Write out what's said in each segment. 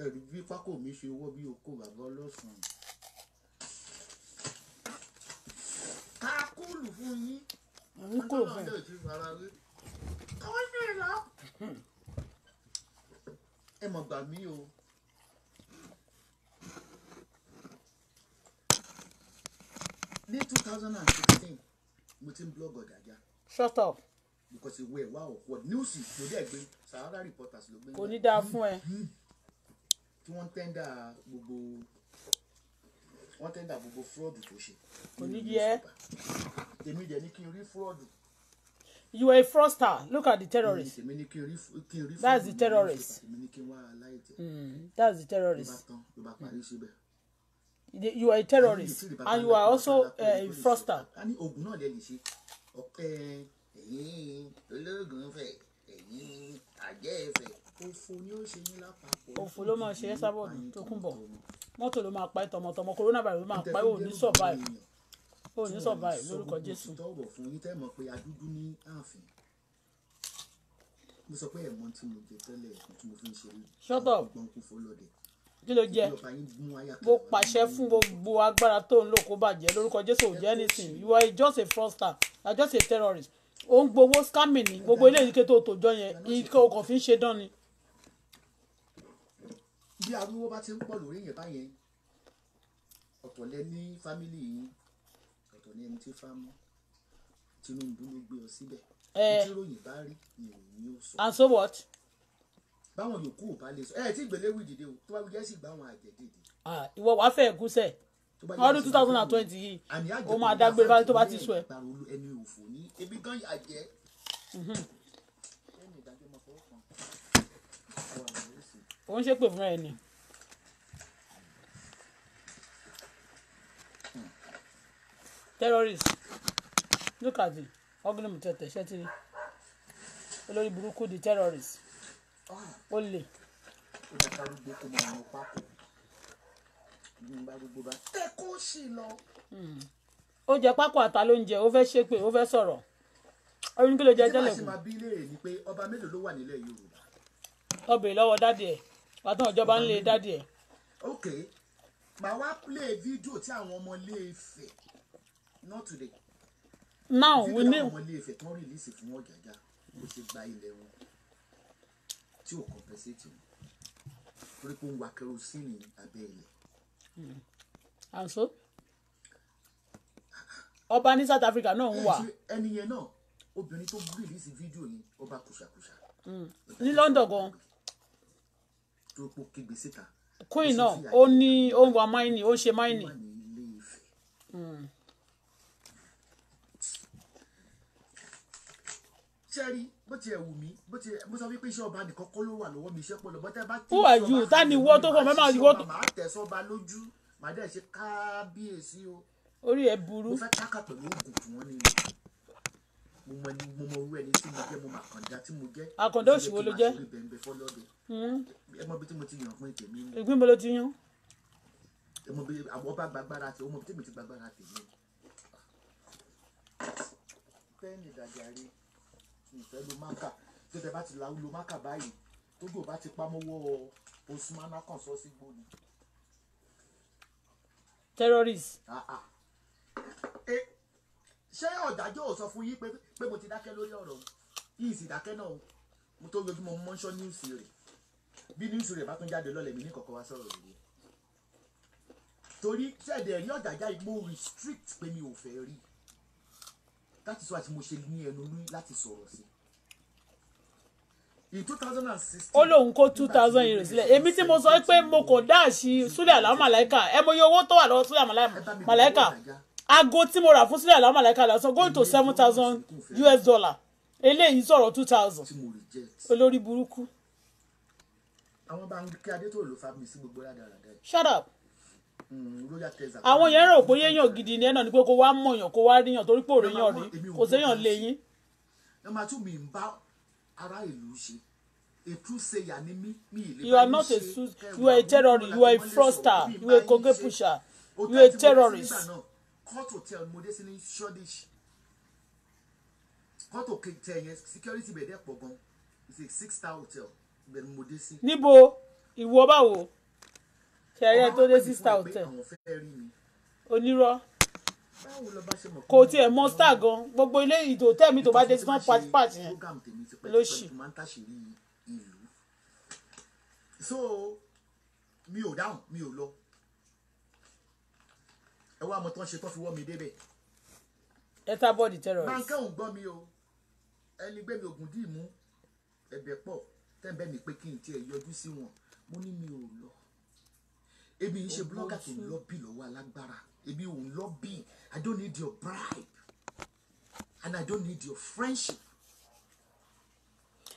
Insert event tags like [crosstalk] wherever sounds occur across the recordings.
ẹ̀rí bí pákó mi ṣe wọ́ bí oko bàbá ọlọ́sàn. ká fún yín ọlọ́run lè ti fara lọ. ẹ mọ̀ gbà mí o. ní two thousand and sixteen mo ti ń blog ọ̀gájà. shut up because ìwé ẹ̀ wá ọ̀pọ̀ news ló dẹ̀ Sahara Reporters ló gbé. kò ní dáa fún ẹ. Mm-hmm tí wọ́n tẹ́ndà gbogbo wọ́n tẹ́ndà gbogbo fraud tó ṣe. kò ní yẹ. èmi dẹ̀ ní kí n rí fraud. you were a fraudster look at the terrorist. èmi ní kí n rí kí that's the terrorist. èmi ní kí n wá aláìtẹ. Hmm, that's the terrorist. ló bá parí síbẹ̀. you are a terrorist and you are also a fraudster. a ní oògùn náà lè lè ṣe ọ̀pẹ ẹ̀yìn ológun fẹ̀ ẹ̀yìn àjẹ́ fẹ̀ òfò ni ó ṣe ní lápapọ̀ òfò ló máa ṣe ẹ́ sábọ̀ Tókunbọ̀ mọ́tò ló máa pa ẹ́ tọmọtọmọ corona virus ló máa pa ẹ́ ò ní survive ò ní survive lórúkọ Jésù. shut up kí ló jẹ mo pàṣẹ fún gbogbo agbára tó ń lò kó bàjẹ́ lórúkọ Jésù ò jẹ́ anything you are just a fraudster you are just a terrorist ó ń gbowó scamming ni gbogbo ilé ìdíkẹ́ tó tòjọ́ yẹn ikọ̀ fi ń ṣe dán ni bí arúgbó bá ti ń pọ̀ lórí yẹn báyẹn ọ̀tọ̀ lẹ ní fámìlì yín ọ̀tọ̀ ní ẹni tí fámú Tinubu ló gbé ọ síbẹ̀ ìtìròyìn eh. bá rí ìròyìn ni ó sọ. and so what. báwọn yòókù ò bá lè sọ ẹ tí ìgbéléwì dìde o tó bá wíjẹ́ sì gbá àwọn dìde. Ah, ìwọ wàá fẹ́ ẹ̀gúsẹ̀ ọdún two thousand and twenty yìí ó máa dágbére báyìí tó bá ti sọ ẹ. ẹni òfò ní ebi gan àjẹ́. òun ṣépè fúnra ẹ̀ ni. terrorist look at the ugly mutete ṣẹ́tìrì olórí burúkú di terrorist ó lè. Hmm. ó jẹ pákó àtà ló ń jẹ ó fẹ́ ṣépè ó fẹ́ sọ̀rọ̀ oyún kí ló jẹ tẹ́lẹ̀ kù. ìdí màá sì máa ọba mélòó ló wà nílẹ̀ Yorùbá. ọbẹ̀ lọ́wọ́ dáadé ẹ̀. bàtàn ìjọba ń lè dádì ẹ̀. ok màá wá play video tí àwọn ọmọ ilé Ifẹ̀ not today. now we need. fídíò àwọn ọmọ ilé Ifẹ̀ tó ń rìlíìsì fún Ọ̀jájá bó ṣe gba ilẹ̀ wọn tí ò compensate wọn torí pé ó ń wa kerosene abẹ́ ilẹ̀. àǹsó hmm. ọba ní South Africa náà ń wà. ẹni yẹn náà obìnrin tó rìlíìsì video ni ọba kùsàkùsà. Hmm. ní London gan-an tó pọ̀ kígbe síta. queen náà ó ní ó ń wa máìnì ó ṣe máìnì. sẹ́rí hmm. bó ti ẹ̀ ni wọ́ tó fọ́ mẹ́mà ìwọ́ tó. orí ẹ burú mo mọ ẹni mo mọ orú ẹni tí mo jẹ́ mo mọ àkàndá tí mo jẹ́. àkàndá òsì ló jẹ́. Hmm. ẹ tí mo ti yàn fún ètè mi. ìgbín mo ló ti yàn. ẹ àwọn ọba gbàgbára tèmi ọmọ tí mo ti gbàgbára tèmi. pẹ́ẹ́nì dàjàre ìfẹ́ ló máa kà tó bá ti la máa kà báyìí tó bá ti pamọ́wọ́ osùmánà kan sọ sí gbòòdì. terrorist. Ah, ah. ẹ ṣé ọ̀dájọ́ sọ fún yín pé mo ti dákẹ́ lórí ọ̀rọ̀ yìí sì dákẹ́ náà mo tó yọjú mo mọ́ṣọ́ níwùsì rẹ̀ bí níwùsì rẹ̀ bá tún jáde lọ́lẹ̀ mi ní kọ̀kọ́ wá sọ̀rọ̀ lórí torí ṣẹ̀dẹ̀ rí ọ̀dájá mo restrict pé mi ò fẹ́ rí láti sọ àti mo ṣe ní ẹnu ní láti sọ̀rọ̀ sí in two thousand and sixteen. ó lóun kó two thousand euro sílẹ̀ èmi tí mo sọ pé mo kò dáàṣì Sule Alao Malaika ẹ mo yẹ owó tó wà lọ́wọ́ aago tí mo rà fún sílẹ̀ àlámà láìka lásán going to seven thousand US dollar eléyìí sọ̀rọ̀ two thousand olórí burúkú. àwọn bá ń kí adétòrò ló fa mi sí gbogbo rádaràdà. shut up. Hmm, àwọn yẹn rò pé yéèyàn gidi ni ẹ náà ni pé kó wá mọ̀yàn kó wá ríyàn torí pé òrèyàn rí kò séyàn léyìn. nọ́mbà tún mi bá ará ìlú ṣe a true sayer ni mí mi ìlera you are not a you are a terrorist you are a fraudster you are a koge you are a terrorist court hotel mo dé sí court hotel yẹn security bẹ̀ dẹ̀ pọ̀ gan it's a six star hotel bẹ̀ mo dé sí. níbo ìwọ báwo ṣẹ̀rẹ̀ tó dé six star hotel onírọ́ kò tiẹ̀ mọ star gan gbogbo ilé ìdò tẹ́mi tó bá dé sí kan part yẹn ló ṣì. so mi ò dáhùn mi ò lọ ẹ wá tán ṣe tán fi wọ́ mi débẹ̀. Ethabod terrorist. Banka ò gbọ́ mi o ẹni gbé mi ògùn dì mú ẹ̀bẹ̀ pọ̀ tẹ́ǹbẹ̀ mi pé kí n tiẹ̀ yọjú sí wọn mo ní mi ò lọ èmi ń ṣe blọ́gà tó ń lọ bí lọ́wọ́ alágbára èmi ò ń lọ bí I don't need your bribe and I don't need your friendship.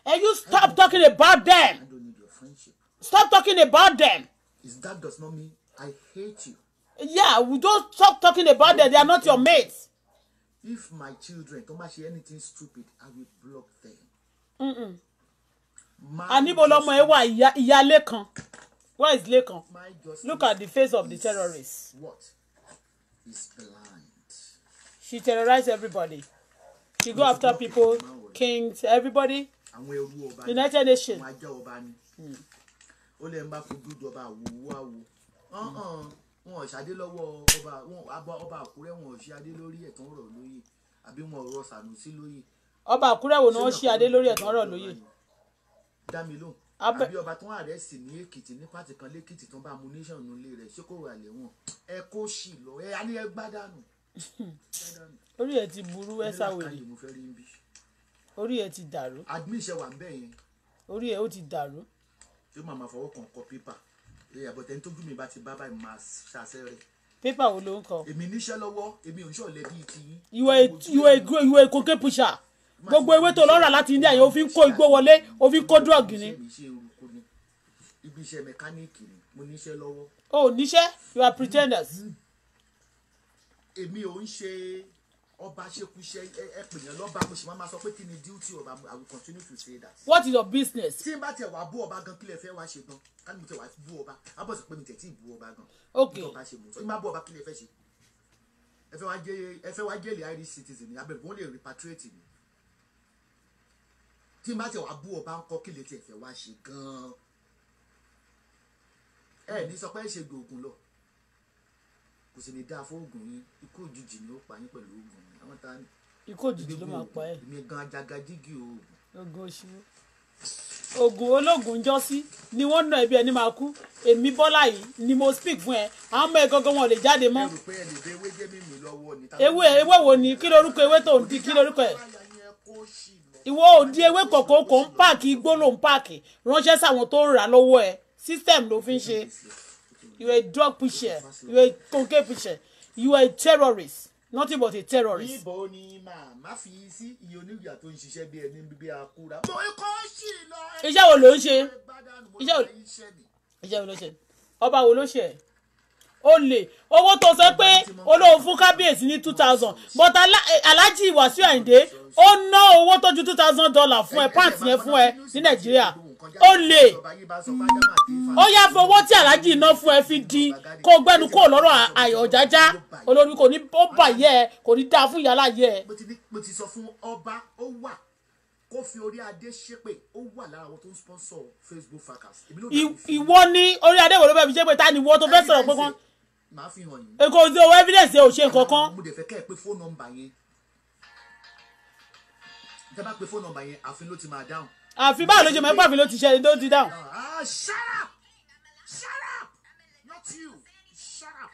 And you stop talking about them. I don't need your friendship. Stop talking about them. Is that does not mean I hate you yeah we don't stop talking about them they are not your mates. if my children tó bá ṣe anything stupid i will block them. Mm-mm. àníbo lọmọ ẹ wà ìyá lẹ́kan where is lẹ́kan look at the face of the terrorist. what she terrorized everybody she go after people kings everybody united nations. Hmm. ó lè ń wọn ò ṣadé lọ́wọ́ ọba wọn ọba àkúrẹ́ wọn ò ṣe adé lórí ẹ̀tàn ọ̀rọ̀ lóyè àbí wọn ò rọ sànùsí lóyè. ọba àkúrẹ́ wo ni wọ́n ṣe adé lórí ẹ̀tàn ọ̀rọ̀ lóyè. dá mi lóhùn àbí ọba tó wà rẹ̀ sì ní èkìtì ní pàtì kan lẹ́kìtì tó ń bá amúnísàn nílé rẹ̀ ṣé kò wà lẹ́wọ̀n ẹ kó sì lọ ẹ á ní ẹ gbádànù. [laughs] orí ẹ ti burú ẹ sáwèrè orí ẹ ti dàrú. admin ṣe wà ń bẹ̀ yẹn. orí ẹ ó ti dàrú. yóò máa fọwọ́ kàn kọ pépà ẹyà bọ̀tẹ́ ní tójú mi bá ti bá báyìí máa ṣàṣẹ́rẹ̀. pépà wo ló ń kọ. èmi níṣẹ́ lọ́wọ́ èmi ò ń ṣọ̀lẹ́ bíi ti yín. ìwé ìkókè pusa gbogbo ewé tó lọ́ra láti India yẹn o kó igbó wọlé o kó drug ni. ibi iṣẹ́ mẹkáníìkì ni mo níṣẹ́ lọ́wọ́. o oh, níṣẹ́ you are pretenders. Hmm. èmi ò ń ṣe ọba ṣekú iṣẹ́ ẹ yẹn lọ́ba mo ṣì máa ma sọ pé kí ni duty ọba I will continue to say that. what is your business. tí n bá tiẹ̀ wá bú ọba gan kílẹ̀ fẹ́ wá ṣe gan kánú mi tiẹ̀ wá bú ọba abọ́ pé mi tẹ̀ tí ì bú ọba gan. ok ọba ṣe mú sọ ẹ bú ọba kílẹ̀ fẹ́ ṣe ẹ fẹ́ wá jẹ́lẹ̀ Irish citizen ni abẹ́rẹ́ wọ́n lè repatriate mi tí n bá tiẹ̀ wá bú ọba ń kọ́ kílẹ̀ tiẹ̀ fẹ́ wá ṣe gan ẹ ní sọ pé ẹ ṣe gbòògùn lọ kò sì lè dáa fún oògùn yín ikú òjijì ni ó pa yín pẹ̀lú oògùn yín àwọn tá ní. ikú òjijì ló máa pa ẹ́. èmi gan ajagajigi oògùn. oògùn oṣù oògùn olóògùn jọ́sí ni wọ́n nà ẹbí ẹni máa kú èmi bọ́lá yìí ni mo speak fún ẹ àwọn ọmọ ẹ gangan wọn lè jáde mọ́. ewé ewé wo ni kí lorúkọ ewé tó ń di kí lorúkọ ẹ ìwọ òdi ewé kọ̀ọ̀kan kò ń páàkì igbó ló ń páàkì ránṣẹ́ sáwọn tó ń rà lọ́wọ́ ẹ system ló fi ń ṣe you are a drug pusher you are a cocaine pusher you are a terrorist nothing but a terrorist. níbo ni màmá fi sí iye oníyà tó ń ṣiṣẹ́ bí ẹni bíbí akúra. mo kọ́ sí lọ. iṣẹ́ wo ló ń ṣe iṣẹ́ wo ló ṣe ọba wo ló ṣe ẹ̀ o lè owó tó sọ pé olóhùn fún kábíyèsí ní two thousand but aláàjì Wàsíù ó ná owó tó two thousand dollar fún ẹ pant yẹn fún ẹ ní Nàìjíríà ó lè ó yá fowó tí aláàjì iná fún ẹ fi di kó o gbẹnu kó o lọ́rọ̀ àyọ̀ jájá olórí kò ní ó bàyẹ́ ẹ kò ní dáa fún ìyálà yẹ ẹ. mo ti sọ fún ọba ó wà kó fi orí adé ṣépè ó wà lára àwọn tó ń sponsor facebook fracas. ìwọ ni orí adé wo ló bẹ́ẹ̀ fi ṣépè ta ni ìwọ tó fẹ́ sọ̀rọ̀ pé kan. màá fi hàn yín. èkó ojú owó evidence ò ṣe nǹkan kan. mo dẹ̀ fẹ́ kẹ́ ẹ pé fóònù nọ́mbà yẹn tẹ́ bá pé fóònù nọ́mbà yẹn àfin ló ti máa dáhùn àfi báwo ló ṣe mọ pàfin ló ti ṣe ló ti dáhùn. Ah, shut up shut up not you shut up.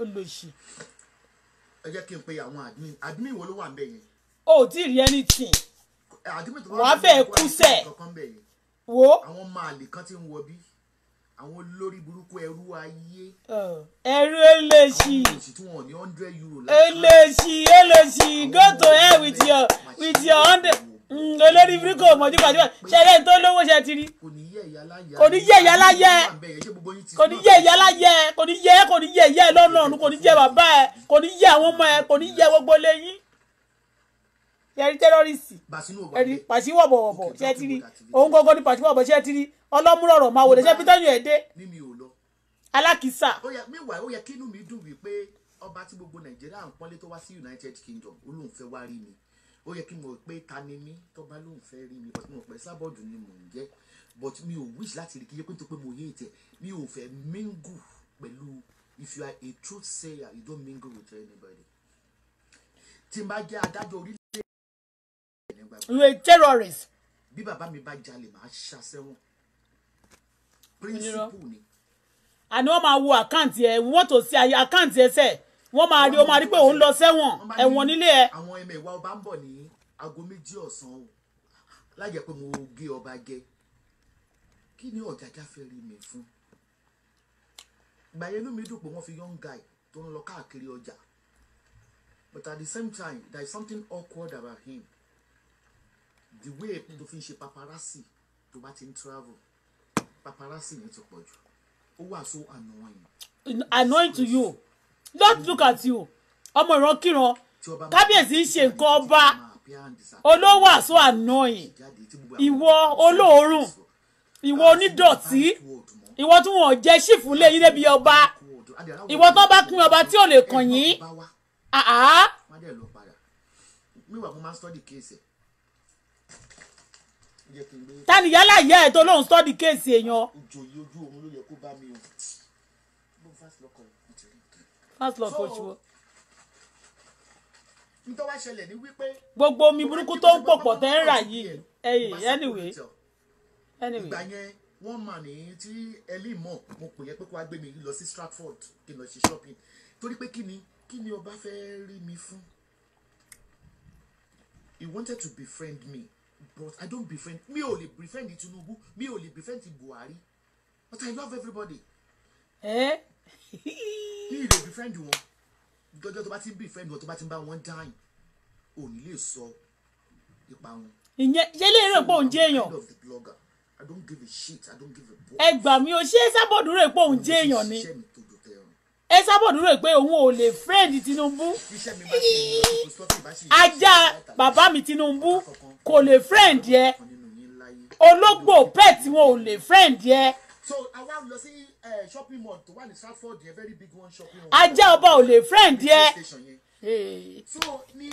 olóṣì. ẹ jẹ́ kí n pe àwọn admin admin wo ló wà níbẹ̀ yẹn. o ò tí ì rí anything. admin tó wà níbẹ̀ yẹn wo. àwọn máàlì kan ti ń wọ bí àwọn olórí burúkú ẹrú ayé. Oh, ẹrú eléṣì eléṣì eléṣì go to hell with your with your hundred mm, olórí burúkú ọmọdé pàdé ṣẹlẹ tó lówó ṣe ti rí kò ní yẹ ìyá láyẹ kò ní yẹ ìyá láyẹ kò ní yẹ kò ní yẹ ìyá ẹ lọ́nà ọ̀run kò ní yẹ bàbá ẹ kò ní yẹ àwọn ọmọ ẹ kò ní yẹ gbogbo lẹ́yìn ẹ̀rí tẹ́rọ́rìsì ẹ̀rí pàṣíwọ̀ bọ̀wọ̀bọ̀ ṣe ti rí òun gbogbo ni pàṣíwọ̀ bọ̀ ṣe ti rí ọlọ́múrọ̀rọ̀ máa wòlé ṣe bí tẹ́yìn ẹ̀ dé alákìísà. ó yẹ kí inú mi dùn wípé ọba tí gbogbo nàìjíríà ń pọ́nlé tó wá sí united kingdom ó lóun fẹ́ wá rí mi ó yẹ kí n mọ̀ pé ta ni mí tọ́ba lóun fẹ́ rí mi bọ́tí mo pẹ́ sábọ́ọ̀dù ni mò ń jẹ́ but mi ò wish láti rí kí yẹ pé nítorí pé mo yé ìtẹ̀ mi ò fẹ́ mingle pẹ̀lú if you are a truth sayer you don't mingle with anybody tí n bá jẹ́ adájọ́ orí you a terrorist. bí bàbá mi bá jalè màá ṣá sẹ́wọ̀n principle ni. àní wọ́n máa wo àkáǹtì ẹ̀ wọ́n tó sí àkáǹtì ẹsẹ̀ wọ́n máa rí wọ́n máa rí pé òun lọ sẹ́wọ̀n ẹ̀wọ̀n nílé ẹ̀. àwọn ẹmẹ ìwà ọba ń bọ̀ ní aago méjì ọ̀sán o lájẹ pé mo gé ọba jẹ kí ni ọ̀jájá fẹ́ rí mi fún gbàyẹn mi dùn pé wọ́n fi young guy tó ń lọ káàkiri ọjà but at the same time there is something awkward about him the way to fi ṣe paparazzi to bá ti ń travel paparazzi yẹn ti pọ̀ jù ó wà so annoying. annoying to you don't look at you ọmọ ìrankíran kábíyèsí ń ṣe nǹkan ọba olówó àṣọ annoying ìwọ olóòórùn ìwọ ah, onídọ̀tí ìwọ tí wọn jẹ ṣìfù lé yín débi ọba ìwọ tó bá pín ọba tí ò lè kàn yín. mi wà ah, ah. mo máa ń study case tani yálà ìyá ẹ̀ tó lóun sọ́ọ́dì kéèsì èèyàn. gbogbo omi burúkú tó ń pòpọ̀ tẹ́ ń rà yìí ẹ̀yìn anyway. ìgbà yẹn wọ́n mà ní tí ẹlí mọ̀ mo pè é pé kó wá gbé mi lọ sí Stratford kí n lọ ṣe shopping torí pé kí ni kí ni ọba fẹ́ rí mi fún. he wanted to befriend me but i don't befriend Me ò lè befriend Tinubu mi ò lè befriend Buhari but i love everybody. ẹ eh? mi ì lè befriend wọn jọjọ tó bá ti befriend wọn tó bá ti ń bá wọn dine ò ní lè sọ ipa wọn. ìyẹn yẹlé rẹ pé òun jẹ èèyàn. I don't give a shit. I don't give a. ẹ gbà mí o ṣé sábọ̀dúró èpò òun jẹ èèyàn ni ẹ sábọ̀ dúró pé òun ò lè fẹ́ẹ̀dì Tinubu ajá bàbá mi Tinubu kò lè fẹ́ẹ̀dì ẹ ológbò pet wọn ò lè fẹ́ẹ̀dì ẹ. ajá ọba ò lè fẹ́ẹ̀dì ẹ. so ní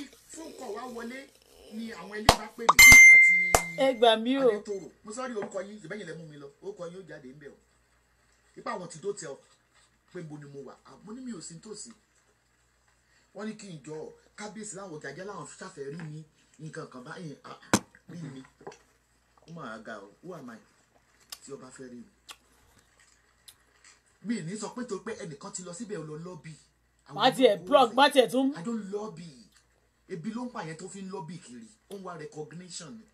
mí o pé bo ni mo wà ah, mo ní mi ò sí nítòsí wọ́n ní kí n jọ kábíyèsí láwọn jàjẹ́ láwọn ṣàfẹ́ rí mi nǹkan kan báyìí ah, rí mi ó máa ga ọ who am I tí ọba fẹ́ rí mi mi ní sọ pé torí pé ẹnìkan ti lọ síbẹ̀ lọ lọ́bì má tiẹ̀ blog má tiẹ̀ tún. I don't lobby ebi ló ń pààyàn tó fi ń lọ́bì kiri ó ń wá recognition ni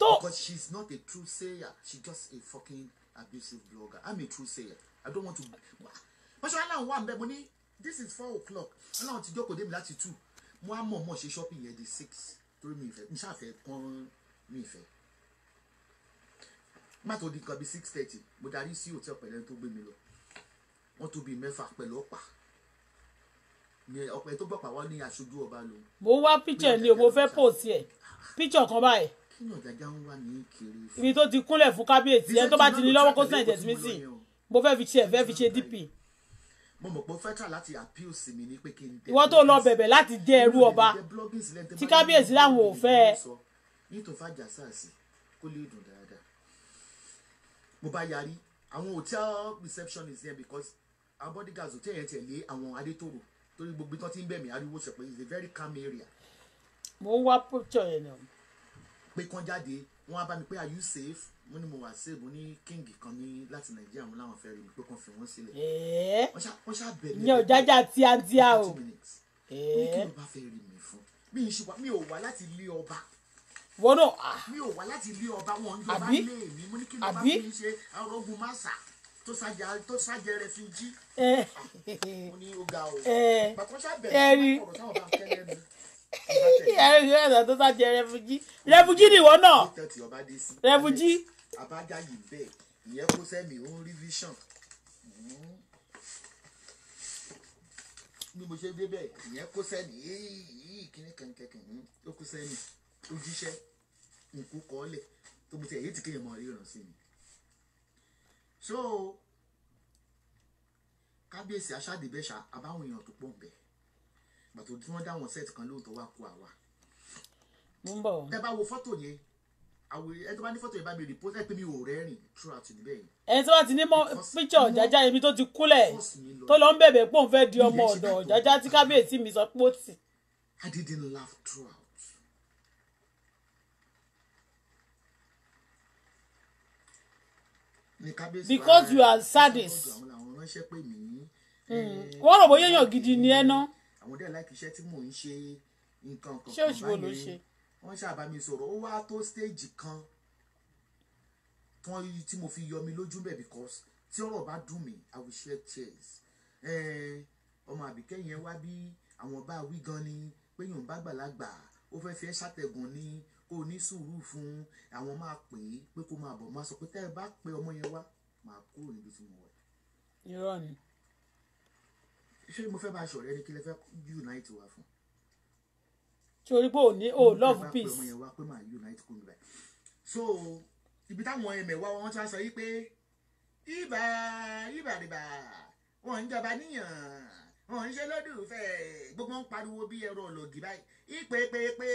tó. because she's not a true sayer she's just a fucking abusive blogger i'm a true sayer i don't want to wọ́n ṣe wá láwọn wà ń bẹ mo ní this is four o'clock aláwọn ti jókòó dé mi láti two mo á mọ̀ ọmọ ṣe shopping yẹn di six torí mi ìfẹ́ nṣàfẹ́ kán mi ìfẹ́ má tó di nǹkan bíi six thirty mo darí sí hotel pẹ̀lẹ́ tó gbé mi lọ wọ́n tó bíi mẹ́fà pẹ̀lú ọ̀pá ni ọ̀pẹ tó gbọ̀pá wá ní aṣojú ọba lòun. mo wá picture ni o mo fẹ́ post ẹ̀ picture kan báyìí kíni ọ̀gágá ń wà ní kiri. ibi tó ti kúnlẹ̀ fún kábíyèsí ẹni tó bá ti ní lọ́wọ́ kó sàn ìjẹ̀sí mi sí mo fẹ́ fi ṣe ẹ̀ fẹ́ fi ṣe dp mo mọ̀ pé fẹ́ tà láti appeal sí mi ní pé kí n tẹ̀. ìwọ tó lọ bẹ̀bẹ̀ láti jẹ́ ẹrú ọba tí kábíyèsí làwọn ò fẹ́ ẹ. nítorí fàjà sars kó lè dùn dáadáa mo bá yarí àwọn hotel receptionist yẹn because our bodyguards hotel yẹn tẹ̀lé àwọn adétòrò torí gbogbo tán ti ń bẹ̀ mí ariwo sọ pé it's a very calm area. mo wá picture yẹn náà. pé kán jáde wọ́n á bá mi pé are you safe mo ní mo wà safe mo ní king kan ní láti nàìjíríà mo láwọn fẹ́ rí mi pé kàn fi wọ́n sílẹ̀ wọ́n ṣá bẹ̀ mí yàn jájá tíátíá o ní kí ló bá fẹ́ rí mi fún mi ì ṣùgbọ́n mi ò wá láti ilé ọba wọ́n náà mi ò wá láti ilé ọba wọn ń jọba lé mi mo ní kí ló bá fi ṣe arógun máṣà tó sájà tó sájà rẹ fi jí mo ní ó ga o bàtọ́ ṣá bẹ̀rẹ̀ ọ̀rọ̀ táwọn bá ń kẹ́lẹ́ mi ẹrẹ [laughs] ẹrẹ tó sá jẹ rẹfugí rẹfugí nìwọ náà rẹfugí. abájáde bẹ́ẹ̀ ìyẹn kó sẹmi ó ń rí vision bí mo ṣe débẹ̀ ìyẹn kó sẹ́ni yìí kíní kankankan hmm, ó kó sẹ́ni ó jíṣẹ́ nǹkú tó mo ti ẹ̀yẹ́ ti kéèyàn mọ ríran sí mi. so kábíyèsí aṣáàdìbẹ́sà abáwọn èèyàn tó pọ̀ bẹ́ẹ̀ gbàtò tí wọ́n dá wọn set kan lóòótọ́ wá kó àwa. mo ń bọ̀. tẹ bá wo fọ́tò yẹn àwọn ẹni tó bá ní fọ́tò yẹn bá mi rìpọ́tì ẹ pé mi ò rẹ́rìn throughout níbẹ̀ yẹn. ẹni tó bá ti ní mọ píkṣọ Jájá Yẹmí tó ti kúlẹ̀ tó lọ ń bẹ̀bẹ̀ pé òun fẹ́ di ọmọ ọ̀dọ̀ Jájá tí kábíyèsí mi sọ pé ó tì. I didn't laugh throughout. because you are sadist. Hmm. wọ́n rò bóyá èèyàn gidi ni ẹ náà àwọn dẹ̀ láìkí iṣẹ́ tí mò ń ṣe nǹkan kan kan báyìí wọ́n ṣàbá mi sọ̀rọ̀ ó wá tó stage kan tí mo fi yọ mi lójú bẹ̀ because tí ọ̀rọ̀ bá dùn mí I will share tears ọmọ àbíkẹ́ yẹn wá bí àwọn bá wí gan ni pé yóò bá gbàlagbà ó fẹ́ fi ẹ́ ṣàtẹ̀gùn ni kó o ní sùúrù fún àwọn máa pè é pé kó máa bọ̀ máa sọ pé tẹ́ ẹ bá pe ọmọ yẹn wá máa kúrò níbi tí mo wà. irọ́ ni ṣé mo fẹ́ bá aṣọ rẹ ni kí lè fẹ́ unite wa fún. torí pé ò ní o love peace. mo fẹ́ bá pé ọmọ yẹn wá pé màá unite kúrò níbẹ̀. so ibi táwọn ẹ̀mẹ̀ wá wọn ti wá sọ yìí pé ibà ibà rìbà wọn ń jọba níyàn wọn ń ṣe lọ́dúnfẹ́ gbogbo ń pariwo bí ẹ̀rọ ọ̀lọ́gì báyìí ìpè pé pé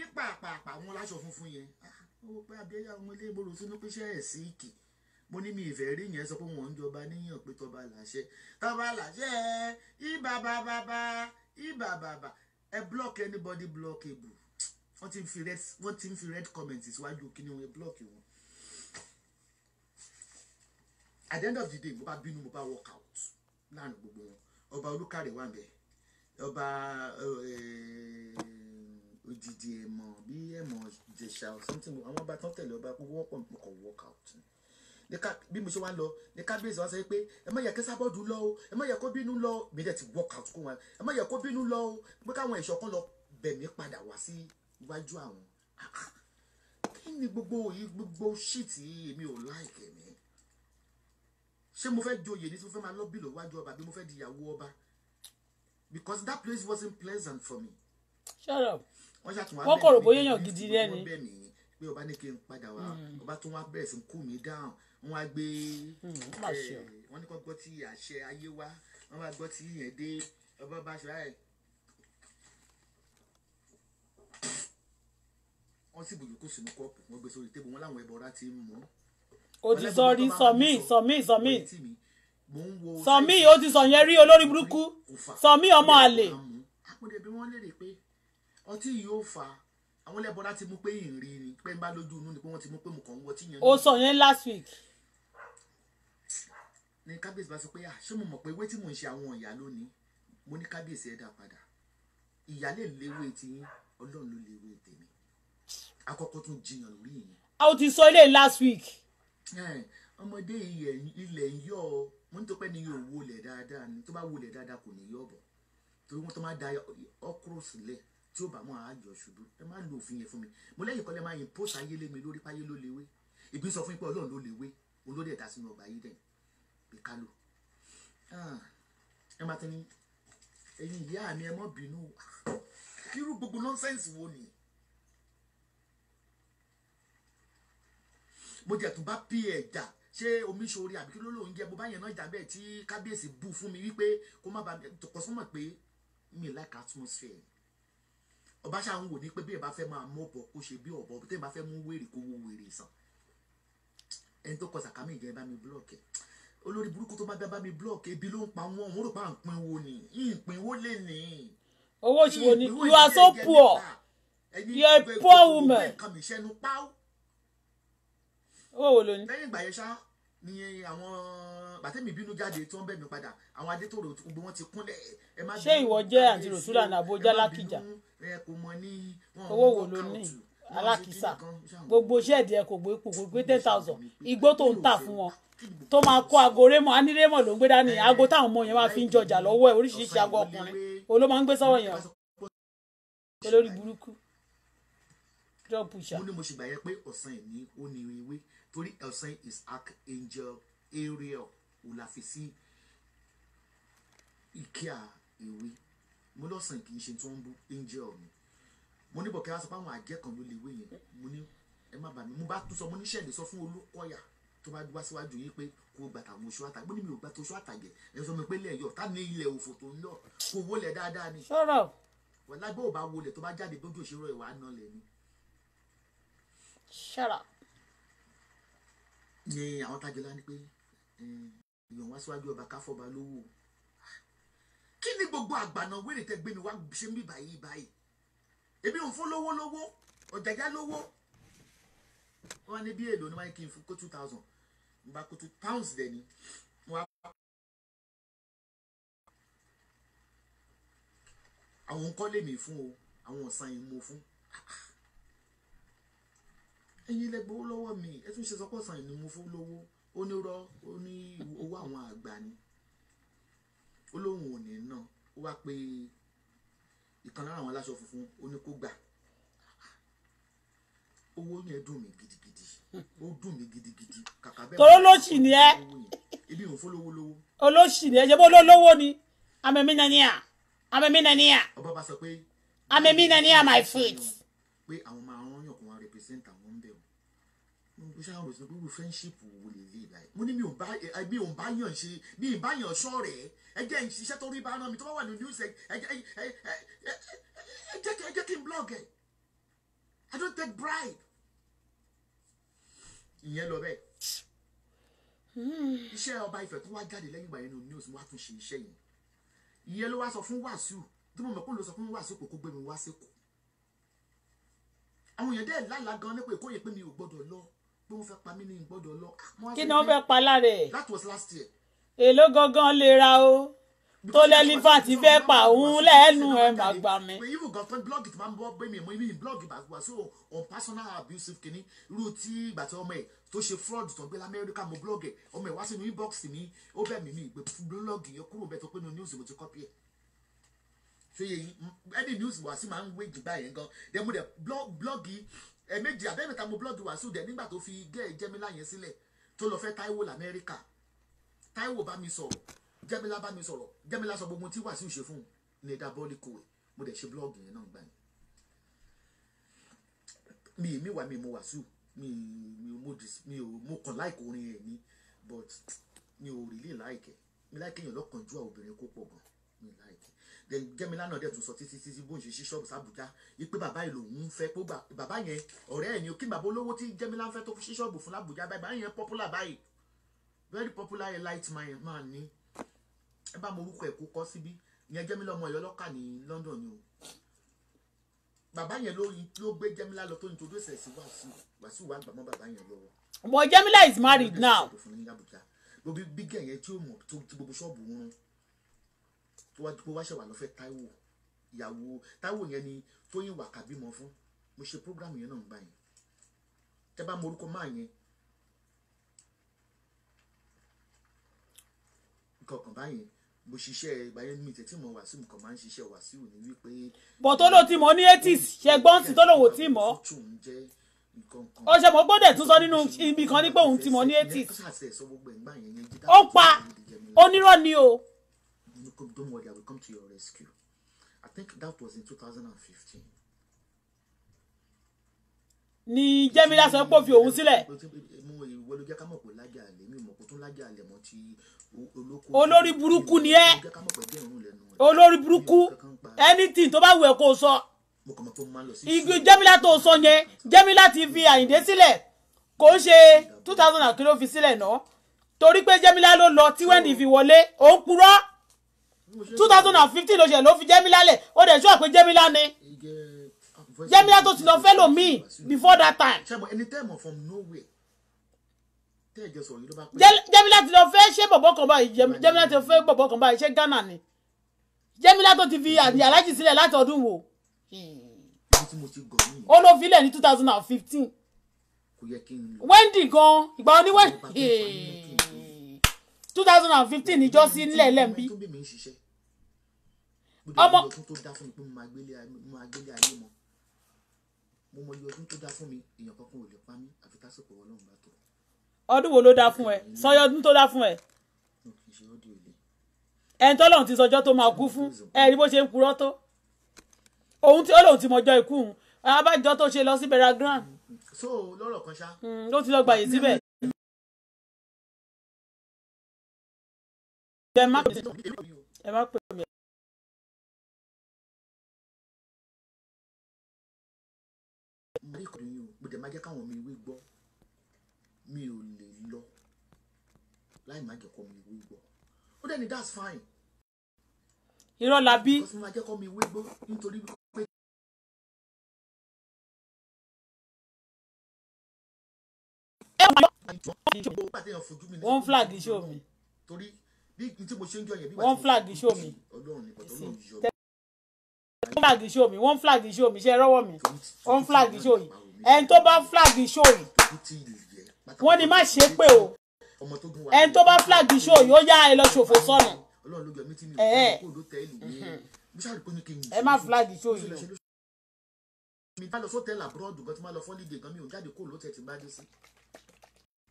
ìpàpàpà wọn láṣọ funfun yẹn ah, ó pé abẹ́yà ọmọ ilé ìbòrò sínú pé ṣe ẹ̀ sí ìkì mo ní mi ìfẹ́ rí yẹn sọ pé wọ́n ń jọba níyàn pé tọba làṣẹ tọba làṣẹ ibà bàbà ibà bàbà ẹ block anybody blockable wọ́n ti ń fi red wọ́n ti ń fi red comment síwájú kí ni wọ́n block wọn. at the end of the day mo bá bínú mo bá work out láàrin gbogbo wọn ọba olúkàrẹ wà bẹ ọba eh, òjìjì ẹmọ bí ẹmọ jẹsà something àwọn ọba tán tẹ̀lé ọba gbogbo wọn pọ̀ mọ́ kọ̀ work out ni bí mo ṣe wá lọ ní kábíyèsí wa sọ pé ẹ má yẹ kí sábọ́ọ̀dù lọ o ẹ má yẹ kó bínú lọ o mi dẹ̀ ti work out kó wọn ẹ má yẹ kó bínú lọ o pé káwọn ìṣọ̀kan lọ bẹ̀ padà wá sí iwájú àwọn kí ni gbogbo yìí gbogbo ṣìtì èmi ò láìkẹ̀ mi ṣé mo fẹ́ joyè ní tí mo fẹ́ máa lọ́bì lọ́wájú ọba àbí mo fẹ́ di ìyàwó ọba because that place wasn't pleasant for me. wọ́n kọ̀ rò bóyá èèyàn gidi lẹ́ni. pé ọba ní kí n padà wá hmm. ọba tó wá bẹ̀rẹ̀ sí kú mi down wọ́n á gbé hmm, eh, wọ́n ní kó gbọ́ tí àṣẹ ayé wá wọ́n bá gbọ́ tí yẹn dé ọba bá ṣe báyìí wọ́n sì bùjú kó sínú kọ́ọ̀pù wọ́n gbé sórí tébù wọn láwọn ẹbọra ti ń mú. o ti sọ rí sọmí sọmí sọmí sọmí o ti sọ yẹn rí olórí burúkú sọmí ọmọ àlè. àpòdè bí wọ́n lérè pé ọtí yìí fà àwọn ẹlẹ́bọra ti mú pé ìrìn ni pé ń bá lójú inú ni pé wọ́n ti mú pé mo kàn ń wọ tí yẹn. o sọ yẹn last week ní kábíyèsí bá sọ pé ṣé mo mọ̀ pé ewé tí mò ń ṣe àwọn ìyá lónìí mo ní kábíyèsí ẹ̀dá padà ìyá lè léwé tiyín ọlọ́run ló léwé tèmi àkọ́kọ́ tún jiyàn lórí ìyẹn. a ò ti sọ ilé last week. ọmọdé ilẹ̀ ń yọ ọ mo ní tó pẹ́ ni yóò wọlé dáadáa ni tó bá wọlé dáadáa kò ní yọ torí wọ́n tó máa da ọkùrọ̀ sílẹ̀ tí ó bá mọ́ àájọ ṣubú ẹ má lo òfin yẹn fún mi mo lẹ́yìn kọ́lẹ́ máa yin post ayé mi lórí páyé ló léwé ìbí sọ fún yín pé ọlọ́run ló léwé olórí ẹ̀dá sínú ọgbà yìí dẹ̀yìn pé ká lò ah, ẹ máa ti ní ẹ̀yin ìyá mi ẹ mọ́ bínú irú gbogbo nọ́nsẹ́ǹsì wo ni mo jẹ̀ tún bá pí ẹ̀jà ṣé omi ṣoore àbí kí ló lóun jẹ bó bá yẹn náà jà bẹ́ẹ̀ tí kábíyèsí bú fún mi wípé kó má bàa tọkọ pé mi like atmosphere ọba ṣáà ń wò ní pé bí ẹ bá fẹ́ máa mú ọ̀bọ kó ṣe bí ọ̀bọ bí bá fẹ́ mú wèrè kó wo wèrè sàn ẹni tó kọ sàkámì ìjẹ́ bá mi búlọ̀kì olórí burúkú tó bá dá bá mi block ebi ló ń pa wọn òun rò pa nǹkan wo ni nǹkan wo lè ní. owó oṣù wo ni you are so poor you are a poor woman. owó wo ló ní. lẹ́yìn ìgbà yẹn ṣá ni àwọn bàtẹ́mi bínú jáde tó ń bẹ̀ mí padà àwọn adétòrò gbogbo wọn ti kúnlẹ̀ ṣé ìwọ jẹ́ àǹtí rosula nàbó jálákìjà owó wo ló ní alákìsà gbogbo ṣẹ́ẹ̀dì ẹ kò gbé kò gbé ten thousand igbó tó ń tà fún wọn tó máa kó aago rémọ á ló ń gbé dání aago eh, táwọn ọmọ yẹn máa fi ń jọjà eh, lọ́wọ́ ẹ̀ oríṣiríṣi aago ọkùnrin oló máa ń gbé sọ́wọ́ yẹn olórí burúkú drug pusher. mo ní mo ṣe gbà pé ọ̀sán ẹ̀ ní ó ní ewé torí ọ̀sán is archangel ariel olàfisí ìkíà ewé mo lọ́sàn kì í ṣe tó ń bú angel mi mo ní bọ̀kẹ́ wá sọ pé ló lè wé yẹn mo ní ẹ má bà mí mo bá tún sọ mo ní ṣẹ̀lẹ̀ sọ fún olókọ́yà tó bá wá síwájú yín pé kó o gbà tàwọn oṣù àtàgbé ní mi ò gbà tó oṣù àtàgẹ̀ ẹ sọ mi pé ilẹ̀ yọ̀ tá ní ilẹ̀ òfò tó ń lọ kó owó lẹ̀ dáadáa ni. sọ̀rọ̀. wọ́n lágbó ò bá wọlé tó bá jáde bójú òṣèré ìwà náà lẹ̀ sọ̀rọ̀. ni àwọn tajọlá ni pé èèyàn wá síwájú ọba káfọ́ba lówó ah. kí ni gbogbo àgbàna wẹ́rẹ̀ tẹ́gbẹ́ni wá ṣe ń bíbáyìí báyìí èmi ò ń fún lówó lówó ọ̀jàjà lówó wọ́n ní bí èlò ní wáyé kí n fún kó two thousand nígbà kó two pounds dẹ̀ ni àwọn nǹkan lè mí fún o àwọn ọ̀sán yìí mo fún ẹ̀yin lẹ gbowó lọ́wọ́ mi ẹ tún ṣe sọpọ̀ ọ̀sán yìí ni mo fún lówó ó ní rọ ó ní owó àwọn àgbà ni olóhùn ò ní ó wá pé ìkan lára àwọn aláṣọ funfun ó ní kó gbà owó yẹn dùn mí gidigidi ó dùn mí gidigidi kàkà bẹ́ẹ̀. tọ́lọ́ ló sì ní ibi ìhùn fólówó lówó. olóṣì ni ẹ ṣe bó lólówó ni amẹ̀mí nàníyà amẹ̀mí nàníyà. ọba bá sọ pé. amẹ̀mí nàníyà my foot. pé àwọn máa ń yàn kó wọn represent àwọn ń mo ṣáà rò sọ friendship wo lè lè báyìí mo ní mi ò bá mi ò bá yàn ṣe mi ì bá yàn sọ̀rẹ́ ẹ jẹ́ n ṣiṣẹ́ tó bá rán mi tó bá wà ní news ẹ jẹ́ kí n blog ẹ̀ I don't take bribe ìyẹn lọ bẹ́ẹ̀ hmm. iṣẹ́ ọba ìfẹ́ tó wá jáde lẹ́yìn ìgbà yẹn ní news mo wá tún ṣe iṣẹ́ yẹn ìyẹn ló wá sọ fún Wàsíù tí mọ̀ pé ló sọ fún Wàsíù kò kó gbé mi wá sí Èkó àwọn èèyàn dẹ́ lálàá gan nípa Èkó yẹn pé mi ò gbọ́dọ̀ lọ pé wọ́n fẹ́ pa mí ní ìgbọ́dọ̀ lọ. Ah, kí ni wọ́n fẹ́ pa lára ẹ̀. that was last year. èló gangan lè ra o tó lẹ́ni fàtí fẹ́ pa òun lẹ́nu ẹ̀ mà gbà we even got block it máa ń bọ́ bẹ́ẹ̀ mi mo even block it so on personal abusive kìíní irú tí ìgbà tí ọmọ ẹ̀ tó ṣe fraud tó gbé lamẹ́ríkà mo blog ẹ̀ ọmọ ẹ̀ wá sínú inbox mi ó bẹ̀ mí mi ìgbẹ́ blog yẹn kúrò bẹ́ẹ̀ tó pé nu news mo ti copy ẹ̀ ṣòye any news wàásù máa ń wéjì báyìí gan then mo dẹ̀ blọ́ọ̀gì ẹ̀ẹ̀mejì àbẹ́mẹ́ta mo blọ́ọ̀gì wàásù dẹ̀ nígbà tó fi gẹ́ẹ̀ jẹ́mílà yẹn sílẹ̀ tó lọ fẹ́ Taiwo l'Amẹ́ríkà Táíwò bá mi sọ̀rọ̀ jẹ́mílà bá mi sọ̀rọ̀ jẹ́mílà sọ gbogbo tí wàásù ṣe fún un ní dabọ́lì kòwé mo dẹ̀ ṣe blọ́ọ̀gì yẹn náà gbà yẹn mi mi wà mi mo wàásù mi mo mi ò mo kàn láìkò orin ẹ̀ ni but mi ò rí lè láìkẹ̀ mi láìkẹ̀ yẹn lọ́kànjú àwọn obìnrin kó pọ̀ gan mi Gẹ́mílà náà dẹ̀ tún sọ títí títí bó ń ṣe ṣí ṣọ́ọ̀bù sábùjá wípé bàbá ìlú òun fẹ́ pé bàbá yẹn ọ̀rẹ́ ẹ̀ ni kí bàbá olówó tí Gẹ́mílà ń fẹ́ tó ṣí ṣọ́ọ̀bù fún lábùjá bàbá yẹn popular báyìí very popular light man ni ẹ bá mo orúkọ ẹ̀ kó kọ́ síbí ìyẹn Gẹ́mílà ọmọ Ọ̀yọ́ lọ́kà ní London ni o bàbá yẹn ló ló gbé Jẹ́mílà lọ tó introduce ẹ̀ sí Wàsíù Wàsíù wà gbàmọ́ bàbá yẹn lọ́wọ́. but Jẹ́mílà is married now. gbogbo bígẹ̀ yẹn tí ó mọ̀ tó gbogbo ṣọ́ọ̀bù tó wá bó wá ṣe wà lọ́fẹ́ Táíwò ìyàwó Táíwò yẹn ni Tóyìn Wàkà bímọ fún mo ṣe programu yẹn náà ń gbà yẹn tẹ bá mọ orúkọ máa yẹn kọkàn báyẹn mo ṣiṣẹ́ ìgbàyẹn mi tètè mọ wàásù nǹkan máa ń ṣiṣẹ́ wàásù ní wípé. bọ̀ tó lò tí mo ní eighties ṣẹgbọ́n sí tó lòwò tí mọ́. ọṣẹ mo gbọ́dọ̀ tún sọ nínú ibi kan ní òun ti mọ̀ ní eighties. ó pa onírọ́ ni o cook, don't worry, I will come to your rescue. I think that was in 2015. ni Jẹ́mílà sọ pé ó fi òun sílẹ̀. olórí burúkú ni ẹ olórí burúkú anything tó bá wù ẹ́ kó sọ igi Jẹ́mílà tó sọ yẹn Jẹ́mílà ti fi Àyìndé sílẹ̀ kò ń ṣe two thousand and three ó fi sílẹ̀ náà torí pé Jẹ́mílà ló lọ tí wẹ́ndì fi wọlé ó ń purọ́. 2015, thousand and fifteen ló ṣe ló fi jẹ́mílá lẹ̀ ó dẹ̀ ṣọ́ pé jẹ́mílá ni jẹ́mílá tó ti lọ fẹ́ lò míì before that time. jẹ́mílá ti lọ fẹ́ ṣé bọ̀bọ̀ kan báyìí jẹ́mílá ti lọ fẹ́ bọ̀bọ̀ kan báyìí ṣé Ghana ni jẹ́mílá tó ti fi aláàjì sílẹ̀ láti ọdún wo ó ló filẹ̀ ní two thousand and fifteen Wendy gan ìgbà oní Wendy two thousand and fifteen lẹ́m̀bí ọmọ ọdún tó dá fún mi pé mo máa gbélé ayé mọ mo mọ iye ọdún tó dá fún mi èèyàn kankan ò lè pa mí àfi tásìkò Ọlọ́run bá tó. ọdún wo ló dá fún ẹ sọyọ ọdún tó dá fún ẹ. ẹni tọ́lọ́run ti sọjọ́ tó máa kú fún ẹ rí bó ṣe ń purọ́ tó òun tí Ọlọ́run ti mọjọ́ ikú òun abájọ tó ṣe lọ sí bẹ̀rẹ̀ grand. so lọ́rọ̀ kan ṣá. Hmm, ló ti lọ gbàyè síbẹ̀. ẹ má pè mí. mo dẹ̀ máa jẹ́ káwọn ọmọ ìwé gbọ́ mi ò lè lọ láì má jẹ́ kọ́ ọmọ ìwé gbọ́ ó dẹ̀ ní that's fine. irọ́ la bí. mo máa jẹ́ kọ́ ọmọ ìwé gbọ́ nítorí pé. ẹ wà lọ. wọ́n flag show mi. torí bí tí mo ṣe ń jọ yẹn wọ́n flag show mi. ọlọ́run ni bọ̀dọ̀ ọlọ́run yọ wọ́n flag show mi wọ́n flag show mi ṣe é rọ́wọ́ mi wọ́n flag show yìí ẹni tó bá flag show yìí wọ́n ni má ṣe pé o ẹni tó bá flag show yìí ó yá ẹ lọ ṣòfò sọnù ẹ ẹ má flag show yìí mi bá lọ sótẹ́lì abroad gan tí mo lọ fọ́lídé gan mi ò jáde kúrò lótẹ́ tí n bá dé sí.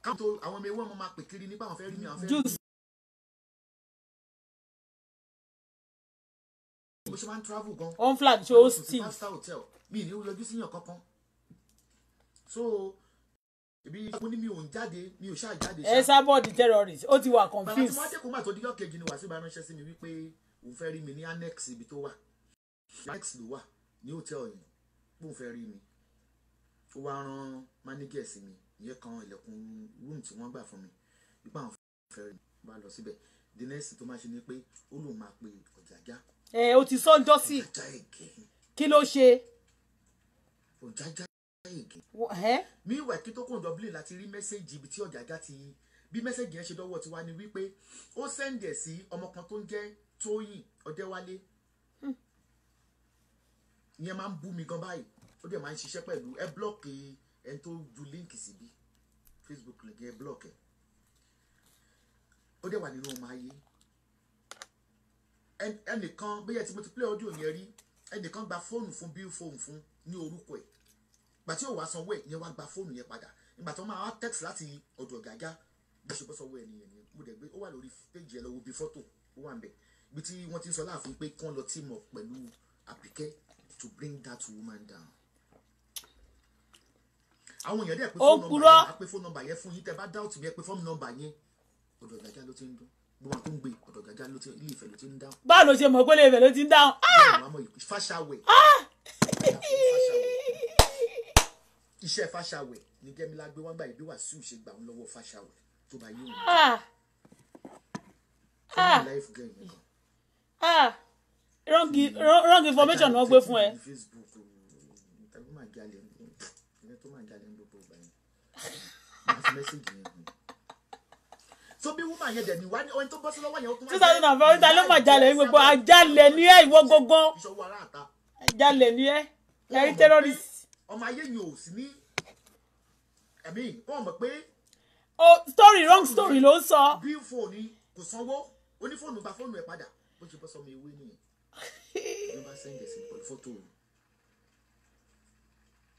káwọn àwọn ọmọ ewé ọmọ máa pè kiri nípa àwọn fẹ́ rí mi àwọn fẹ́ rí mi. mo ṣe máa ń travel gan. on flag show hosting. mi ní yọjú síyàn kankan so ebi mo ní mi ò ń jáde mi ò ṣáà jáde. ẹ sábọ̀ di terrorist ó ti wà confused. bàbá tí wọ́n á dẹ́kun máa tó díjọ́ kejì ni Wàsíù bá ránṣẹ́ sí mi wípé òun fẹ́ rí mi ní annex ibi tó wà annex ló wà ní hòtẹ́ẹ̀lì yẹn bóun fẹ́ rí mi ó wá rán manager sí mi ìyẹn kan ilẹ̀kùn room tí wọ́n gbà fún mi nípa àwọn fẹ́ rí mi bá lọ síbẹ̀ the next tó máa ṣe ni pé ó lóun máa pe ọ̀jàjà. ẹ o ti sọ ọjọ́ sí kí ló ṣe. ọ̀jàjà meanwhile kí tó kò dọ́bìlì láti rí mẹ́sẹ̀gì ibi tí ọ̀jágá ti bí mẹ́sẹ̀gì yẹn ṣe dọ́wọ́ tiwa ni wípé ó sẹ́ǹdẹ̀ sí ọmọ kan tó ń jẹ́ tóyìn ọdẹ́wálé hmm. ìyẹn máa ń bú mi gan báyìí ó dẹ̀ máa ń ṣiṣẹ́ pẹ̀lú ẹ blọ́ọ̀kì e, ẹni tó ju líǹkì síbi facebook lẹ́gẹ̀ ẹ blọ́ọ̀kì ẹ ó dẹ̀ wà nínú ọmọ ayé ẹnìkan bóyá tí mo ti play audio yẹn rí ẹnìkan gba fóònù fún bíi fóònù fún ní orúkọ ẹ̀ gbà tí sanwó ẹ̀ yẹn wá gba fóònù yẹn padà ìgbà tí máa wá text láti ọ̀dọ̀ gàgá bó ṣe bọ́ sanwó ẹ̀ nìyẹn mo dẹ̀ gbé ó wà lórí péjì ẹ̀ lọ́wọ́ bí fọ́tò ó wà nbẹ̀ ibi tí wọ́n ti ń sọ láàfin pé kán lọ team pẹ̀lú Àpíkẹ́ to bring that woman down. àwọn èèyàn dẹ̀ pé fóònù nọ́mbà yẹn á pé fóònù nọ́mbà yẹn fún yín tẹ́ bá dáùtì bí ẹ pé fóònù nọ́mbà yẹn ọ̀dọ̀ gàgá ló ti ń dún gbogbo àti gbé ọ̀dọ̀ gàgá ló ti ilé ìfẹ́ ló ti ń dáhùn. báwo ló ṣe mọ̀ pé ilé ìfẹ́ ló ti ń dáhùn. fàṣàwẹ̀ fàṣàwẹ̀ iṣẹ́ fàṣàwẹ̀ ni gẹ́mílá gbé wọ́n gbà ìbí wàsíù ṣe gbà wọ́n lọ́wọ́ fàṣàwẹ̀ tó bá yé òun. wrong information wọ́n gbé fún ẹ. so bí woman yẹn dẹ̀ ni wá ní ọyìn tó bọ́ sí lọ́wọ́ yẹn ó tún wá. sísá nínú àfẹ́ oríta ló mà jalè ní gbogbo àjálẹ̀ ní ẹ ìwọ gangan àjálẹ̀ ní ẹ ẹ̀rí terrorist ọmọ ayé yìí ò sí ní ẹ̀mí wọ́n mọ̀ pé. o story wrong story ló ń sọ. bí fóònù kò sanwó onífóònù gba fóònù ẹ̀ padà bó ṣe bọ́ sọmọ ewé nìyẹn ló bá sẹ́ńdẹ̀ sí pẹ̀lú fọ́tò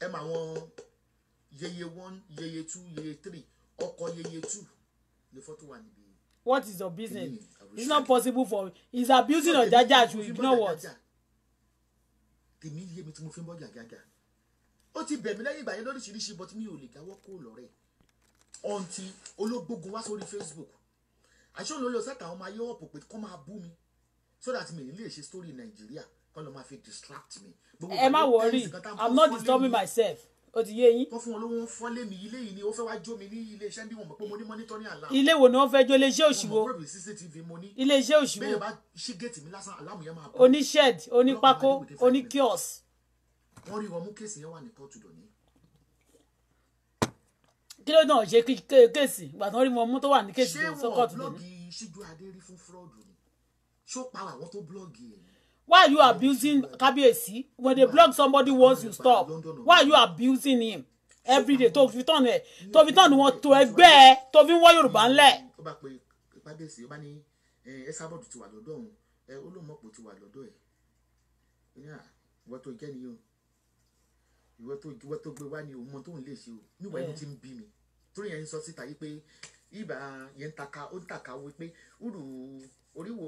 ẹ̀ mà wọ́n yeye one yeye two yeye three ọkọ̀ yeye two ni fọ́tò wà níbí. what is your business it's not possible for he's abusing Ojaja as You know what. tèmi yé mi tí mo fi ń bọ́ jàgàjà ó ti bẹ̀ lẹ́yìn ìgbà yẹn lóríṣiríṣi but mi ò lè gáwọ́ kó lọ́rẹ́ ọ̀ǹtí ológbógun wá sórí Facebook àṣọ ló lọ sẹ́ta máa yọ ọ̀pọ̀ pé kọ́ máa bú mi so that mi lè ṣe story Nàìjíríà kọ́ ló máa fi distract mi. ẹ má worry I'm not disturbing myself ó ti yé yín. wọ́n fún wọn ló wọ́n fọ́lé mi ilé yìí ni ó fẹ́ wá jó mi ní ilé iṣẹ́ bí wọ́n mọ̀ pé mo ní monitoring alarm. ilé wo ni wọ́n fẹ́ jó ilé òṣìwò. mo mọ̀ pé CCTV mo ní. ilé òṣìwò. bẹ́ẹ̀ bá ṣí géètì mi lásán aláàmù máa bọ̀. oní shed oní wọ́n rí wọn mú kéèsì yẹn wà ní kóòtù lónìí. kí ló náà ṣe kéèsì ìgbà tí wọ́n rí wọn mú tó wà ní kéèsì lónìí ṣé wọ́n blọ́ọ̀gì ṣíjú adé rí fún fúrọ́ọ̀dù ni ṣó pa àwọn tó blọ́ọ̀gì ẹ̀ why you abusing kábíyèsí when they block somebody once you stop why you abusing him every day tó fi tán ẹ tó fi tán wọn tó ẹgbẹ́ ẹ tó ń wọ́ yorùbá ńlẹ̀. ó bá pe kábíyèsí ó bá ní ẹ ti wà lọ́dọ̀ òun ẹ olóòmọ̀pọ̀ ti wà lọ́dọ̀ ẹ̀ ìyá ìwọ́n tó jẹ́ nìyẹn o ìwọ tó ìwọ tó gbé wá ni òun mọ tóun lè ṣe o níwọ̀ inú ti ń bí mi torí yẹn ń sọ síta yìí pé ibà yẹn ń taka ó ń taka wí pé urù oríwo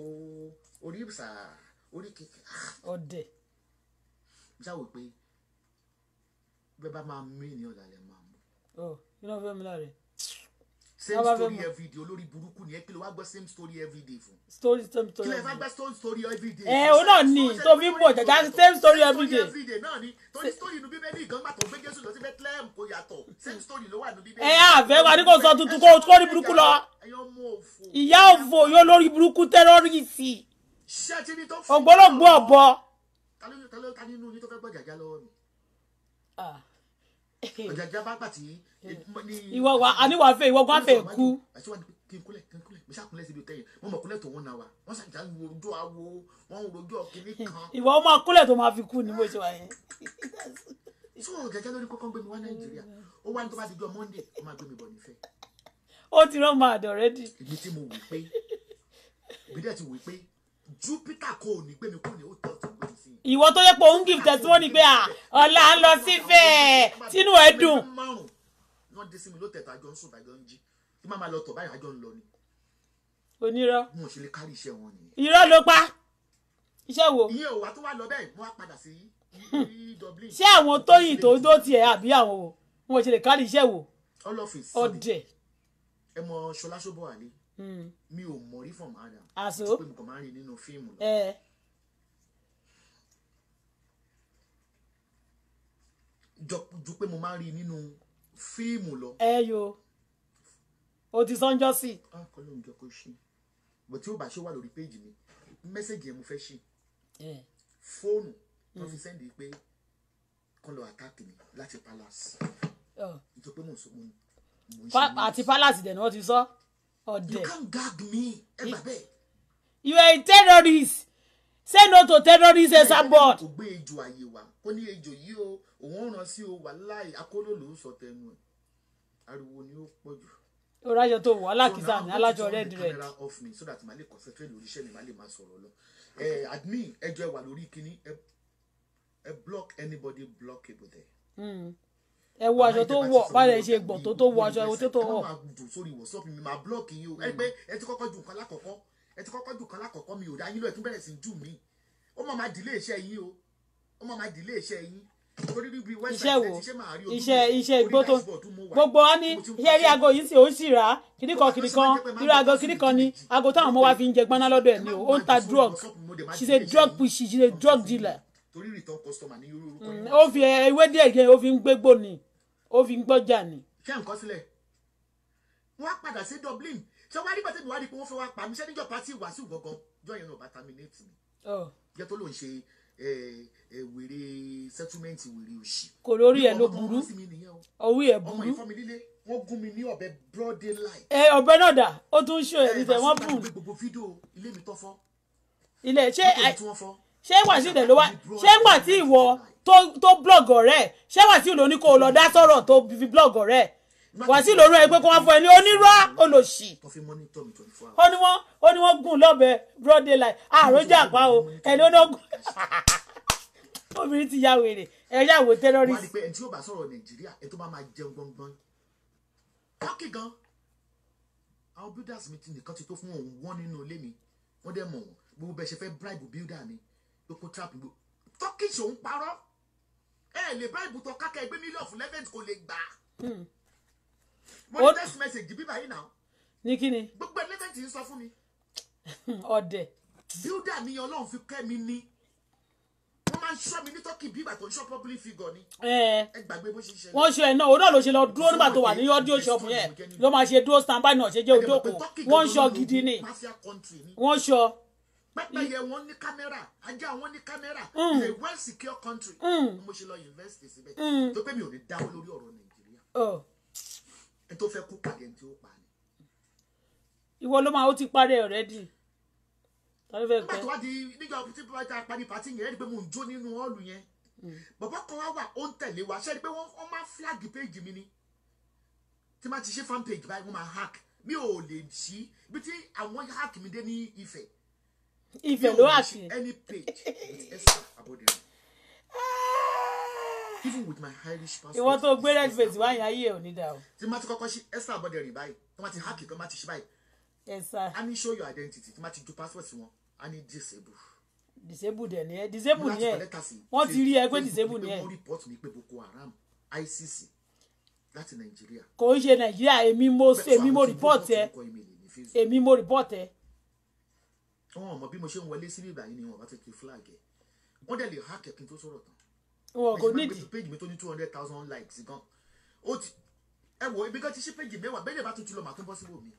orí ìbùsà orí kìkì. Ah. ọdẹ. mo ṣáà wò pé bẹ́ẹ̀ bá máa mí ní ọ̀làlẹ̀ máa mú. ọ oh, iná fẹ́ mi láre same story every day olórí burúkú ni ẹ kí ló wá gbọ́ same story every day fún. story same story. kí lè fẹ́ gbọ́ same story every day. ẹ eh, o náà ni tó fi ń bọ̀ jàjà same story every day. same story every day náà ni torí story inú bíbélì gan gbà tó gbé jésù lọ sí bethlehem kò yàtọ̀ same story ló wà inú bíbélì. ẹ àfẹ́ wa ní kò sọ tuntun kó kó ní burúkú lọ. ìyá òfò yóò lórí burúkú tẹ́rọ́rìsì. ògbólógbó ọ̀bọ. ta ló ta nínú yín tó fẹ́ gbọ́ jàjà lọ́wọ́ mi. Ah. [laughs] ọjàjà bá gbà tí. ìwọ wa àníwá fẹ ìwọ gbà fẹ kú. kí n kúlẹ̀ kí n kúlẹ̀ mẹ́sà kúnlẹ̀ síbi tẹ̀yìn wọ́n mọ̀ kúnlẹ̀ tó wọ́n na wa wọ́n ṣàjà ń rojọ́ awo wọ́n ń rojọ́ kínní [laughs] kan. ìwọ ọmọ kúnlẹ̀ tó máa fi kú ni bó ṣe wà yẹn. sọ [laughs] ọjàjà lórí kọ́kọ́ gbé wá nàìjíríà ó wá ní tó bá ti jọ monday ó máa gbé mi bọ̀ nífẹ̀. ó ti rán máa dọ̀ rẹ́dì. ibi tí mo wù pé ìwọ tó yẹ pé òun give testimony pé ọ̀la ń lọ sífẹ̀ tínú ẹ̀ dùn. wọ́n dé sí mi ló tẹ̀tọ̀ àjọ ń sùn àjọ ń jí kí má máa lọ tọ̀ báyìí mo ò ṣe lè kárí iṣẹ́ wọn nìyẹn. irọ́ ló pa iṣẹ́ wo. iye òwà tó wá lọ bẹ́ẹ̀ mo wá padà sí Dublin. E ṣé àwọn tóyìn tó dó tiẹ̀ àbí àwọn wo mo ò ṣe lè kárí iṣẹ́ wo. ọdẹ. ẹ mọ ṣọlá ṣọbọ àlè hmm. mi ò mọ̀ rí fọ̀mù adam. àṣọ àti pé mo kàn máa ń rí nínú fíìmù lọ. ju pé mo máa rí nínú fíìmù lọ. ẹ yo o ti sọ́njọ́ sí. a kọ́ ló ń jọ kó ṣe bó tí ó bá ṣe wà lórí péjì mi mẹ́sẹ̀gì yẹn mo fẹ́ ṣe fóònù tó fi sẹ́ndì pé kọ́ lọ àtàkì mi láti palace ìjọ pé mò ń sọ mo ń ṣe àti palace dẹ̀ ni wọ́n ti sọ ọ̀dẹ̀. you can gag me ẹ gbà bẹ́ẹ̀. you are a terrorist say no to terrorist ẹ sábọ̀d. kò gbé ejò àyè wá kó ní ejò yìí o òun ràn sí o wà láì akóló ló sọ tẹnu ẹ ariwo ni ó pọ̀ jù. o rájọ tó wọ alákìsà ní alájọ red red. so now i put the camera off me so that màá lè concentrate lórí iṣẹ́ mi màá lè máa sọ̀rọ̀ lọ. admin ẹjọ́ ẹ wà lórí kínní ẹ block anybody blockable there. Mm ẹ wo aṣọ tó wọ báyìí ṣe gbọ̀n tó tó wọ aṣọ ẹwọ tó tó wọ. ẹ máa dùn sórí ìwòsàn mi máa blọọkì yín o ẹ pé ẹ ti kọ́kọ́ ju nǹkan lákọ̀ọ́kọ́ ẹ ti kọ́kọ́ ju nǹkan lákọ̀ọ́kọ́ mi ò dá yín lọ ẹ tún bẹ̀rẹ̀ sí jù mí ó máa máa dìlé iṣẹ́ yín o ó máa máa dìlé iṣẹ́ yín iṣẹ́ wo iṣẹ́ iṣẹ́ igbó tó gbogbo wa ní iṣẹ́ rí aago yìí sì ó sì rà á kìnnìkan kìnnìkan irú aago kìnnìkan ni aago táwọn ọmọ wa fi ń jẹ gbaná lọ́dọ̀ ẹ̀ ni ó ń ta drug she is a drug pushy she is a drug dealer mm, ó fi eh, ewé díẹ̀ yẹn ó fi ń gbégbó ni ó fi ń gbọ́jà ni. ṣé nǹkan sílẹ̀ wọ́n á padà sí Dublin ṣé wọ́n á rí pàtẹ́ mi wá rí pé wọ́n fẹ́ wá pa mi ṣé níjọ́ pàtí Wàsíù gangan jọ́yìn náà bá terminate mi oh. Eh, wèrè settlement wèrè òṣì. kò lórí ẹ ló burú owó ẹ burú. ọmọ ìfọ́mi líle wọ́n gún mi ní ọ̀bẹ broad daylight. ẹ ọ̀bẹ náà dà ó tún ṣó ẹ̀rí tẹ wọ́n bùn. ẹ gbogbo fídíò ilé mi tọ́fọ́. ilé ṣé ṣé wàásù ìdè ló wá ṣé wà tí ìwọ tó blog ọ̀rẹ́ ṣé wàásù ló ní kó o lọ dá sọ̀rọ̀ tó fi blog ọ̀rẹ́ wàásù ló rán ẹ pé kó wá fún ẹ ní onírọ́ olòṣì. ó ní wọ́n gún lọ́bẹ broad daylight àròjà pa o ẹni ó náà gún. [laughs] obìnrin ti ya wèrè ẹ̀yà wo terrorist. wọ́n á di pé ẹni tí yóò bá sọ̀rọ̀ nàìjíríà ẹ̀ tó bá máa jẹun gbọ̀ngbọ̀n káàkiri gan àwọn builders mi ti nìkan ti tó fún òun wọ́n nínú ilé mi wọ́n dẹ̀ mọ̀ wọ́n gbogbo bẹ́ẹ̀ ṣe fẹ́ bribe builder mi ló trap gbogbo turkish òun parọ́ ẹ lè bribe tọ kákẹ́ ẹgbẹ́ mílíọ̀nù lẹ́fẹ̀ẹ́ kò lè gbà. Hmm. mo ní text message bíbá yìí náà. ní kí ni. gbogbo ẹlẹ́fẹ̀ẹ́ ti ń sọ fún mi. [laughs] ọ̀dẹ̀. builder mi ọlọ́run fi kẹ́ mi ní máa ń ṣọ́ mi ní tọ́kì bí ìgbà tó ń figure ni. Eh. ẹ gbàgbé bó ṣe ṣe. wọ́n ṣe náà òun náà ló ṣe lọ dúró nígbà tó wà ní audio shop yẹn ló máa ṣe dúró standby náà ṣe jẹ́ òdòkó wọ́n ń ṣọ́ gidi ni wọ́n ṣọ́. pẹ́pẹ́yẹ wọn ní kámẹ́rà ajá wọn ní kámẹ́rà hmm. is a well secure country hmm. mo ṣe lọ invest síbẹ̀ hmm. tó pé mi ò ní dáwọ́ lórí ọ̀rọ̀ nàìjíríà oh. ẹ tó fẹ́ kú pàdé ní tí ó pa ni. ìwọ ló máa ó ti parí already nígbà tó wá di nígbà tí bàbá ta parí pàtí yẹn ẹni pé mò ń jó nínú ọ́ọ̀lù yẹn hmm. bàbá kan wá wà ó ń tẹ̀lé wa ṣẹ́ni pé wọ́n máa flag page mi ni tí máa ti ṣe fan page báyìí wọ́n máa hack mi ò lè ṣí bí tí àwọn hack mi dé ní Ifẹ̀ Ifẹ̀ ló hack mi any page [laughs] ah! even with my Irish passport ìwọ tó gbé red face wáyé ayé ẹ ò dà o. tí máa ti kọ́kọ́ ṣí Esther Aboderin báyìí tí máa ti hack tí máa ti ṣe báyìí. Yes, sir. I mean, show your identity. Tí ma ti ju passport wọn a ní disable. disable dẹ̀ ni ẹ disable ni ẹ wọ́n ti rí ẹ pé disable ni ẹ. wọ́n report mi pé Boko Haram ICC láti Nàìjíríà. kò ń ṣe Nàìjíríà èmi mo èmi mo report ẹ èmi mo report ẹ. wọn mọ bí mo ṣe ń wọlé sí bíbá yìí ni wọn bá ti kí flag ẹ wọn dẹ̀ lè hack ẹ kí n tó sọ̀rọ̀ tán. wọn kò nídìí page mi tó ní two hundred thousand likes gan ó ti ẹ wò ibi kan ti ṣí page mẹ́wàá bẹ́ẹ̀ bá tún ti lọ màá tún bọ́ síbò mi.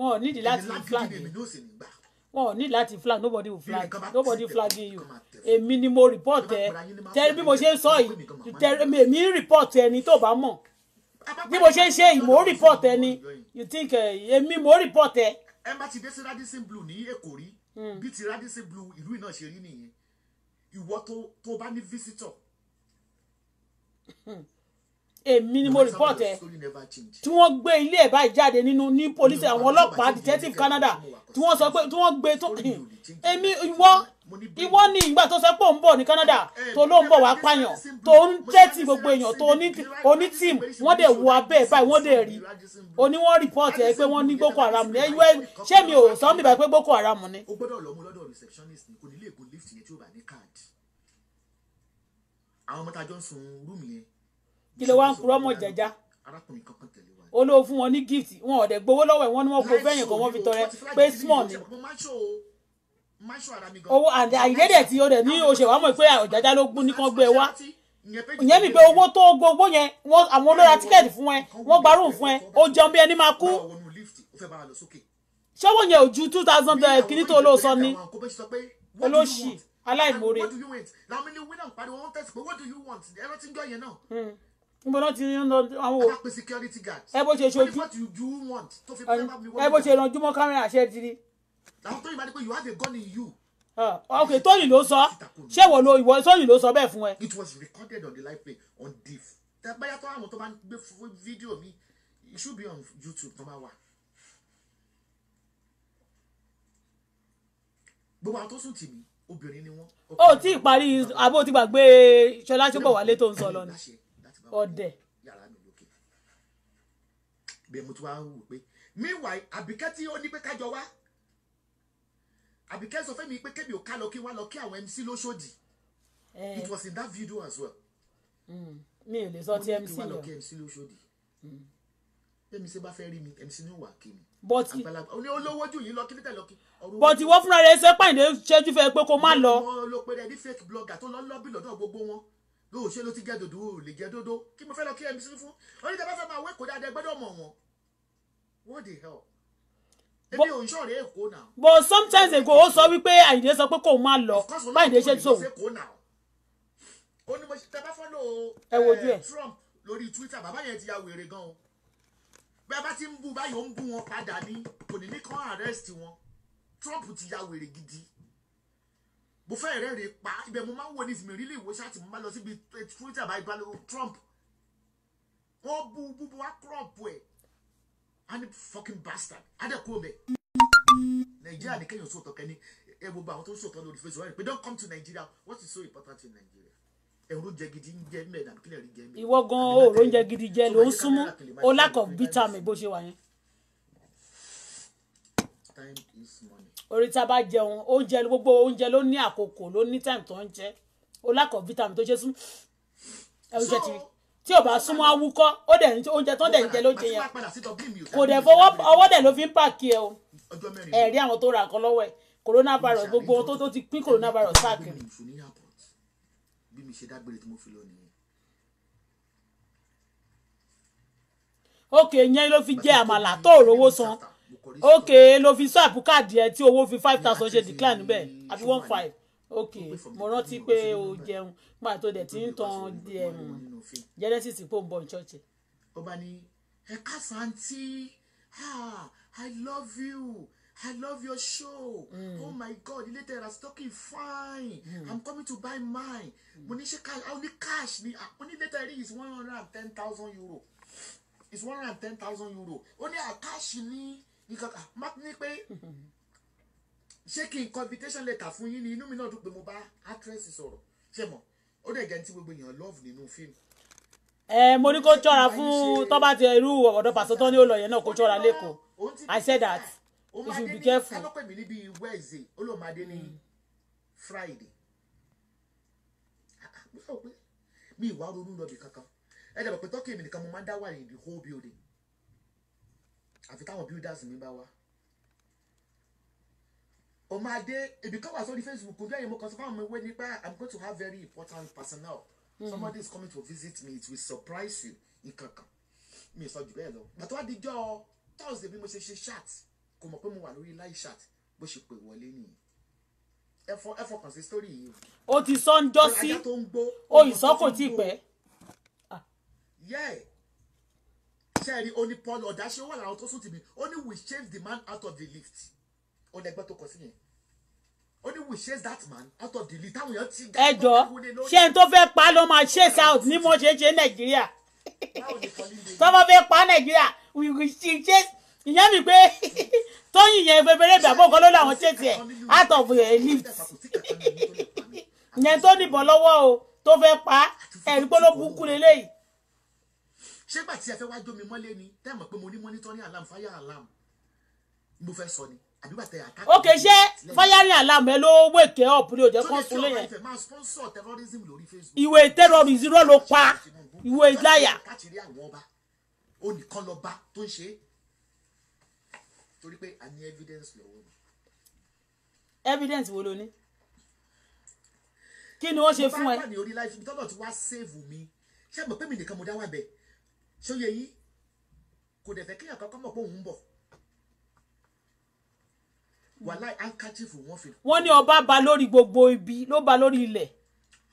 wọn ò nídìí láti flag ẹ èmi ni èmi ní òsì nígbà wọn ò ní láti flag nobody will flag nobody flagging you èmi ni mo report ẹ tẹrí bí mo ṣe ń sọ yìí tẹrí èmi report ẹni tó bá mọ̀ bí mo ṣe ń ṣe yìí report ẹni you think eh, èmi mo report ẹ. ẹ má ti dé sí Radisson Blu ní Èkó rí hmm. bí ti Radisson Blu ìlú iná ṣe rí nìyẹn ìwọ tó bá ní visitor hmm èmi ni mo report ẹ tí wọ́n gbé ilé ẹ̀ báyìí jáde nínú ní police àwọn ọlọ́pàá detective Canada tí wọ́n sọ pé tí wọ́n gbé tó eh, èmi ìwọ ìwọ ni ìgbà tó sọ pé òun bọ̀ ní Canada eh, tó ló ń bọ̀ wá pààyàn tó ń tẹ́tì gbogbo èèyàn tó ní team wọ́n dẹ̀ wo abẹ́ ẹ̀ báyìí wọ́n dẹ̀ rí oní wọ́n report ẹ pé wọ́n ní Boko Haram ní ẹ̀yọ́ ṣé mi ò sọ mi báyìí pé Boko Haram ni. o gbọ́dọ̀ lọ mú lọ́dọ̀ receptionist kò ní lè gùn lift yẹn tí ó bá ní káàdì àwọn ọmọ tá a jọ ń sun rúùmù yẹn kí ló wá ń purọ́ mọ̀ jẹ́já olówó fún wọn ní gift wọn ọ̀dẹ̀ gbowó lọ́wọ́ ẹ̀ wọ́n ní wọn kò fẹ́yìn kan wọ́n fi tọrẹ pé small ni owó and àìlédè tí o ní oṣèwà mọ̀ pé ọ̀jájá ló gún ní kan gbé wá ìyẹn mi pé owó tó gbogbo yẹn àwọn olóra tíkẹ́ẹ̀tì fún ẹ wọ́n gbárùn fún ẹ ó jẹun bí ẹni máa kú ṣọ́wọ́ yẹn ò ju two thousand dollars eh, kìíní tó olóòsọ ni olóṣì aláìmoore níbo náà ti ń lọ àwọn o. security guard. ẹ bó ṣe ṣojú ẹ bó ṣe ranjúmọ́ kámẹ́rà ṣe tiri. àwọn tó yìnbọn ni pé you have a gun in you. ok tóyìn ló sọ ṣé ìwọ ló ìwọ tóyìn ló sọ bẹ́ẹ̀ fún ẹ. it was recorded on the live play on div. tẹ́gbẹ́yà tó àwọn tó bá ń gbé fídíò mi it should be on youtube tó máa wà. gbogbo àwọn tó sùn tì mí obìnrin ni wọn. o tí ì parí àbó ti gbàgbé ṣọlá ṣọbọ wálé tó ń sọ lọ ni ọ̀dẹ̀. yàrá mi lókè bẹ́ẹ̀ mo tún wá wò pé meanwhile àbíkẹ́ tí ó ní pé kájọ wá àbíkẹ́ sọ fẹ́mi pé kébì ò ká lọ kí wá lọ kí àwọn MC lóṣòdì eh. it was in that video as well. Hmm. mi ò lè sọ ti MC lọ. mo ní kí wá lọ kí MC lóṣòdì tẹ́mi hmm. ṣe bá fẹ́ rí mi MC ní wà kí mi. bọ́tì àgbàlagbà ní olówó jù yín lọ kí níta lọ kí. bọ́tì wọ́n fúnra rẹ̀ ṣe pàǹdé ṣẹ́jú fẹ́ pé kó má lọ. mo lo pé rẹ̀ ní fake blogger tó lọ lọ́bì lọ́dọ̀ gbogbo wọn bí o ṣe ló ti jẹ́ dòdò o lè jẹ́ dòdò kí mo fẹ́ lọ kí ẹ̀mí sí fún oníjẹ bá fẹ́ máa wẹ́kọ̀ọ́ dáadáa gbọ́dọ̀ mọ̀ wọn what the hell ebi but sometimes ago ó sọ wípé àyìndé sọ pé kò má lọ báyìndé ṣe tó. ó ní mo ṣe tẹ́lá eh, Trump lórí Twitter bàbá yẹn ti ya wèrè gan o bẹ́ẹ̀ bá ti ń bú báyìí ó ń bú wọn padà ní kò ní ní kàn arrest wọn Trump ti ya wèrè gidi mo fẹ́ rẹ́rìn pa ibẹ̀ mo máa ń wo ní ìsinmi ìrírí ìwé ṣáàtì mo máa lọ síbi twitter bá ibà trump wọ́n bú búbu wá crop ẹ̀ and fucking bastard adẹ́kùn bẹ̀ nàìjíríà ní kẹ́yìn sóòtọ́ kẹ́ni ẹ gbogbo àwọn tó sóòtọ́ lórí facebook ẹ̀ pé don't come to nigeria what is so important in nigeria ẹ̀rọ oúnjẹ gidi ń jẹ́ mẹ́ẹ̀dà kílẹ̀ rí jẹ́ mẹ́ẹ̀dà. ìwọ gan-an oòrùn oúnjẹ gidi jẹ ló ń súnmú o lack of vitamin bó ṣe wà yẹn time orí tá a bá jẹun oúnjẹ gbogbo oúnjẹ ló ní àkókò ló ní time tó ń jẹ o lack of vitamin tó ṣe sún oúnjẹ ti tí o bá súnmọ́ awúkọ́ ó dẹ̀ oúnjẹ tó dẹ̀ ń jẹ ló jẹ yẹn kò dẹ̀ fọwọ́ ọwọ́ dẹ̀ ló fi ń pààkì ẹ o ẹ̀rí àwọn tó ra nǹkan lọ́wọ́ ẹ̀ coronavirus gbogbo ohun tó ti pín coronavirus káàkiri. bí yẹn ló fi jẹ àmàlà tó òrówó san ok lo fi swap káàdì ẹ tí owó fi five thousand ṣe decline níbẹ̀ àbí one five ok mo rántí pé o jẹun nígbà tó dẹ̀ ti ń tan um, genesis pò ń bọ̀ ní church. ó bá ní ẹ káàsán àǹtí ah, i love you I love your show. Mm. Oh my God, ilé tẹ̀ra talking fine. Mm. I'm coming to buy mine. Hmm. Mo ní ṣe cash, I only cash ni, ah, mo ní later is one hundred and ten thousand euro. It's one hundred and ten thousand euro. Ó ní àkáṣì ah, me nǹkan kan má ní pé ṣé kí n kọ invitation letter fún yín ni inú mi náà dùn pé mo bá actress sọ̀rọ̀ ṣe mọ̀ ó dẹ̀ jẹ́ ní gbogbo èèyàn love nínú fíìmù. ẹ mo ní kó ṣọ́ra fún tó ti irú ọ̀dọ̀ pàṣẹ tó ní ó lọ yẹn náà kó ṣọ́ra lẹ́kọ̀ọ́ I said that ah, you should be careful. ó máa dé kálọ́pẹ̀ hmm. ah, ah, mi níbi Wednesday ó ní Friday mi ìwà ronú lọ bì kankan ẹ dàbọ̀ pé tọ́kì mi nìkan mo máa ń dá wà ní the whole building àfi táwọn builders mi bá wá o máa dé ibi kan wà sórí Facebook ojú ẹ̀yìn mo kàn sọ fáwọn ọmọ ìwé nípa I'm going to have very important personnel hmm. somebody is coming to visit me it will surprise you nkankan mi sọ jù bẹ́ẹ̀ lọ pàtó àdìjọ́ Thursday bí mo ṣe ṣe chat kò mọ̀ pé mo wà lórí live chat bó ṣe pè wọlé nìyí ẹ fọkàn sí sórí yìí. o ti sọ ń jọ sí o ìsọ kò tí pẹ́. Ah. yẹ́ẹ̀ ṣẹ́ẹ̀rí ó ní Paul ọ̀dáṣẹ́ wà láwọn tó sùn tì mí ó ní we chase the man out of the lift ó lẹ́gbẹ́ tó kọ sí yẹn ó ní we chase that man out of the lift táwọn èèyàn ti. ẹjọ ṣé n tó fẹ́ pa ló máa chase out ní mo ṣe ṣe nàìjíríà tọ́wọ́ fẹ́ pa nàìjíríà we will chase ìyẹn mi pé [laughs] tóyìn yẹn fẹfẹrẹ bí àbọ̀ kan ló làwọn chase ẹ̀ out of the lift ìyẹn tó níbọn lọ́wọ́ o tó fẹ́ pa ẹ̀rí pé ló bú kú lélẹ́yìí ṣégbà tí ẹ fẹ́ wá jómi mọ́lé ni tẹ́ mọ̀ pé mo ní monitoring alarm fire alarm mo fẹ́ sọ ni àbígbà tẹ àtàkùn. ó kè ṣe firing alarm ẹ ló wèké up ní òjẹ kan fún lẹ́yìn. ìwé terrorism ló pa ìwé ìdáyà. ó nìkan lọ bá tó ń ṣe é torí pé a ní evidence lọ́wọ́ ni. evidence wo ló ní. kí ni wọ́n ṣe fún ẹ. mo bá pàdé orí láìfi tọ́lọ̀ tí wàá save mi ṣé mo pé mi nìkan mo dá wà bẹ́ẹ̀ ṣóye yìí kò dẹ̀ fẹ́ kéèyàn kankan mọ̀ pé òun ń bọ̀ wàláì ankachifu wọn fi. wọ́n ní ọba ba lórí gbogbo ibi ló ba lórí ilẹ̀.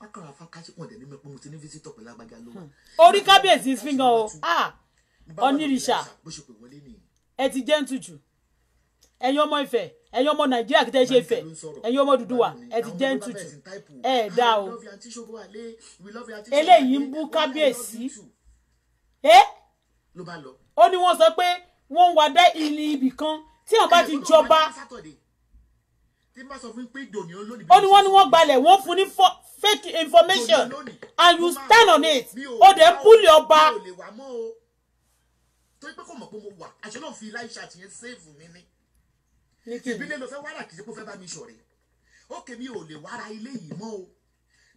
akọ̀rọ̀ afákàtì wọn dẹ̀ ní mẹ́pẹ́ mo ti ní físítọ̀ pẹ̀lú agbájá hmm. ló ah, wà. orí kábíyèsí fíngàn o onírìṣà ẹ ti jẹ́ ń tutù ẹ̀yin ọmọ Ifẹ̀ ẹ̀yin ọmọ Nàìjíríà kìtẹ́ ṣe Ifẹ̀ ẹ̀yin ọmọ Odùduwà ẹ ti jẹ́ ń ẹ̀ dá o eléyìí ń bú kábíyèsí ẹ́ ló bá lọ. ó ní wọ́n sọ pé wọ́n ń wá dá ilé ibì kan tí àwọn bá ti jọba. ó ní wọ́n ní wọ́n gbalẹ̀ wọ́n fún ní fake information and you stand on it ó dẹ̀ ń búlẹ̀ ọba. torí pé kò mọ̀ pé mo wà àṣẹ náà fi láìṣà tiẹ̀ sèèfù mi ní. ìbílẹ̀ ló fẹ́ wàrà kì ṣe kó fẹ́ bá mi ṣọ̀rẹ́ ó kè ò lè wàrà ilé yìí mọ́ o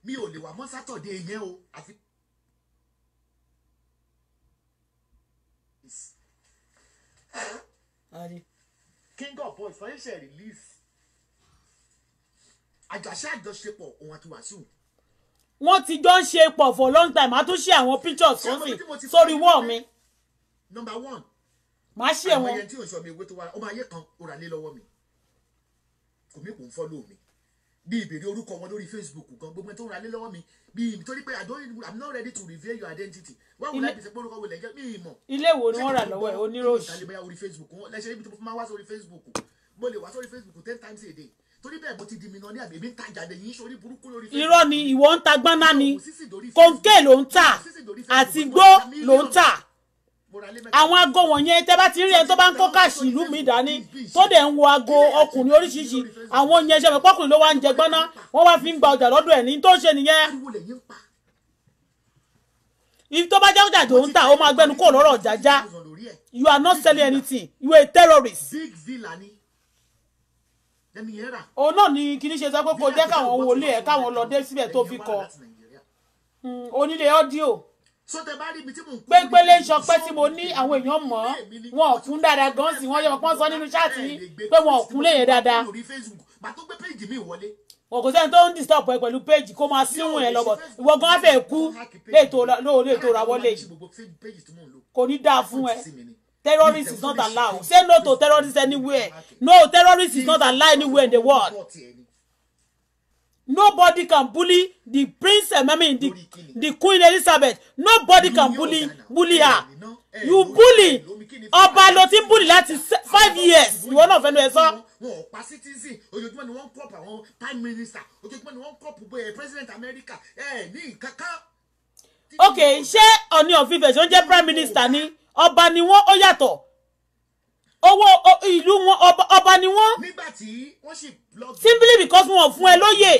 mi ò lè wà mọ́ sátọ̀dé yẹn o àfi release. king of boys wọ́n ṣẹ̀ṣẹ̀ release. àjọṣe àjọṣepọ̀ òun àti wàsíù. wọ́n ti jọ ń ṣe pọ̀ for long time a tún ṣe àwọn pictures kan sí sórí wọ́ọ̀ mi. number one. màá ṣe wọn. àwọn ẹyẹ tí ò sọ mi ewé tó wá ọmọ ayé kan ó rà lé lọ́wọ́ mi kò mí kò ń fọ́ lóò mi bí ìbèrè orúkọ wọn lórí facebook gan gbogbo tó ń ra lé lọ́wọ́ mi bí torí pé i don't i'm not ready to reveal your identity wá wò láti ṣe pé orúkọ wo lè jẹ́ mi ìmọ̀. ilé wo ni wọ́n rà lọ́wọ́ ẹ̀ oníròṣì. ṣé ìtàlẹ́bẹ̀yà orí facebook wọn lẹ́sẹ̀ ibi tí mo fi máa wá sórí facebook mo lè wá sórí facebook ten times a day torí bẹ́ẹ̀ mo ti di mi náà ní àbí èmi ń ta jáde yìí sórí burúkú lórí facebook. irọ́ ni ìwọ ń ta gbọ́ná ni kòńké ló ń tà àti ló ń tà àwọn aago wọ̀nyẹn tẹ́ bá ti rí ẹni tó bá ń kó káàṣì ìlú mi dání tó dẹ̀ ń wo aago ọkùnrin oríṣiríṣi àwọn yẹn ṣe pọ́kùnrin ló wá ń jẹ gbọ́ná wọ́n wá fi ń gba ọjà lọ́dọ̀ ẹ̀ ní tó ṣe nìyẹn if tó bá jẹ́ ọjà tó ń tà ó máa gbẹnu kó lọ́rọ̀ jájá you are not selling anything you are a terrorist. òun náà ni kì í ṣe sọ pé kó jẹ́ káwọn wọlé ẹ̀ káwọn lọ dé síbẹ̀ tó fi kọ hmm, onílé ọ́díò pépélé ìṣọpẹ́ tí mo ní àwọn èèyàn mọ̀ wọn ò dáadáa gan sí wọn yọ ọpọ́n sọ nínú ṣáàtì pé wọn ò léyìn dáadáa. wọn kò sẹ́ni tó ń disturb ẹ pẹ̀lú péjì kó máa síwùn ẹ lọ́bọ̀ ìwọ gan fẹ́ kú léètò ra wọlé kò ní dáa fún ẹ terrorist is not allowed say no to terrorist anywhere no terrorist is not allowed anywhere in the world nobody can bully the prince eh, I mean the, the queen Elizabeth nobody can bully bully her you bully ọba ló ti ń bully láti five years ìwọ náà fẹnu ẹ sọ. wọn ò pa citizen ojoojúmọ́ ni wọ́n ń kọ́pù àwọn prime minister ojoojúmọ́ ni wọ́n ń kọ́pù eh, president America ẹ̀ ní kankan. ok ṣé Ọọ̀ni of ṣó ń jẹ́ prime minister ni ọba ni wọ́n ó yàtọ̀ owó ìlú wọn ọba ni wọn simply because wọn ò fún ẹ lóyè.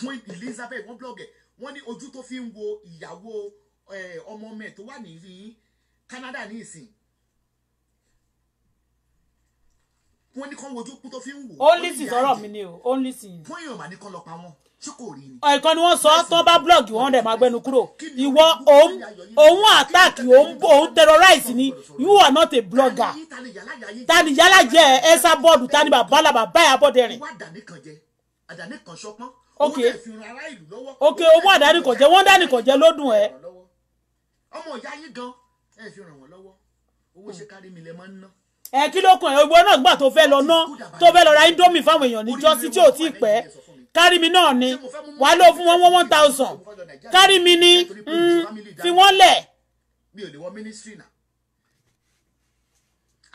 Queen Elizabeth wọ́n blọ́ọ̀gẹ̀ wọ́n ní ojú tó fi ń wo ìyàwó ọmọ mẹ tó wà ní Canada ní ìsìn wọ́n ní kán wojú kú tó fi ń wò. ó ń lì sí mi ni o ó ń lì fún èèyàn mà ní kán lọ pa wọ́n tí kò rí ni. ẹ̀kan ni wọ́n sọ tán bá blọọgì wọn dẹ̀ máa gbẹnu kúrò ìwọ òun òun attack òun terrorize ni you are not a blogger tani yálà jẹ ẹsà bọ́ọ̀dù tani bàbá làbà báyà bọ́dẹ̀rìn. ok ok owó àdáni kò jẹ wọ́n dání kò jẹ lódùn ẹ̀. ọmọ ìyá yín gan ẹ fi ràn wọ́n lọ́wọ́ owó ṣe kárí mi lẹ máa ń ná ẹ kí ló kàn ẹ owó náà gbà tó fẹ́ lọ ná tó fẹ́ lọ ra indomie fáwọn èèyàn níjọ́sí tí ò tí ì pẹ́ kárí mi náà ni wà á lò fún wọn one one thousand kárí mi ni hmm, fi wọ́n lẹ̀. mi ò lè wọ mínísírì náà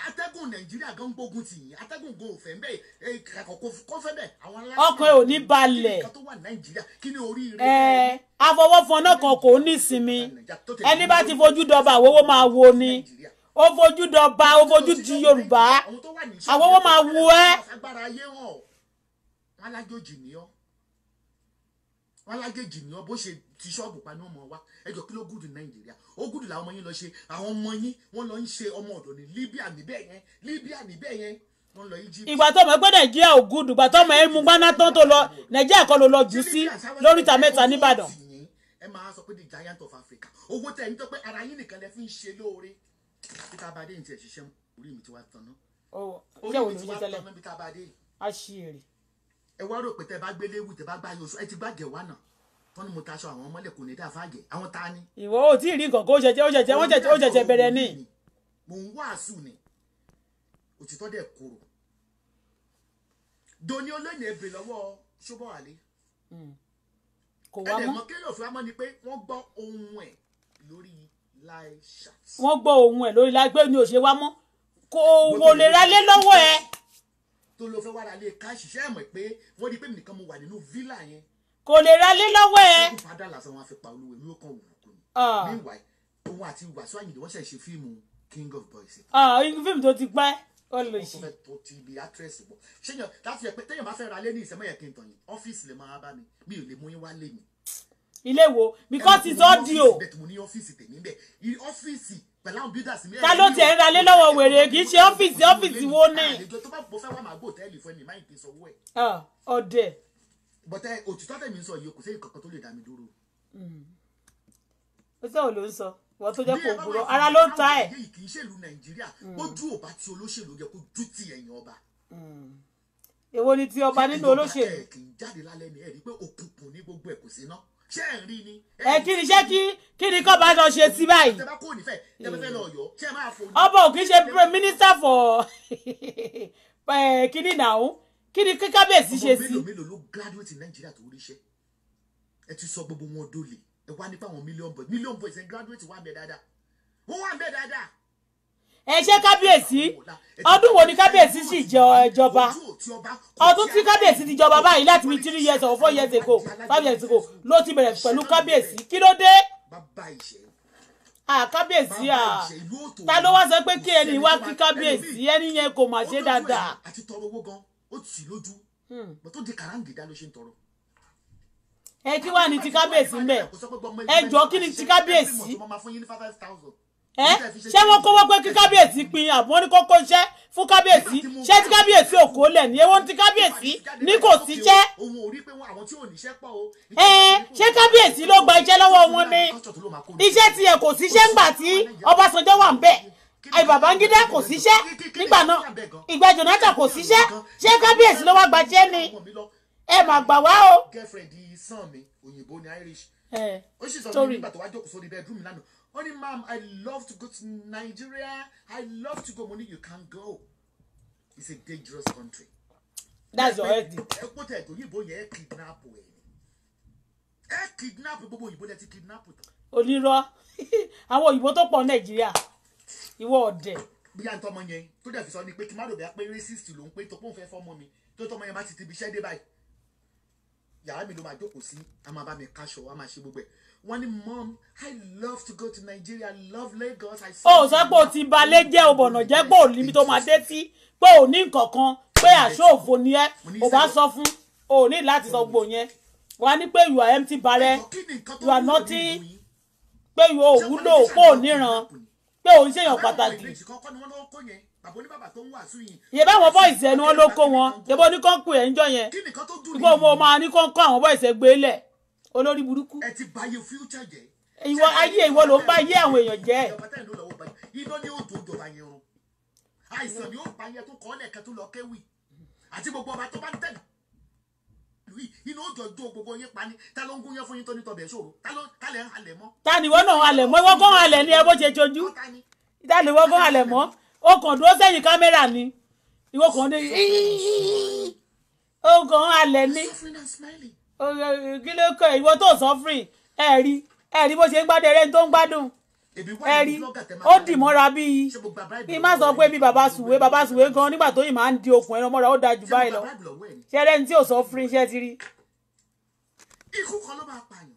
atẹ́gùn nàìjíríà gan gbógun tì yín atẹ́gùn gan òfẹ́ ń bẹ́ẹ̀ kàkọ́ kó bẹ́ẹ̀ àwọn aláṣẹ. ọkàn ò ní balẹ̀. kí wà nàìjíríà ni orí rẹ. ẹ afọwọ́fọnà kan kò ní sinmi ẹni bá ti fojú dọba àwòwò máa wo ni ó fojú dọba ó fojú di yorùbá àwòwò máa wo ẹ wọn lájòjì ní ọ wọn lájèjì ní ọ bó ṣe ti ṣọ́ọ̀bù pa ní ọmọ wa ẹjọ kí ló gùdù nàìjíríà ó gùdù làwọn ọmọ yín lọ ṣe àwọn ọmọ yín wọn lọ ń ṣe ọmọ ọ̀dọ̀ ní Libya níbẹ̀ yẹn Libya níbẹ̀ yẹn wọn lọ Egypt. ìgbà tó mọ̀ pé nàìjíríà ò gùdù ìgbà tó mọ̀ ẹ mú gbaná tán tó lọ nàìjíríà kan ló lọ jù sí lóríta mẹ́ta nìbàdàn. ẹ máa sọ pé the giant of Africa owó tẹ̀ ń tọ́ pé ara yín nìkan lẹ fi ń ṣe lóore peter abade ń tiẹ̀ ṣiṣẹ́ orí mi ti wá tán náà. orí mi ti wá tán náà peter abade. a ṣe èrè ẹ wá rò pé tẹ bá gbélé wù tẹ bá gbá yosọ ẹ ti gbàgẹ̀ wá náà tọ́ ni mo taṣọ àwọn ọmọlẹ̀ kò ní dá fàgẹ̀ àwọn ta ni. ìwọ ò tí ì rí nǹkan kó ṣẹ̀ṣẹ̀ ó ṣẹ̀ṣẹ̀ wọ́n ṣẹ̀ṣẹ̀ ó ṣẹ̀ṣẹ̀ bẹ̀rẹ̀ ni. mò ń wàásù ni òtítọ́ dẹ̀ kúrò doni olóyìn ebè lọ́wọ́ ṣọ́bọ̀ àlẹ́. Hmm. kò wá mọ́ ẹ̀dẹ̀mọ́ kéèyàn fún wa mọ́ ni pé wọ́n gbọ́ ohun ẹ̀ lórí láì ṣàtì. wọ́n gbọ́ ohun ẹ̀ lórí láì pé ni ò ṣe wá mọ́ kò wò lè ra lé lọ́wọ́ ẹ̀ tó lọ fẹ́ wá ra lé káàṣì ṣe é mọ̀ pé wọ́n rí pé mi nìkan mo wà nínú fílà yẹn. kò lè ra lé lọ́wọ́ ẹ. ó padà lásán wọn á fi pa olúwe mi ó ni. Ah. meanwhile òun àti Wàsíù Àyìndé wọ́n ṣẹ̀ ṣe fíìmù King of Boys. Ah, fíìmù tó ti pẹ́ ó lè ṣe. ọkùnrin tó ti bi actress bọ̀ ṣéyàn láti yẹ pé téèyàn bá fẹ́ ra lé ní ìsẹ́mọ̀ yẹ kí n tàn yín ọ́fíìsì lè máa bá mi mi ò lè mú yín wá lé mi. ilé wo because it's audio. mo ní ọ́fíìsì tèmi bẹ́ẹ̀ ọ́fíìsì pẹ̀lú àwọn builders mi. ta ló tiẹ̀ ń ralé lọ́wọ́ wèrè kì í ṣe ọ́fíìsì ọ́fíìsì wo ni. àlejò tó bá bọ fẹ́ wà máa gbọ́ òtẹ́ẹ̀lì fún ẹni máa ń pèsè owó ẹ̀. ọdẹ. bọ́tẹ́ òtítọ́ tẹ̀mí ń sọ yìí kò sí ìkọ̀kọ̀ tó lè dá mi dúró. Hmm. ó sọ òun ló ń sọ wọ́n tó jẹ́ kó gbúrọ̀ ara ló ń ta ẹ̀. kì í ṣèlú nàìjíríà ojú ọba tí olóṣèlú yẹ kó ju ti ẹ̀yìn ọba. Hmm. èwo ni ti ọba nínú olóṣèlú. kì í jáde lálẹ́ ni ẹ̀rí pé òkùnkùn ní gbogbo ẹ̀ kò sí náà ṣé ẹ̀ ń rí ni. ẹ kí ni ṣé kí kí ni kọ́ bá lọ ṣe sí báyìí. tẹ bá kó nífẹ̀ tẹ bá fẹ́ lọ yọ ṣé máa fojú. ọba ò ṣe minister for [laughs] kíní nàún kí ni kíkábíyèsí ṣe sí. ọmọ mélòó mélòó ló graduate nàìjíríà tó ríṣẹ́ ẹ ti sọ gbogbo wọn dólè ẹ wá nípa àwọn million boys million boys ẹ graduate wà bẹ́ẹ̀ dáadáa wọ́n wà bẹ́ẹ̀ dáadáa ẹ ṣe kábíyèsí ọdún wo ni kábíyèsí sì jọba ọdún tí kábíyèsí ti jọba báyìí láti bí three years or four years ago five years ago ló ti bẹ̀rẹ̀ pẹ̀lú kábíyèsí kí ló dé kábíyèsí à ta ló wá sọ pé kí ẹni wá kí kábíyèsí ẹni yẹn kò mà ṣe dáadáa. àti tọrọ owó gan ó tì lójú hmm. bó tó di kàráǹgìdá ló ṣe ń tọrọ. ẹ kí wàá ní ti kábíyèsí mbẹ ẹ jọ kí ni ti kábíyèsí ṣé wọ́n kọ́wọ́ pé kí kábíyèsí pin àbọ̀ ní kókó iṣẹ́ fún kábíyèsí ṣé tí kábíyèsí òkò lẹ̀ ní ewu tí kábíyèsí ní kò sí jẹ́. ṣé kábíyèsí ló gba iṣẹ́ lọ́wọ́ wọn ni iṣẹ́ tiẹ̀ kò síṣẹ́ ńgbà tí Ọbásanjọ́ wà ń bẹ̀ àì Babangida kò síṣẹ́ nígbà náà ìgbà Jonathan kò síṣẹ́ ṣé kábíyèsí ló wá gba iṣẹ́ ni ẹ mà gbà wá o. ó sì sọ mi nígbà tó wá jókòó sórí bẹ́ẹ̀dúrúmù lánàá ó ní ma'am I love to go to Nigeria I love to go Money, you can't go it's a dangerous country. that's your head. ẹ kó tẹ ẹgbẹ́ òyìnbó yẹn ẹ kidnap ẹ ẹ kidnap gbogbo òyìnbó lẹ ti kidnap tán. onírọ́ [laughs] àwọn òyìnbó tó pọ̀ Nàìjíríà ìwọ ọ̀dẹ̀. bí yá ń tọ́ ọmọ yẹn tó dẹ̀ fi sọ ni pé kí má lò bí a pé racist ló ń pé tó pọ́n fẹ́ fọ́mọ mi tó tọ́ ọmọ yẹn bá ti ti ibi iṣẹ́ dé báyìí yàrá mi ló máa jókòó sí a máa bá mi káṣọ a máa ṣe gbogbo ẹ̀ wọ́n ní mom i love to go to nigeria i love lagos i. ó sọ pé o ti balẹ̀ jẹ́ o bọ̀nà jẹ́ pé ò níbi tó máa dé sí pé ò ní nǹkan kan pé àṣọ ni ẹ ò bá sọ fún o láti sọ gbogbo yẹn wàá ní pé you are empty barrel you are nothing pé you ò wúlò kó o níran pé o ń ṣèyàn pàtàkì. ìyẹn báwọn bọ́ìsì ẹni wọn ló kó wọn ìyẹn bó ní kọ́ńkù ẹ̀ ń jọ yẹn ìgbà wo máa ní kọ́ńkù àwọn bọ́ìsì ẹ gbé lẹ̀ olórí burúkú. ẹ ti bá ayé future jẹ. ìwọ ayé ìwọ ló ń bá ayé àwọn èèyàn jẹ. iná ni yóò tó jọba yẹn o àìsàn ni yóò bá yẹn tó kọ́ lẹ̀kẹ́ tó lọ kéwì àti gbogbo ọba tó bá ń tẹ̀lé iná ó jọjọ gbogbo yín pa ni ta ló ń gún yẹn fún yín tó ní tọbẹ̀ ṣòro ta lẹ̀ ń halẹ̀ mọ́. ta ni wọ́n náà halẹ̀ mọ́ ìwọ́n kàn halẹ̀ ní ẹ ṣe jojú ta ni wọ́n kàn halẹ̀ mọ́ o kàn dúró sẹ́yìn kámẹ́rà ni ìwọ kàn dé o kàn halẹ̀ ní kí ló kọ ìwọ tó suffering ẹ rí ẹ rí bó ṣe ń gbádùn ẹrẹ tó ń gbádùn ẹ rí ó dì mọ́ra bíi kí má sọ pé bíi bàbá sùwé bàbá sùwé gan nígbà tó yìí máa ń di okùn ẹran mọ́ra ó da jù báyìí lọ ṣe ẹrẹ́ni tí ò suffering ṣe ti rí. ikú kan ló máa pààyàn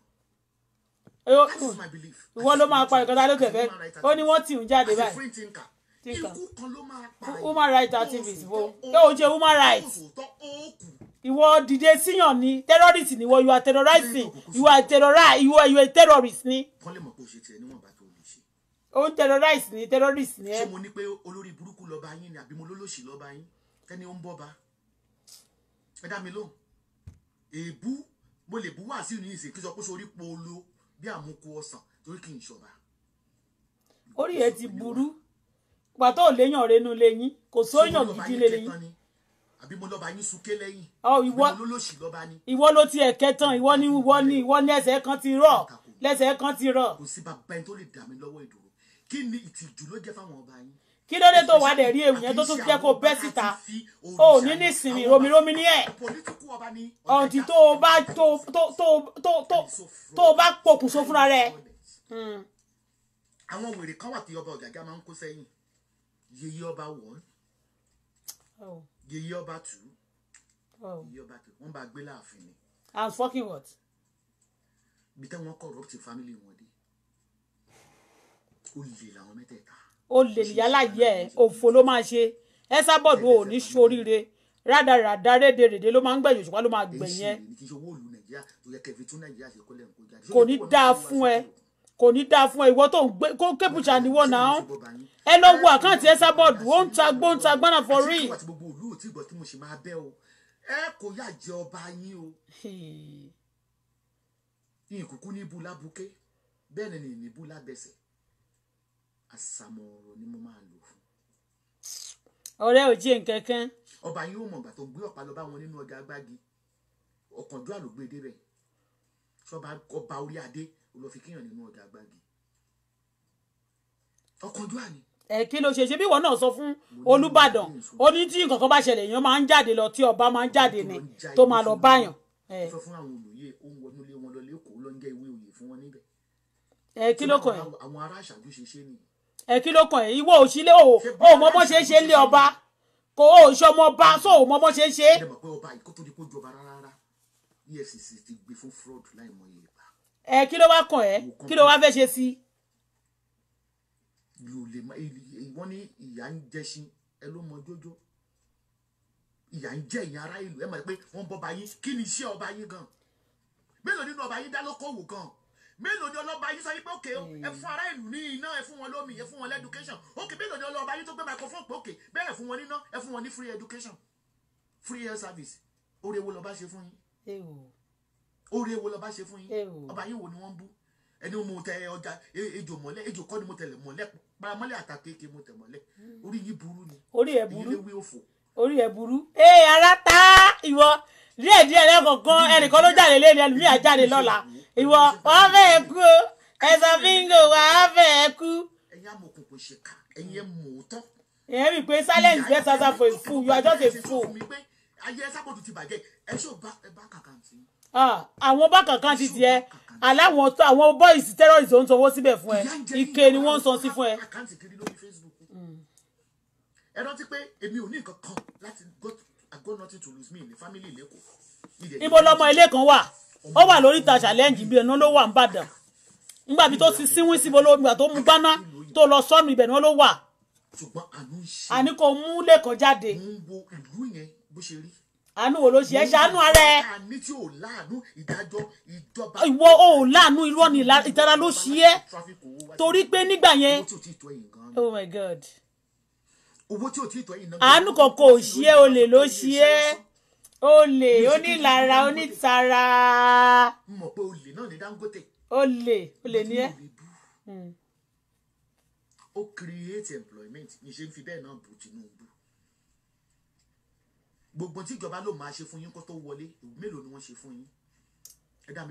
ìwọ ló máa pa ìkọta lókè fẹ ó ní wọn tì ń jáde báyìí tinka human rights activist wo yóò ṣe human rights ìwọ dìde síyàn ni terrorist ni ìwọ you are terrorizing you are terrorize ìwọ you are terrorist ni. kọ́lé mọ̀ pé o ṣe tiẹ̀ níwọ̀n bá tó o lè ṣe. ó ń terrorize ni terrorist ni ṣé mo ní pé olórí burúkú lọ́ba yín ni àbí mo lólòṣì lọ́ba yín ẹni ó ń bọ́ba ẹ dá mi lóhùn èébú mo lè bú wàásù ní ìsìn kí n sọ pé sórí polo bí àmúkú ọsàn torí kì í ṣọba. orí ẹ ti burú pàtó ò léyàn renú lẹ́yìn kò sóyàn gidi lẹ́yìn àbí mo lọ́ba yín sunké lẹ́yìn ìwọ olólòṣì lọ́ba ni. ìwọ ló ti ẹ̀kẹ́ tán ìwọ ni ìwọ ni ìwọ ni ẹsẹ̀ kan ti rọ̀ lẹ́sẹ̀ kan ti rọ̀. kò sí bàbá yín tó lè dà mí lọ́wọ́ ìdòwò kí ni ìtìjú ló jẹ́ fáwọn ọba yín. kí ló dé tó wà dẹ̀ rí ewu yẹn tó tún jẹ́ kó bẹ́ síta o ò ní nísìnyí romiromi ní ẹ̀. ọ̀ǹtí tó o bá tó o bá pokùnso fúnra rẹ̀. Hmm. àwọn wèrè kan wà tí ọba ọ̀gàgà máa ń kó sẹ́yìn yeye ọba wọ̀n. Oh yeye ọba tù ú oh. yeye ọba tù ú wọ́n bá gbé láàfin ni. as fucking what. bí tẹ́ wọ́n corrupt family wọn dé olè làwọn mẹ́tẹ̀ẹ̀ta. olè yálà yẹ ẹ òfò ló máa ṣe ẹ sábọ̀dù ò ní ṣoríire rádaràdá rédèrèdè ló máa ń gbẹ̀yìn òṣùpá ló máa gbẹ̀yìn ẹ. kò ní dáa fún ẹ kò ní dáa fún ìwọ tó ń gbé kó kébùṣà níwọ náà ẹ lọ wo àkáǹtì ẹ sábọọdù ó ń ta gbó ń ta gbọnà for real. ẹ kò yá jẹ ọba yín o ìkùkù níbu lábùké bẹ́ẹ̀ ni níbu lábẹsẹ̀ àsàmọ̀ ọ̀rọ̀ ni mo máa lò fún. ọ̀rẹ́ ò jí nkankan. ọba yín ó mọ̀ ìgbà gbé ọ̀pá lọ bá wọn nínú ọjà agbági ọ̀kànjọ́ àlògbé débẹ̀ ṣọba ọba orí adé ó lọ nínú ọjà gbági ọkànjúà ni. ẹ kí ló ṣe ṣe bí ìwọ náà sọ fún Olúbàdàn ó ní tí nǹkan kan bá ṣẹlẹ̀ èèyàn máa ń jáde lọ tí ọba máa ń jáde ni tó máa lọ báyàn. ó sọ fún àwọn olùyè ó ń wọnú ilé wọn lọ lẹ́kọ̀ọ́ ló ń jẹ́ ìwé òye fún wọn níbẹ̀. ẹ kí ló kàn ẹ àwọn ará àṣàjù ṣe ṣe ni. ẹ kí ló kàn ẹ ìwọ òṣìlẹ o ò mọ bó ṣe ṣe lé ọba kò ó ṣọmọ ọba sọ ò mọ bó ṣe ṣe. ẹ ẹ kí ló wá kàn ẹ́ kí ló wá fẹ́ ṣe sí. yóò lè má wọ́n ní ìyá ń jẹ́sìn ẹ ló mọ jójó ìyá ń jẹ́ ìyá ará ìlú ẹ mọ̀ pé wọ́n bọ́ bayín kí ni iṣẹ́ ọba yín gan mélòó nínú ọba yín dá lókòwò gan mélòó ni ọlọ́ba yín sọ yín pé òkè ẹ hmm. fún ará ìlú ní iná ẹ fún wọn lómi ẹ fún wọn lẹ́dúkéṣàn òkè mélòó ni ọlọ́ba yín tó gbé microphone pé òkè bẹ́ẹ̀ fún wọn níná ẹ fún wọn ní free education free health service oore wo lọ́ba ṣe fún yín oore wo lọba ṣe fún yín ọba yín wo ni wọ́n bú ẹni mo tẹ ọjà ejò mọ́lẹ̀ ejò kọ́ ni mo tẹ̀lẹ̀ mọ́lẹ̀ paramọ́lẹ̀ àtàkéèké mo tẹ̀ mọ́lẹ̀ hmm. orí yìí burú ni orí ẹ̀ burú orí ẹ̀ burú ee ara ta ìwọ díẹ̀ díẹ̀ lẹ́kọ̀ọ̀kan ẹnìkan ló jáde lé ní ẹlòmíà jáde lọ́la ìwọ wàá fẹ́ kú ẹ̀sà fíńgò wàá fẹ́ kú. ẹ̀yin amòkùn kò ṣèkà ẹ̀yin ẹ̀ mọ̀ ọ́ tán. ẹ̀yin mi pé silence bẹ́ẹ̀ sáza for a fool you are just a fool. ayé sábòtù ti bàjẹ́ ẹ ṣó bá kàkàǹtì. Ah, àwọn bákan kan ti tiẹ̀ aláwọn àwọn boys terrorist ò ń sanwó síbẹ̀ fún ẹ ike ni wọ́n ń san sí fún ẹ. ẹ rántí pé èmi ò ní nǹkan kan láti go nothing to lose me ní family lẹ́kọ̀ọ́. ibo lọmọ ilé kan wà ó wà lórí ìta challenge bí ẹnu ló wà ń bàdàn nígbà bí tó ti síwín síbo ló gbà tó mú gbáná tó lọ sọnù ibẹ̀ ni wọ́n ló wà. àní kò mú lẹ́kọ̀ọ́ jáde. mo ń wo ìlú yẹn bó ṣe rí àánú wo ló ṣe ẹ ṣàánú ara ìwọ ò láàánú irọ́ ni ìtara ló ṣe é torí pé nígbà yẹn oh my god àánú kọ̀ọ̀kan ò ṣe é olè ló ṣe é olè onílara onítara olè olè ni ẹ. Hmm. ó create employment ní ṣe ń fi bẹ́ẹ̀ náà bu Tinubu gbogbo tí ìjọba ló máa ṣe fún yín kó tó wọlé mélòó ni wọ́n ṣe fún yín ẹ dá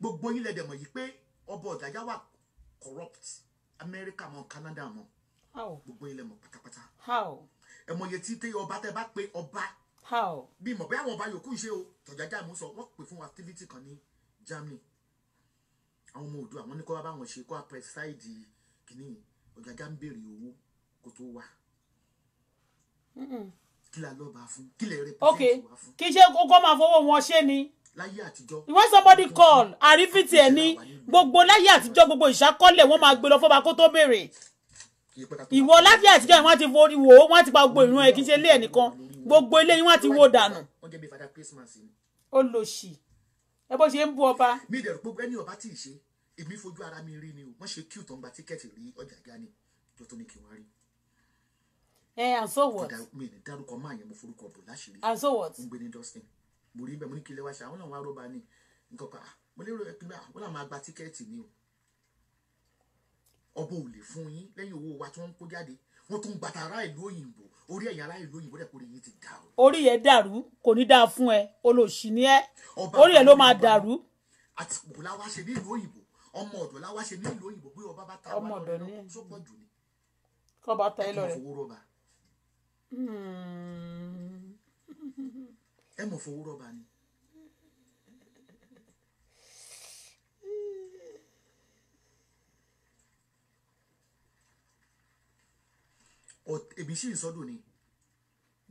gbogbo yín lẹ́dẹ̀ mọ̀ yìí pé ọba ọ̀dájà wà corrupt America mọ Canada mọ gbogbo yín lẹ́ mọ̀ pátápátá ẹ tí tẹ ọba tẹ bá pe ọba bí mọ̀ bẹ́ẹ̀ àwọn ọba yòókù ṣe o tọ̀jájà mú sọ wọ́n pè fún activity kan ní Germany àwọn ọmọ Oòduà àwọn ní kó báwọn ṣe kó apẹ́sáìdì kìnnìún ọ̀gágá ń béèrè owó kó tó wá kí la lọ́ba fún kí lè kì í ṣe kókó máa fowó wọn ṣe ni. láyé àtijọ́. somebody call àrífìtì ẹ̀ ní gbogbo láyé àtijọ́ gbogbo ìṣàkọ́lẹ̀ wọ́n máa gbé lọ fọba kó tó béèrè. ìwọ láyé àtijọ́ yẹn wọ́n ti forí wò ó wọ́n ti pa gbogbo ìran ẹ̀ kì í ṣe ilé ẹ̀ nìkan gbogbo ilé yín wọ́n ti wó dànù. olóṣì ẹ bó ṣe ń bú ọba. mi ìdẹ̀rù gbogbo ẹni ọba tí ì ṣe èmi fojú ara mi rí ni o wọ́n ṣe kí ò tó ń gba tíkẹ́ẹ̀tì rí ọjà gani tó tó ní kí wọ́n rí. Eh, and so what? Kódà mi dárúkọ máa yẹn mo forúkọ bò láṣìírí. And so what? Mo gbé ní Dustin. Mo rí ibẹ̀ mo ní kí ilé wá ṣe àwọn làwọn arọ́bà ni nǹkan kan ah, mo lérò ẹ pé àwọn ah, làwọn máa tíkẹ́ẹ̀tì ni o. Ọba ò lè fún yín lẹ́yìn owó wa tí wọ́n ń kó jáde. Wọ́n tún gbàtà ará ìlú òyìnbó. Orí ẹ̀yìn ará ìlú òyìnbó dẹ̀ kórè yín ti dàrú. Orí yẹn dàrú kò ní dáa fún ẹ olóòṣì ni ẹ. Orí yẹn ló máa dàrú. Àtìkù la wá ṣe nílùú òyìnbó. Ọmọ ọ̀dọ̀ la wá ṣe nílùú òyìnbó bí ọba bá ta wá lọ́dọ̀ náà sópọ̀ jù ni. Kọ́ba ta ẹ lọ rẹ̀. Ẹ kì í fowó rọ́bà. Hmm. ẹ mọ̀ fowó rọ́bà ni. èmi sì ń sọdún ni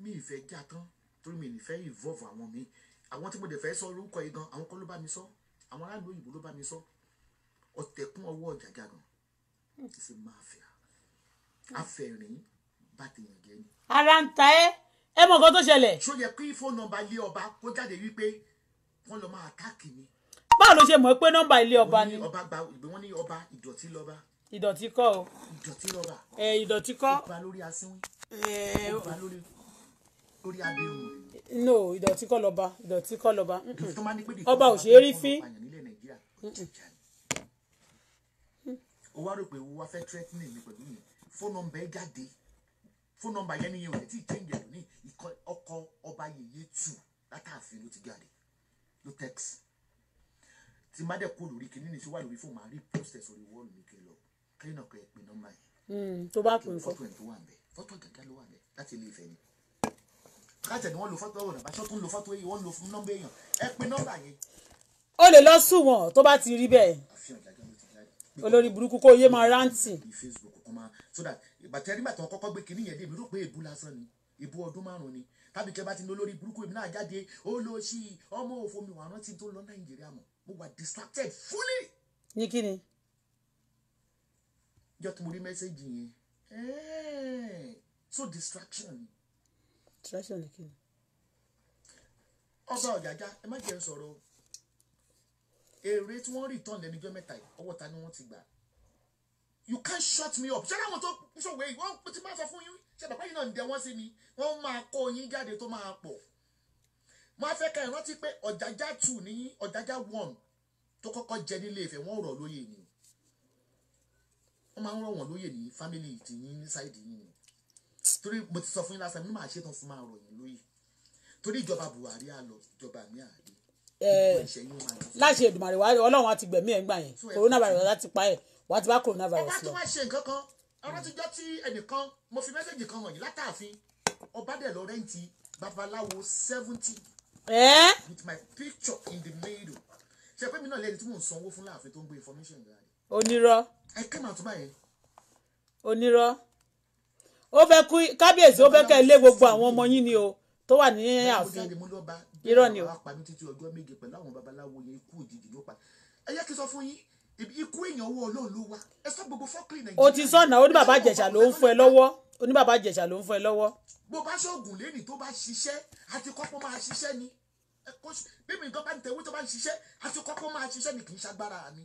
mi ìfẹ́ já tán torí mi ìfẹ́ involve àwọn mi àwọn tí mo dẹ̀ fẹ́ sọ lórúkọ yìí gan àwọn kọ́ ló bá mi sọ àwọn aráàlú òyìnbó ló bá mi sọ ọ̀tẹ̀kùn ọwọ́ jàjà gan ṣe hmm. máa fẹ́ afẹ́rìn bá ti yàn jẹ́ ni ara ń ta ẹ́ ẹ mọ̀ nǹkan tó ṣẹlẹ̀. ṣó yẹ kí fóònù nọ́mbà ilé ọba kó jáde wípé wọn lọ máa táàkì ni. báwo ló ṣe mọ̀ pé nọ́mbà ilé ọba ni. ọba gba ìgbé wọn ní ọba ìdọ̀tí lọ́ba. ìdọ̀tí kọ́ o. ìdọ̀tí lọ́ba. ẹ ìdọ̀tí kọ́. ó gba lórí asínwín. ó gba lórí lórí abirùn. no ìdọ̀tí kọ́ lọ́ba ìdọ̀tí kọ́ lọ́ba. ọba ò ṣe é rí fín. ó wá rò pé wọ́n fẹ́ threatening mi pẹ̀lú mi fóònù nọ́mbà ẹ jáde fóònù nọ́mbà yẹn nìyẹn ò tí ì change ẹ̀rù ní ọkọ ọba yèyé tù látàfin ló ti jáde ló text tí má dẹ̀ kó lórí kìíní ní sí wà lórí fóònù máa rí posters orí wọ́ọ̀lù mi kí n lọ kílínà kẹ́ ẹ pé nọ́mbà yẹn. Hmm, tó bá pè é fọ́tò ẹ̀ tó wà ń bẹ̀ fọ́tò gàgà ló wà ń bẹ̀ láti ilé Ifẹ̀ ni káàtẹ̀ ni wọ́n lo fọ́tò ọ̀rọ̀ àbáṣọ́ tó ń lo fọ́tò èyí wọ́n lo nọ́mbà èèyàn ẹ pé nọ́mbà yẹn. ó lè lọ sùn wọn tó bá ti rí bẹ́ẹ̀ olórí burúkú kó yé máa rántí ìgbàtẹ́rí màtọ́ kọ́kọ́ gbé kinní yẹn dé mi rò pé èbú lásán ni ìbú ọdún márùn ni tàbí kẹ bá ti lólórí burúkú èmi náà jáde olóòṣì ọmọ òfò mi wà rántí tó lọ nàìjíríà mọ mo wà distracted fully. ní kí ni. jọ tí mo rí mẹ́sẹ̀gì yẹn so distraction. distraction ni kí ni. ọba ọ̀jájá ẹ má jẹ́ sọ̀rọ̀ èrè tí wọ́n rí tán lẹ́nu ọjọ́ mẹ́ta yìí ọwọ́ ta ni wọ́n ti gbà you can't shut me up ṣé láwọn tó ṣòwò yìí wọ́n ti máa sọ fún yín ṣe bàbá yìí náà ń dẹ wọ́n sí mi wọ́n máa kó yín jáde tó máa pọ̀ máa fẹ́ ká ìrántí pé ọ̀jájá two ní ọ̀jájá one tó kọ́kọ́ jẹ nílé Ifẹ̀ wọ́n rọ̀ lóyè ni wọ́n máa ń rọ̀ wọ́n lóyè ní family ti yín ní sáìdì yín ni torí mo ti sọ fún yín lásán mi máa ṣetán fún máa rọ̀ yín lóyè torí ìjọba Buhari á lọ ìjọba mi á rí eh, láṣẹ Èdùmàrè wa Ọlọ́run á ti gbẹ̀mí ẹ̀ ń gbà yẹn coronavirus á ti pa ẹ̀ wàá ti bá coronavirus lọ. ọba tó wá ṣe nǹkan kan ọ̀rọ̀ ti jọ́ tí ẹnìkan mo fi mẹ́sẹ̀gì kan hàn yìí látàfin ọba dẹ̀ lọ rẹ́ǹtì babaláwo seventy. Eh? with my picture in the middle ṣe pé mi náà lẹ́ni tí mò ń sanwó fún láàfin tó ń gbé information rẹ̀. onírọ́. ẹ kẹ́ màá tó báyẹn. onírọ́ ó fẹ́ kú kábíyèsí ó fẹ́ kẹ́ lé gbogbo àwọn ọmọ yín ni o tó wà ní ààfin irọ́ ni o. àwọn apàmì títí ọjọ́ méje pẹ̀lú àwọn babaláwo yẹn ikú òjijì ló pa ẹ yẹ kí n sọ fún yín ikú èèyàn owó ọlọ́run ló wá ẹ sọ gbogbo fọ́kìlì nàìjíríà. o ti sọ̀nà ó ní bàbá ìjẹ̀ṣà ló ń fún ẹ lọ́wọ́ ó ní bàbá ìjẹ̀ṣà ló ń fún ẹ lọ́wọ́. bó bá ṣoògùn lẹ́nìí tó bá ṣiṣẹ́ àti kọ́kọ́ máa ṣiṣẹ́ ni bí nǹkan bá ń tẹ̀wé tó bá ń ṣiṣẹ́ àti kọ́kọ́ máa ṣiṣẹ́ ni kì í ṣagbára mi.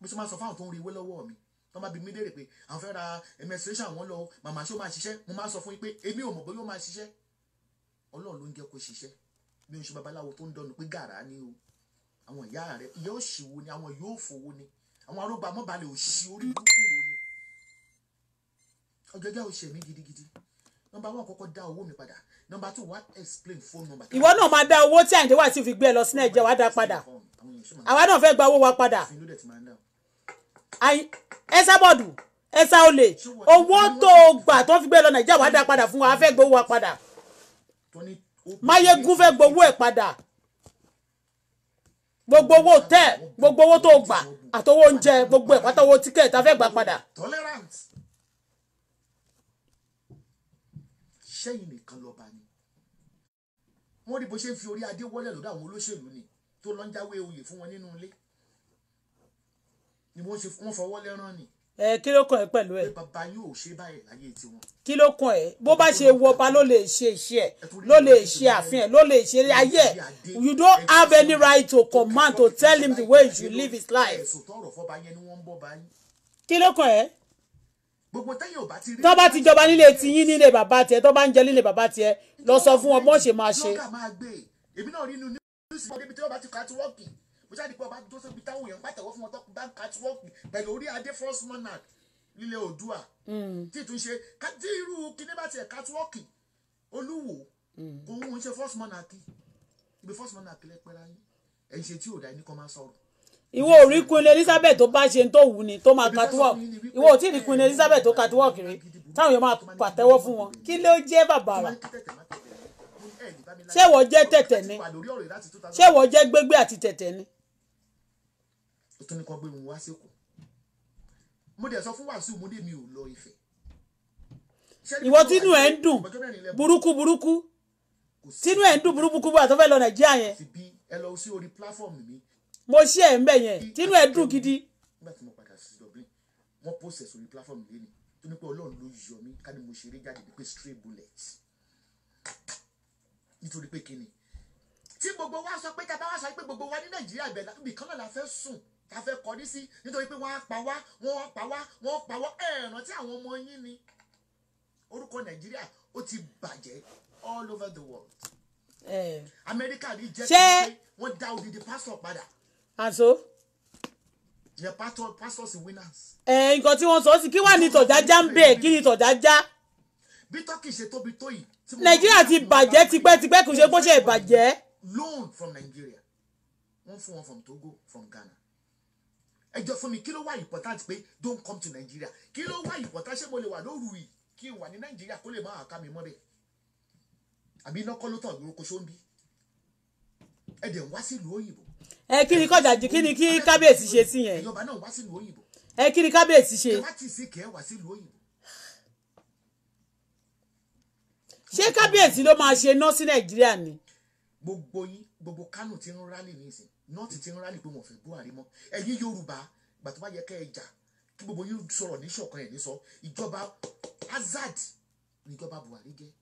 mo ti máa sọ fáwọn tó ń rí lọ́wọ́ mi tó máa bí mi léèrè pé àwọn fẹ́ ra menstruation wọn lọ àwọn ìyá rẹ ìyá òṣì wo ni àwọn ìyá òfò wo ni àwọn arógbá mọ́balẹ̀ òṣì orí burúkú wo ni ọjọ́ jẹ́ òṣì gidigidi nọmba one kọ́kọ́ dá owó mi padà nọmba two wá explain phone number. ìwọ náà máa dá owó tí àǹdẹ́wà ti fi gbé ẹ lọ sí nàìjíríà wàá dá padà àwa náà fẹ́ gba owó wa padà ẹ sábọ̀dù ẹ sá olè owó tó gbà tó fi gbé ẹ lọ nàìjíríà wàá dá padà fún wa a fẹ́ gbowó wa padà máyégún fẹ́ gbowó ẹ̀ padà gbogbo owó tẹ gbogbo owó tó gbà àtọwọ oúnjẹ gbogbo ẹ owó tíkẹ́ẹ̀tì afẹ́ gbà padà. tolerance ṣẹ́yìn nìkan lọ́ba ni wọ́n rí bó ṣe ń fi orí adé wọlé lọ́dọ̀ àwọn olóṣèlú ni tó lọ ń jáwé oyè fún wọn nínú ilé ni wọ́n fọwọ́ lẹ́rán ni ẹ eh, kí ló kàn ẹ́ pẹ̀lú ẹ. bàbá yóò ṣe báyìí láyé tiwọn. kí ló kàn ẹ́ bó bá ṣe wọ ọba ló lè ṣe iṣẹ́ ẹ̀ ló lè ṣe àfihàn ló lè ṣe ayé ẹ̀ you don't have any right to command to tell him the way you live his life. kí ló kàn ẹ́. tó bá ti jọba nílé tiyín nílé bàbá tiẹ̀ tó bá ń jẹ nílé bàbá tiẹ̀ lọ sọ fún wọn bọ́n ṣe máa ṣe. èmi náà rí inú ní ìsìnkú débi tí wọ́n bá ti kà á wọ́ọ̀kì bó ṣáà di pé ọba tó sóbi táwọn èèyàn pàtẹ́wọ́ fún wọn tó bá ń pẹ̀lú orí adé first monarch lílẹ̀ Oòduà tí tún ṣe tí irú kíní bá tiẹ̀ kàtíwọ́ọ̀kì Olúwo kò ń ṣe first monarch ibi first monarch lẹ́pẹ́rẹ́ ayé ẹ̀ ń ṣe tí ò dá ẹni kan máa sọ̀rọ̀ ìwọ ò rí Queen Elizabeth tó bá ṣe tó wù ni tó máa catwalk ìwọ ò tí ì rí Queen Elizabeth tó catwalk rí táwọn èèyàn máa pàtẹ́wọ́ fún wọn kí ló jẹ́ bàbá rà ṣé wọ́n jẹ́ tẹ̀tẹ̀ ni ṣé wọ́n jẹ́ gbégbé àti tẹ̀tẹ̀ ni ó tún ní kan gbé wọn wá síkù mo dẹ̀ sọ fún Wàsíù mo dé mi ò lọ Ifẹ̀. ìwọ tínú ẹ ń dùn burúkú burúkú tínú ẹ ń dùn burúkú bó àtọ́fẹ́ lọ Nàìjíríà yẹn. mo ṣí ẹ̀ ń bẹ̀ yẹn tínú ẹ dùn gidi. wọ́n process orí platform mi lẹ́nu tó ní pé Ọlọ́run ló yọ mí ká ní mo ṣeré jáde ní pé stray bullet nítorí pé kíni tí gbogbo wa sọ pé tá a sọ pé gbogbo wa ní Nàìjíríà ìbẹ̀lá ibì náà la fẹ́ sùn ta fẹ́ kọrí sí nítorí pé wọ́n á pa wá wọ́n á pa wá wọ́n á pa wá ẹ̀ràn tí àwọn ọmọ yín ni orúkọ nàìjíríà ó ti bàjẹ́ all over the world. amẹ́ríkà rí jẹ́ pé wọ́n dá odidi pásọ̀ padà. àṣọ. yẹ pásọ̀ pásọ̀ winners. ẹ nǹkan tí wọ́n sọ sí kí wàá ní tọ̀jájá ń bẹ̀ kí ni tọ̀jájá. bí tọ́kì ṣe tóbi tó yìí. nàìjíríà ti bàjẹ́ tipẹ́tipẹ́ kò ṣe bó ṣe bàjẹ́. loan from Nigeria wọ́n fún wọn from Togo from Ghana ẹ jọ fún mi kí ló wà important pé don't come to Nigeria kí ló wà important ṣé mo lè wà lóru yìí kí n wà ní Nàìjíríà kó lè má àká mi mọ́ bẹ́ẹ̀ àbí iná kọ́ ló tàn lórúkọ ṣóńbí ẹ dẹ̀ ń wá sílùú òyìnbó. ẹ kí ni kọjá kí ni kí kábíyèsí ṣe sí yẹn. ìjọba náà wá sílùú òyìnbó. ẹ kí ni kábíyèsí ṣe. kẹwàá tì sí kẹwàá òyìnbó. ṣé kábíyèsí ló máa ṣe ná sí Nàìjíríà ni. gbogbo yín gbogbo Kánò ti ń rálì nísìnyí nọ́ọ̀tì ti ń rálì pé wọ́n fẹ́ Buhari mọ́ ẹ̀yin Yorùbá ìgbà tó bá yẹ kẹ́ ẹ jà kí gbogbo yín sọ̀rọ̀ ní ṣọ̀kan ẹ̀ ní sọ ìjọba hazard níjọba Buhari jẹ́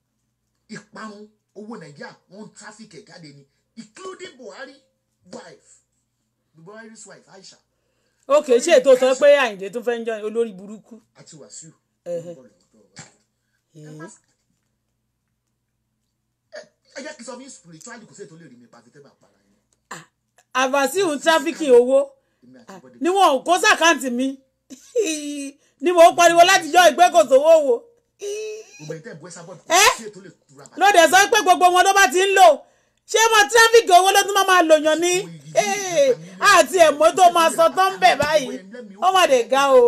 ìparun owó Nàìjíríà wọ́n tráfíkì ẹ̀ ni including Buhari wife Buhari's wife Aisha. ok ṣé ètò sọ pé Àyìndé tó fẹ́ ń jọ olórí burúkú. àti Wàsíù. ẹ jẹ́ kí sọ fún spirituality kò sí ètò lè rí mi pa fi àbàsíhùn tráfíkì owó ò kó sàkáǹtì mi ni mò pariwo látijọ́ ìgbé kò sówó wò. lóde sọ pé gbogbo wọn ló bá ti ń lò ṣé mo tráfíkì owó ló tún máa lò yàn ní àti ẹ̀mọ́ tó máa sọ tó ń bẹ̀ báyìí ó mà dé ga o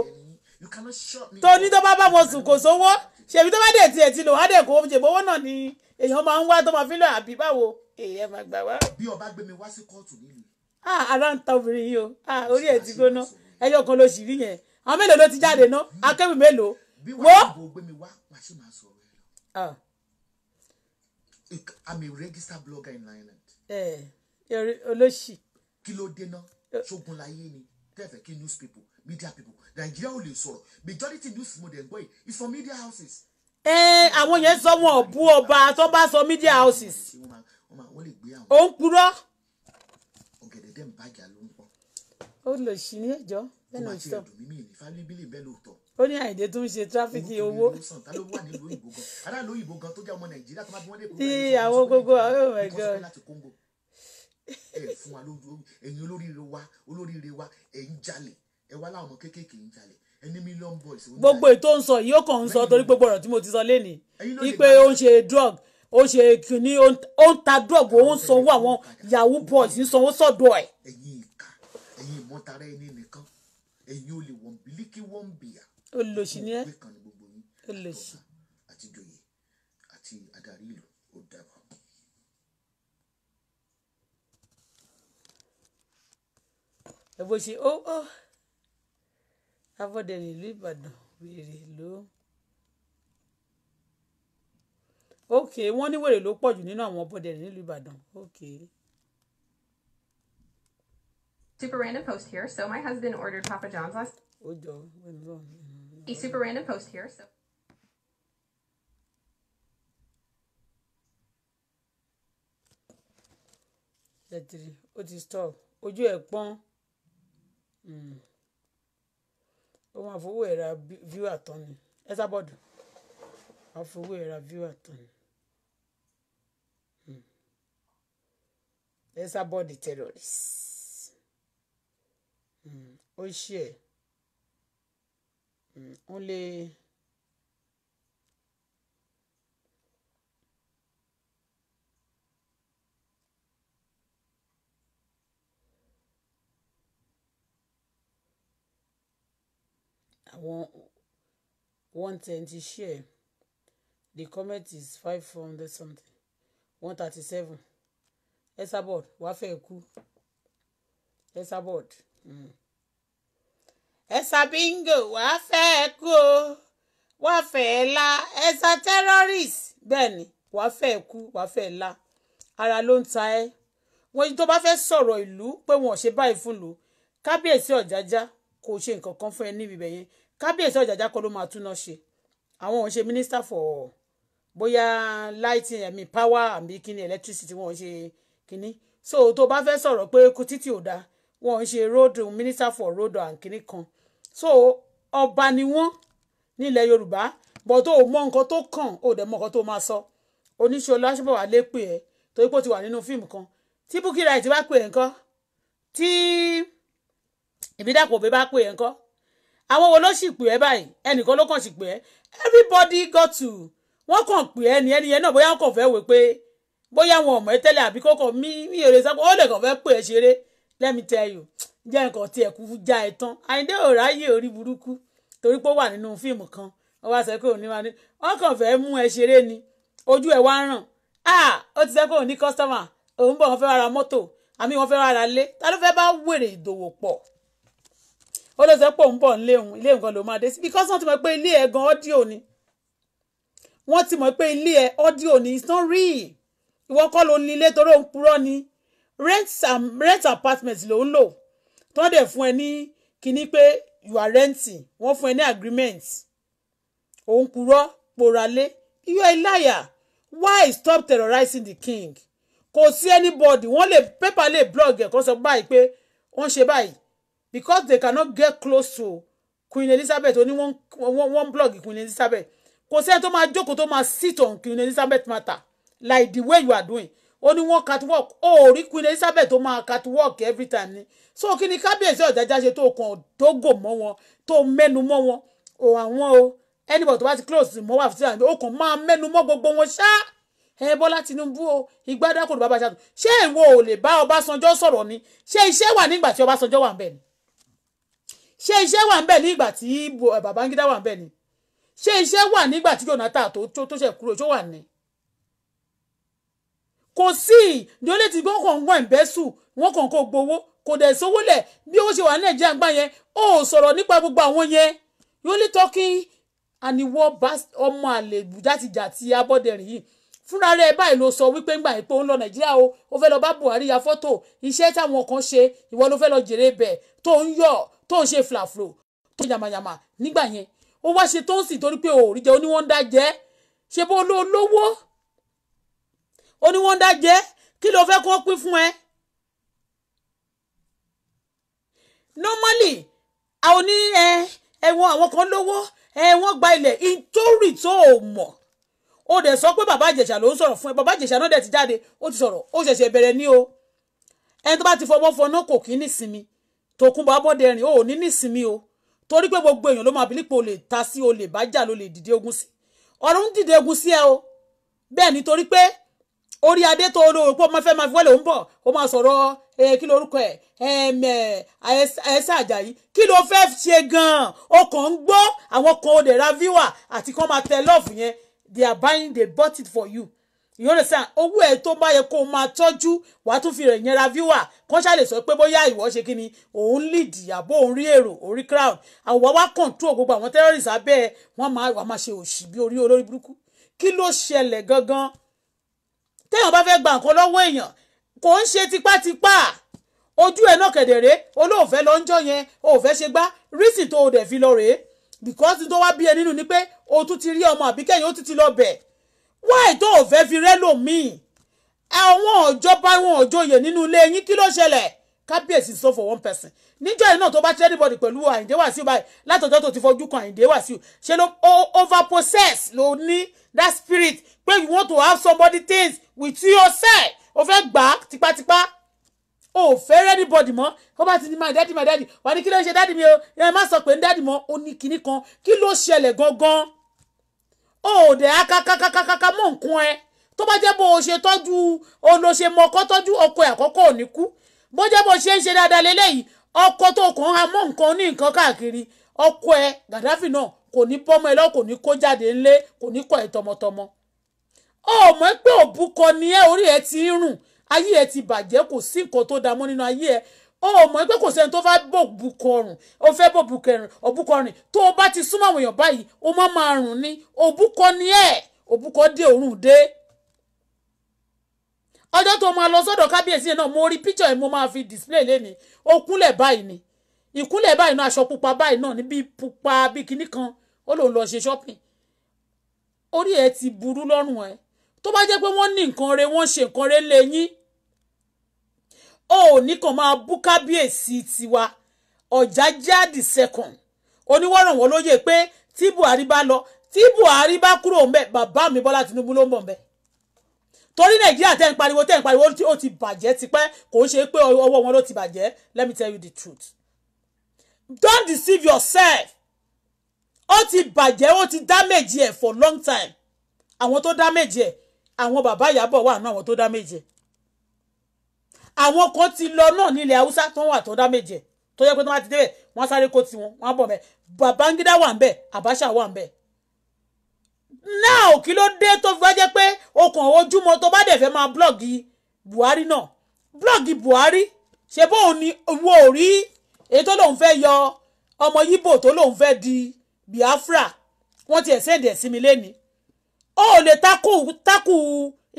tó tó bá bá mo sùn kò sówó ṣèbí tó bá tiẹ̀ ti lò wá dẹ̀ kó ara ń ta obìnrin yìí o orí ẹ̀ ti gbóná ẹyọ kan ló sì rí yẹn àwọn mélòó ló ti jáde ná akẹ́wì mélòó wo. I'm a registered blogger in Ireland. ẹ olóṣì. kí ló dé ná ṣogun láyé ni tẹ́fẹ̀ kí news people media people Nigeria ò lè sọ̀rọ̀ majority news mo dẹ̀ ń is for media houses. ẹ àwọn yẹn sọ wọn ò bú ọba tó bá sọ media houses. ó ń purọ́ ọ̀gẹ̀dẹ̀ ń bàjá ló ń pọ̀. ó lè ṣì ní ẹjọ́ bẹ́ẹ̀ ló sọ. ó ní àìdè tó ń ṣe tráfíkì owó. tí àwọn gbogbo oh my god. ẹ fún wa lójú ẹ̀yin olóríire wa olóríire wa ẹ ń jalè ẹ wá láwọn ọmọ kéékèèké ń jalè ẹni million boys. gbogbo ètò ń sọ yìí ó kàn ń sọ torí gbogbo ọ̀rọ̀ tí mo ti sọ lénìí ipe ó ń ṣe drug ó ṣe kìíní ó ń ta drug ó ń sanwó àwọn yahoo boys ń sanwó sọ́dọ̀ ẹ̀. ẹ̀yin ìka ẹ̀yin ìmọ̀tara ẹni nìkan ẹ̀yin olè wọ̀n bílíkì wọ́n bìyà. olùlọ́sì ni ẹ́ olùlọ́sì. àti joyè àti adarí ìlú ó dàbọ̀. ẹ bó ṣe ó ó abọ́dẹ nílùú Ìbàdàn wèrè ló ok wọ́n ní wèrè ló pọ̀ jù nínú àwọn ọbọdẹ nílùú Ìbàdàn ok. Super random post here. So my husband ordered Papa John's last. Ó jọ wẹ́n lọ. A super random post here. So. Tẹ̀tìrì ó ti stop ojú ẹ̀ pọ́n hmm. ó máa fowó ẹ̀ ra view àtọ́ni ẹ sábọ̀dù máa fowó ẹ̀ ra view àtọ́ni. Let's abort the terrorists. Mm. Oh shit. Mm. Only. One one twenty share. The comment is five hundred something. One thirty seven. Esabod wàá fẹ́ kú Esabod mm. Esabingo wàá fẹ́ kú o wàá fẹ́ la ẹ̀sà terrorist bẹ́ẹ̀ ni wàá fẹ́ kú wàá fẹ́ la ara ló ń ta ẹ́ wọ́n tó bá fẹ́ sọ̀rọ̀ ìlú pé wọn ò ṣe báyìí fún lò kábíyèsí ọ̀jájá kò ṣe nǹkan kan fún ẹ níbi ibẹ̀ kábíyèsí ọ̀jájá kọ́ ló máa túná ṣe àwọn ò ṣe minister for bóyá lighting ẹ̀mí power àbí kíni electricity wọn ò ṣe kínní so tó bá fẹ́ sọ̀rọ̀ pé kú títì ò dáa wọ́n ṣe road minister for road and kínní kan so ọba ni wọ́n nílẹ̀ Yorùbá bọ̀ tó o mọ nǹkan tó kàn ó dẹ̀ mọ nǹkan tó máa sọ oníṣòlá ṣùgbọ́n wà lépè ẹ̀ torí pé ó ti wà nínú fíìmù kan tí Bukky Wright bá pè é ńkọ́ tí Ìbídàpọ̀ òbí bá pè é ńkọ́ àwọn wo ló sì pè é báyìí ẹnìkan ló kàn sì pè é everybody got to wọ́n kàn pè é ni ẹni yẹn náà bóyá wọ́n kàn fẹ́ wò pé bóyá wọn ò mọ̀ ẹ́ tẹ́lẹ̀ àbí kókò mi mi ò lè sọ pé ó lè kàn fẹ́ pè é ṣeré let me tell you jẹ́ nǹkan tí ẹ̀kú já ẹ tán àyíndé ò ráyè orí burúkú torí pé ó wà nínú fíìmù kan wọ́n wá sọ pé òun wá ní wọ́n kàn fẹ́ mú ẹ ṣeré ni ojú ẹ wá ń ràn ah ó ti sọ pé òun ní kọ́sítọ́mà òun bọ̀ wọ́n fẹ́ ra mọ́tò àmì wọ́n fẹ́ ra lé ta ló fẹ́ bá wèrè ìdòwò pọ̀ ó lọ sọ pé òun bọ̀ nílé òun ilé nǹkan because wọ́n ti mọ̀ pé ilé ẹ̀ gan ni wọ́n ti mọ̀ pé ilé ẹ̀ ni it's not real ìwọ kọ́ ló ní ilé torí òun purọ́ ni rent rent apartment ló ń lò tó dẹ̀ fún ẹ ní kíní pé you are renting wọ́n fún ẹ ní agreement òun purọ́ poralé you are a liar why stop terrorizing the king kò sí anybody wọ́n lè paper lè blog ẹ̀ kó sọ báyìí pé wọ́n ṣe báyìí because they cannot get close to Queen Elizabeth oní wọ́n blog Queen Elizabeth kò sẹ́ni tó máa jókòó tó máa sit on Queen Elizabeth matter like the way you are doing ó ní wọ́n catwalk ó oh, rí Queen Elizabeth tó máa catwalk every time ni so kí ni kábíyèsí ọ̀jájá ṣe tó kàn tó gò mọ́ wọn tó mẹ́nu mọ́ wọn ò àwọn o anybody tó bá ti close mọ́ wà fún ó kàn máa mẹ́nu mọ́ gbogbo wọn ṣá ẹ Bọ́lá Tinubu o ìgbádá kò ní bàbá ṣàtún ṣé ìwọ ò lè bá Ọbásanjọ́ sọ̀rọ̀ ni ṣé iṣẹ́ wà nígbà tí Ọbásanjọ́ wà ń bẹ̀ ni ṣé iṣẹ́ wà ń bẹ̀ nígbà tí Babangida wà ń bẹ̀ ni ṣé iṣẹ́ wà nígbà tí Jonathan tó tó ṣẹ̀ kúrò tó wà ní kò sí ìdílé tí wọ́n kàn ń wá ìbẹ́sù wọ́n kàn kó gbowó kò dẹ̀ sówó lẹ̀ bí ó ṣe wà ní nàìjíríà gbà yẹn ó sọ̀rọ̀ nípa gbogbo àwọn yẹn yóò lè tọ́kí àníwọ́ ọmọ àlè játijàti abọ́dẹ̀rìn yìí fúnra rẹ̀ báyìí ló sọ wípé ńgbà pé ó ń lọ nàìjíríà o ó fẹ́ lọ bá buhari ya fọ́tò iṣẹ́ táwọn kan ṣe ìwọ ló fẹ́ lọ jèrè bẹ̀ tó ń yọ̀ tó ń ṣe flaflo tó ń yàmàyàmà nígbà yẹn ó wá ṣe tó ń sì torí pé òòrí jẹ́ oníwọ́n ń dá jẹ́ ṣe bó ló lówó ó ní wọ́n ń dájẹ́ kí ló fẹ́ kó pín fún ẹ. normally àwọn ní ẹ̀wọ̀n àwọn kan lówó ẹ̀wọ̀n gba ilẹ̀ nítorí tó o mọ̀ o dẹ̀ sọ pé bàbá ìjẹ̀sà ló ń sọ̀rọ̀ fún ẹ bàbá ìjẹ̀sà náà dẹ̀ ti jáde ó ti sọ̀rọ̀ ó ṣẹ̀ṣẹ̀ bẹ̀rẹ̀ ní o ẹni tó bá ti fọwọ́ fọná kò kí ní sinmi tòkun bá bọ́dẹ rìn o ò ní ní sinmi o torí pé gbogbo èèyàn ló máa bìlí pé o lè ta sí o lè bá jà ló lè dìde ogun sí ọ̀run dìde ogun sí ẹ o bẹ́ẹ̀ ni torí pé orí adé tó o pé ọmọ fẹ́ máa fi wọlé òun bọ̀ ó máa sọ̀rọ̀ eh, kí lorúkọ ẹ̀ ẹ̀ẹ́sà eh, àjàyí kí ló fẹ́ ṣe gan-an ń gbọ́ àwọn kan ò lè ra viewer àti kan máa tẹ lọ́ọ̀fù yẹn they are buying they bought it for you you understand owó ẹ tó bá yẹ kó o máa tọ́jú wàá tún fi rẹ̀ yẹn ra viewer kan ṣáà lè sọ pé bóyá ìwọ ṣe kí ni òun lead àbó òun rí èrò òun rí crowd àwọ̀ wá control gbogbo àwọn terrorists abẹ́ wọn máa wà máa ṣe òṣì bí orí olórí burúkú kí ló ṣẹlẹ̀ gangan téèyàn bá fẹ́ gba nǹkan lọ́wọ́ èèyàn kò ń ṣe tipátipá ojú ẹ̀ náà kẹ̀dẹ̀rẹ́ olóòfẹ́ lọ ń jọ yẹn òòfẹ́ ṣe gbá rísì tó o dẹ̀ fi lọ rèé because tó wá bí ẹ nínú ni pé o tún ti rí ọmọ àbíkẹ́yìn ó ti ti lọ bẹ̀ wáì tó òòfẹ́ fi rẹ́ lòmíì àwọn ọ̀jọ́ bá wọn ọ̀jọ́ yẹ̀ nínú ilé yín kí ló ṣẹlẹ̀ kábíyèsí sọ for one person níjọ́ yìí náà tó bá ṣe anybody pẹ̀lú àyíndé wàsíù báyìí látọjọ́ tó ti fojú kan àyíndé wàsíù ṣe ló over possess ló ní that spirit pé you want to have somebody things with yourself o fẹ́ gbà á tipátipá o ò fẹ́ anybody mọ́ ó bá ti ní my daddy my daddy wà ní kí ló ń ṣe daddy mi o ẹ má sọ pé ń daddy mọ́ o ní kinní kan kí ló ṣẹlẹ̀ gangan o ò dẹ̀ akakakakaka mọ̀ nǹkan ẹ tó bá jẹ́ bó o ṣe tọ́jú o ló ṣe mọ ọkọ tọ́jú ọkọ ẹ̀ àkọ́kọ́ ò ní kú bó jẹ́ bó ṣe ń ṣe dáadáa lélẹ́yìí ọkọ tó kàn án mọ́ nǹkan ní nǹkan káàkiri ọkọ ẹ Gaddafi náà kò ní bọ́mọ ẹ lọ kò ní kó jáde ńlé kò ní kọ ẹ tọmọtọmọ ó mọ̀ pé òbúkọ ni ẹ orí ẹ ti ń rùn ayé ẹ ti bàjẹ́ kò sí nǹkan tó dá mọ́ nínú ayé ẹ ó mọ̀ pé kò sẹ́ni tó fẹ́ bò bukọrùn ó fẹ́ bò bukọrùn tó o bá ti súnmọ́ àwọn èèyàn báyìí ó má máa rùn ni òbúkọ ni ẹ òbúkọ dé òrùn dé ọjọ́ tó máa lọ sọ́dọ̀ kábíyèsí náà mo rí píchọ̀ yẹn mo máa fi display lẹ́ni ó kúnlẹ̀ báyìí ni ìkúnlẹ̀ báyìí náà aṣọ pupa báyìí náà níbi pupa bí kinní kan ó lòun lọ ṣe shopping orí ẹ ti burú lọ́rùn ẹ tó bá jẹ́ pé wọ́n ní nǹkan re wọ́n ṣe nǹkan re lè yín ó ní kàn máa bú kábíyèsí tiwa ọ̀jájá the second oníwọ̀rànwọ́ lóye pé tí Buhari bá lọ tí Buhari bá kúrò ń bẹ̀ bàbá mi Bọ́lá Tinubu ló ń bọ̀ ń bẹ̀ torí nàìjíríà tẹ́ ń pariwo tẹ́ ń pariwo ó ti bàjẹ́ tipẹ́ kò ń ṣe pé ọwọ́ wọn ló ti bàjẹ́ let me tell you the truth don't deceive yourself ó ti bàjẹ́ ó ti damage ẹ̀ for long time àwọn tó damage ẹ̀ àwọn bàbá ìyàbọ̀ wà náà àwọn tó damage ẹ̀ àwọn kan ti lọ náà nílẹ̀ haúsá tó wà tó damage ẹ̀ tó yẹ pé tó wá ti débẹ̀ wọ́n sáré kó tiwọn wọ́n bọ̀ mẹ́ Babangida wà ń bẹ̀ Abacha wà ń bẹ̀ now kí ló dé tó fi wá jẹ́ pé okùn ojúmọ́ tó bá dẹ̀ fẹ́ máa blọ́ọ̀gì Buhari náà blọ́ọ̀gì Buhari ṣe bóun ni owó orí èyí tó lòun fẹ́ yọ ọmọ Yíbò tó lòun fẹ́ di Biafra wọ́n ti ẹ̀sẹ̀ ẹ̀dẹ̀ sí mi lẹ́ni ó lè takù takù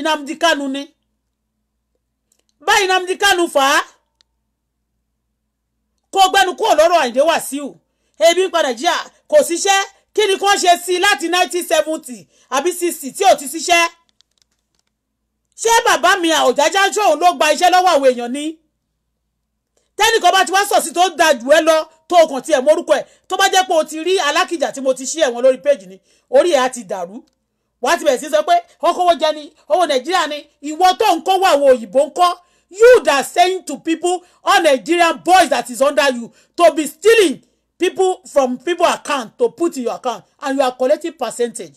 Nnamdi Kanu ni báyìí Nnamdi Kanu fà á kó gbẹnu kúrò lọ́rọ̀ Àyìndé Wàsíù ebi ń padà jíà kò síṣẹ́ kí ni kò ṣe sí láti nineteen seventy àbí sixty tí ò ti ṣiṣẹ́ ṣé bàbá mi Ọ̀jájá ṣóun ló gba iṣẹ́ lọ́wọ́ àwọn èèyàn ni tẹ́nìkan bá ti wá sọ̀sí tó da jù ẹ lọ tó kàn tiẹ̀ mórúkọ ẹ̀ tó bá jẹ́ pé o ti rí alákìjà tí mo ti ṣí ẹ̀wọ̀n lórí péjì ni orí ẹ̀ á ti dàrú wàá ti bẹ̀rẹ̀ sí sọ pé ọkọ̀wọ́ jẹ ni owó nàìjíríà ni ìwọ tó ń kọ́wọ́ àwọn òyìnbó ń kọ́ you da saying to people all Nigerian boys that is under you to be stealing people from people account to put in your account and you are collecting percentage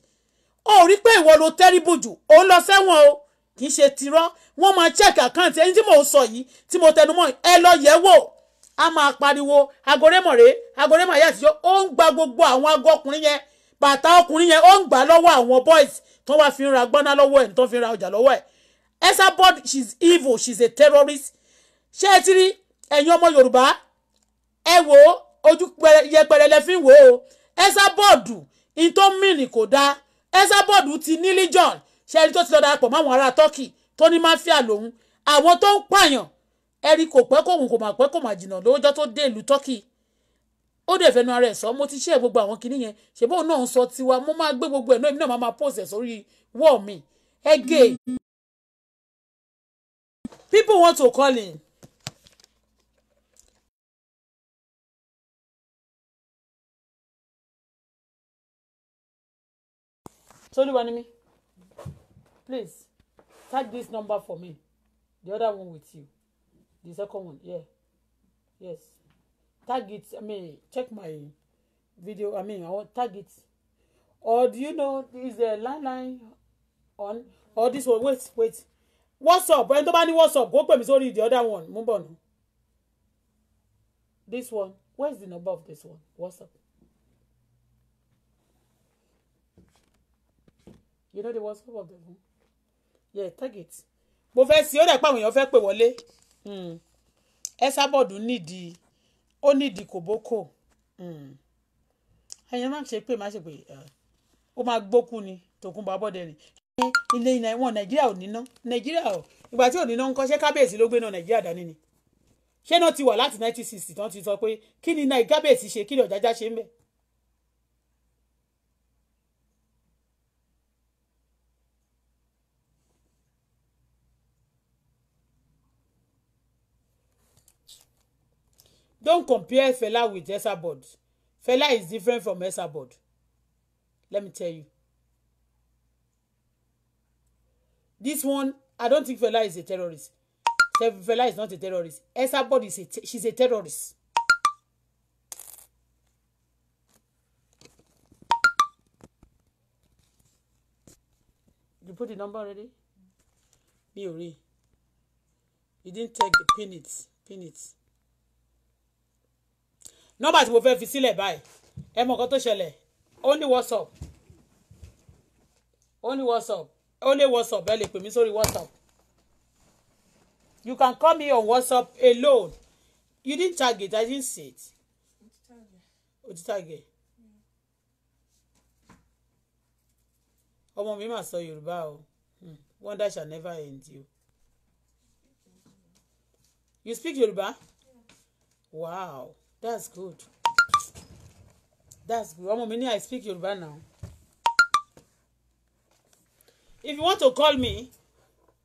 Oh, rí pé ìwọ ló terrible jù ó ń lọ sẹ́wọ̀n o kì í ṣe tirọ́ wọ́n máa check account ẹni tí mò ń sọ yìí tí mo tẹnu mọ́ ẹ lọ yẹ̀ wò a máa pariwo agorémọ̀rẹ́ agorémọ̀ ayé àtijọ́ ó ń gba gbogbo àwọn ago ọkùnrin yẹn bàtà ọkùnrin yẹn ó ń gbà lọ́wọ́ àwọn boys tó wá fi ń ra gbọ́ná lọ́wọ́ ẹ̀ tó fi ń ra ọjà lọ́wọ́ ẹ̀ Esabod she is evil she is a terrorist ṣé ẹ ti rí ẹ̀yin ọmọ Yorùbá ẹ wò ó ojú yẹpẹrẹ lẹ fi ń wò ó ẹsà bọ́ọ̀dù in tó mìnì kò dáa ẹsà bọ́ọ̀dù ti ní legion ṣẹ́ni tó ti lọ darapọ̀ mọ́ ará turkey tó ní máfíà lòun àwọn tó ń pààyàn ẹ̀rí kò pẹ́ kò kò mà pẹ́ kò mà jìnnà lọ́jọ́ tó dé ìlú turkey ó dẹ̀ fẹ́nu ara ẹ̀ sọ mo ti ṣe gbogbo àwọn kinní yẹn ṣèbó náà ń sọ tiwa mo máa gbé gbogbo ẹ̀ náà èmi náà máa máa post sórí wọ́ọ̀ mi ẹ gé people want to call in Toluwa ni please tag this number for me the other one with you the second one yeah yes tag it i mean check my video i mean i want tag it or do you know is the line line on or this one wait wait What's up? tó What's up? whatsapp kó pè mí the other one mú this one Where's the number of this one What's up? you know the words of the room yeah take it mo fẹ́ sí ó dẹ̀ pàwọn èèyàn fẹ́ pè wọlé ẹ hmm. sábọ̀dù nídìí ó nídìí kòbókò hmm. ẹ̀yin máa ń ṣe pé máa ṣe pé eh, ó máa gbókù ni tòkunbọ̀ abọ́dẹ ni ilé wọn nàìjíríà ò níná nàìjíríà ò ìgbà tí ò níná ń kọ́ ṣé kábíyèsí ló gbé nàìjíríà dání ni ṣé náà ti wà láti nineteen sixty tán ti sọ pé kí ni náà kábíyèsí ṣe kí ni ọ̀jájá ṣe ń bẹ̀ don't compare Fela with Esabod Fela is different from Esabod let me tell you this one I don't think Fela is a terrorist Fela is not a terrorist Esabod is a she's a terrorist. You put the number already? Mi ò rí. You didn't take the pin it. Pin it nọ́mbà tí mo fẹ́ fi sílẹ̀ báyìí ẹ mọ̀ nǹkan tó ṣẹlẹ̀ ó ní whatsapp ó ní whatsapp ó lé whatsapp ẹ lè pè mí sórí whatsapp you can call me on whatsapp alone you didn't tag it i didn't see it o ti tag it ọmọ mi mà sọ yorùbá o wonder shall never end you you speak yorùbá wow that's good that's good ọmọ mi ní i speak Yoruba now if you want to call me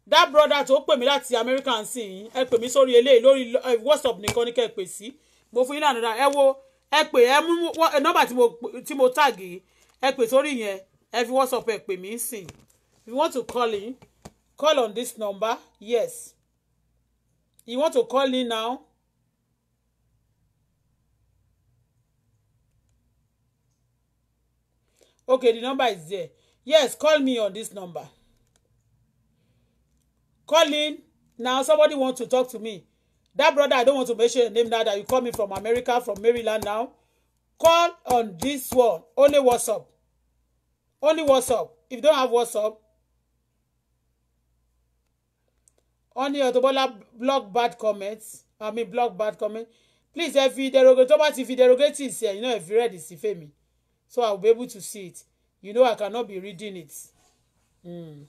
that brother to pè mí láti America ń sìn yín ẹ pè mí sórí eléyìí lórí eh, WhatsApp nìkan ní kẹ́ ẹ pè sí mo fún yín ní ànádà ẹ wo ẹ pè ẹ mú nọ́mbà tí mo tàgì ẹ pè sórí yẹn ẹ fi WhatsApp ẹ pè mí sìn if you want to call in call on this number yes you want to call in now okay the number is there yes call me on this number call in now somebody want to talk to me that brother i don't want to mention your name now that you call me from america from maryland now call on this one only whatsapp only whatsapp if you don't have whatsapp only Auto Bola block bad comments i mean block bad comments please if you derogate tó bá ti fi you sí ẹ you know ẹ fi rẹ́ẹ̀dì sí fèmí so I'll be able to see it you know i cannot be reading it. Mm.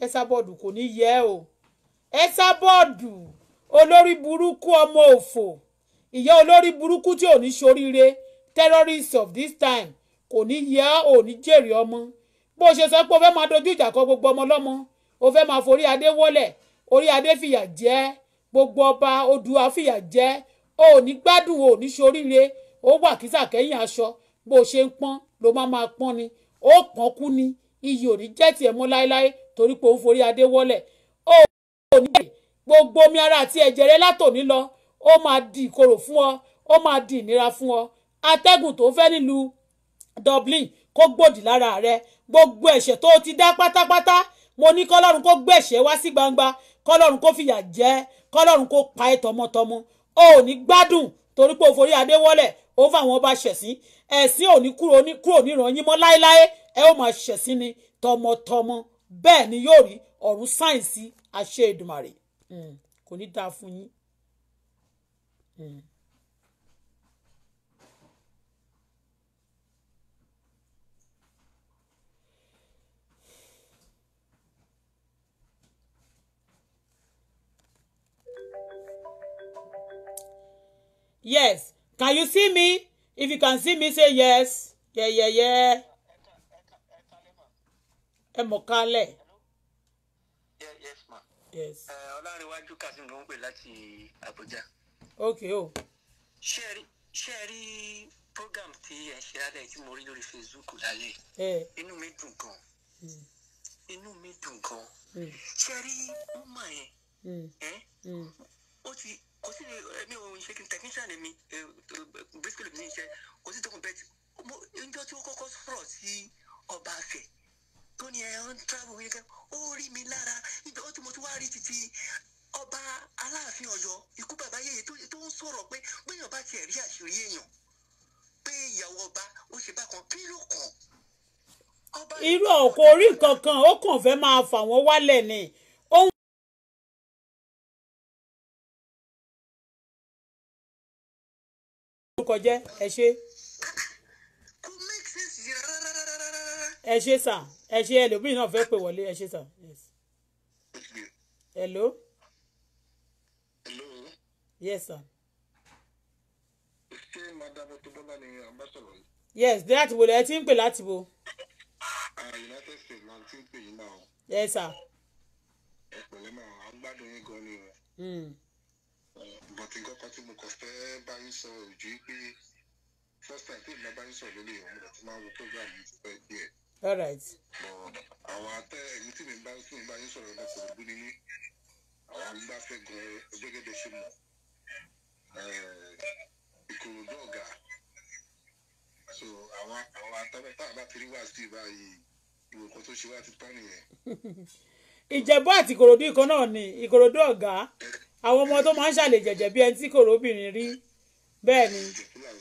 ẹsà bọ́ọ̀dù kò ní yẹ o ẹsà bọ́ọ̀dù olórí burúkú ọmọ òfò ìyá olórí burúkú tí ò ní terrorists of this time koni ní yẹ ò ní jèrè ọmọ bó o ṣe sọ pé o fẹ́ ma dojú ìjà kọ gbogbo ọmọ lọ́mọ o fẹ́ máa forí adé wọlẹ̀ orí adé fìyà jẹ gbogbo ọba odùà fìyà jẹ o ò ní gbádùn o ò ní ṣoríire ó wà kísà kẹ́yìn aṣọ bó o ṣe ń pọ́n ló máa máa pọ́n ni ó pọ́n kú ni iyì ò ní jẹ́ tiẹ̀ mọ́ láéláé torí pé òun forí adé wọ́lẹ̀ ó ò ní bẹ̀rẹ̀ gbogbo omi ara àti ẹ̀jẹ̀ rẹ látòní lọ ó máa di ìkorò fún ọ ó máa di ìnira fún ọ atẹ́gùn tó fẹ́ nílùú Dublin kó gbòdì lára rẹ gbogbo ẹ̀ṣẹ̀ tó ti dá pátápátá mo ní kọ́lọ́run kó gbẹ̀ṣẹ̀ wá sí gbangba kọ́lọ́run kó fìyà jẹ́ kọ́lọ́run kó pa ẹ́ tọmọtọmọ o ò ní gbádùn torí pé o forí adé wọ́lẹ̀ ó fáwọn ọba ṣẹ̀sín ẹ̀sìn ò ní kúrò ní kúrò níran yín mọ́ láéláé ẹ ó máa ṣẹ̀sín ni tọmọtọmọ bẹ́ẹ̀ ni yóò rí ọ̀run sáyẹ̀nsì àṣẹ Èdùmàrè hmm, kò ní dáa fún yín. Hmm. Yes. Can you see me? If you can see me, say yes. Yeah, yeah, yeah. Ẹ mọ̀ kálẹ̀. Yes, ma. Yes. Kazeem ló ń pè láti Abuja. Okay o. Ṣé ẹ rí ṣé ẹ rí program tí ẹ ṣe lálẹ́ tí mo rí lórí Facebook lálẹ́? Inú mi dùn gan. Hmm. Inú mi dùn gan. Hmm. Ṣé ẹ rí ọmọ yẹn? Hmm. Ó ti kò sí ẹ̀mí eh, òun ṣe kí n technician mi bísí lèmi ní kò sí tókun bẹ́ẹ̀ tí njọ́ tí ó kọ́kọ́ sọ̀rọ̀ sí ọba àfẹ́ tó ní ẹ̀ ń travel yẹn kẹ́ ó rí mi lára níbi ó ti mo ti wá rí títí ọba aláàfin Ọ̀yọ́ ikú bàbá yèyé tó ń sọ̀rọ̀ pé gbẹ̀yàn bá tiẹ̀ rí àṣírí èèyàn pé ìyàwó ọba ó ṣe bákan kí ló kàn. irú ọkọ orí kankan ó kàn fẹ́ máa fà wọ́n wálẹ̀ ni orúkọ ẹ ṣe. ẹ ṣe sà ẹ ṣe ẹlòmíì náà fẹ́ pè wọlé ẹ ṣe sà. hello. yes sir. ṣé madam tó bọ́lá ni ọba yìí. yes láti wo lẹ́yìn tí ń pè láti wo. Ah, united states náà ti ń pè yín náà. yes sir. ẹ pẹ̀lẹ́ mọ́ àwọn gbádùn yín gan-an ni but nǹkan kan tí mo kàn fẹ́ bá yín sọ ojú pé first time tí ìgbà bá yín sọ lórí ìwọ̀n mo ti máa wo program yìí ti pẹ́ díẹ̀. alright. àwọn atẹ ẹni tí mi bá tí mi bá yín sọ̀rọ̀ ọ̀nà kò gbú nínú àwọn agbáfẹ́ gan gbẹ́gẹ́dẹ́ ṣe mọ̀ ìkòròdú ọ̀gá so àwọn àwọn atẹ́fẹ́ bá ti rí wá sí báyìí ìwòkan tó ṣe wá ti tán nìyẹn. [laughs] ìjẹ̀bú àti ìkòròdú ìkan náà ni ìkòròdú ọ̀gá àwọn ọmọ tó máa ń ṣàlè jẹ̀jẹ̀ bí ẹni tí kòrò obìnrin rí bẹ́ẹ̀ ni bẹ́ẹ̀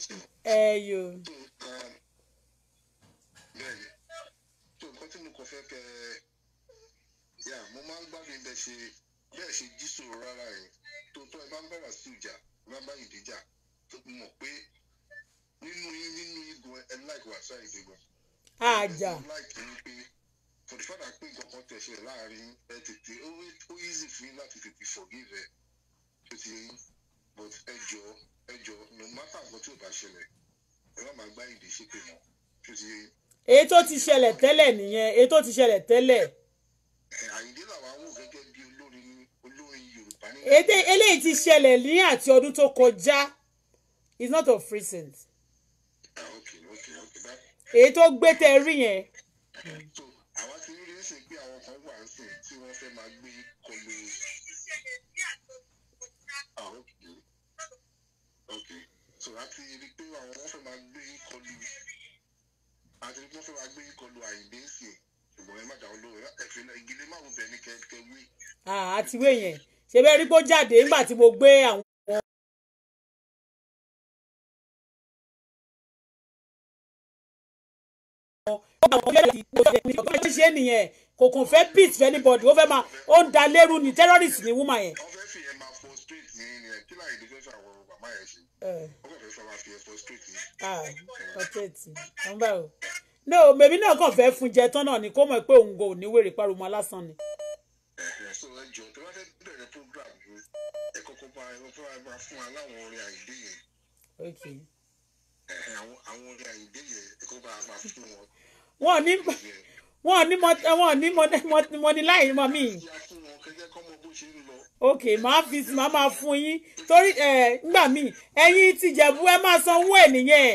ṣe jí sòrò rárá yẹn tó ẹ bá ń bẹ̀rẹ̀ sí ìjà bá ń bá ìdíjà tó mọ̀ pé nínú nínú igun ẹ láìpẹ́ wàásù àìdígbà. àjà. ẹ láìpẹ́ wípé kò ní padà pé nǹkan kan tẹ̀ ṣẹlẹ̀ láàrin ẹ tètè ó easy for yín láti tètè forgive ẹ tó ti yín but ẹ jọ ẹ jọ no matter nǹkan tí ò bá ṣẹlẹ̀ ẹ má máa gbá ìdè ṣépè mọ́ tó ti yín. èyí tó ti ṣẹlẹ̀ tẹ́lẹ̀ nìyẹn èyí tó ti ṣẹlẹ̀ tẹ́lẹ̀. àyíndé làwọn àwọn gẹ́gẹ́ bí olórin olórin yorùbá ní. èdè eléyìí ti ṣẹlẹ̀ ní àti ọdún tó kọjá is not of recent. Ah, èyí tó gbé tẹ rí yẹn. so so láti rí pé àwọn wọn fẹ́ máa gbé kọlu àti rí pé wọ́n fẹ́ máa gbé kọlu àyíndé sí ẹ̀ ṣùgbọ́n ẹ má dà ọ́ lóhùn ẹ̀fẹ̀ náà ìgilé má wù bẹ́ẹ̀ ni kẹ́kẹ́ wé. àti wé yẹn ṣe bẹ́ẹ̀ rí pé ó jáde nígbà tí mo gbé àwọn. ṣe kò fẹ́ peace for anybody ó fẹ́ máa ó ń da lérú ni terrorist ni woman yẹn. ọ̀tẹ̀ẹ̀tì ọ̀nbà o no maybe náà kàn fẹ́ẹ́ fún jẹ tán náà ni kó mọ̀ pé òun kò ní wèrè pariwo alásán ni. ẹ̀sùn ẹjọ́ tó bá fẹ́ bẹ̀rẹ̀ ní wọn ò ní mọ wọn ò ní mọ ní láì mọ mí. ok màá fi màá máa fún yín torí ẹ ngbà míì ẹ̀yin ti jẹ̀bú ẹ máa sanwó ẹ nìyẹn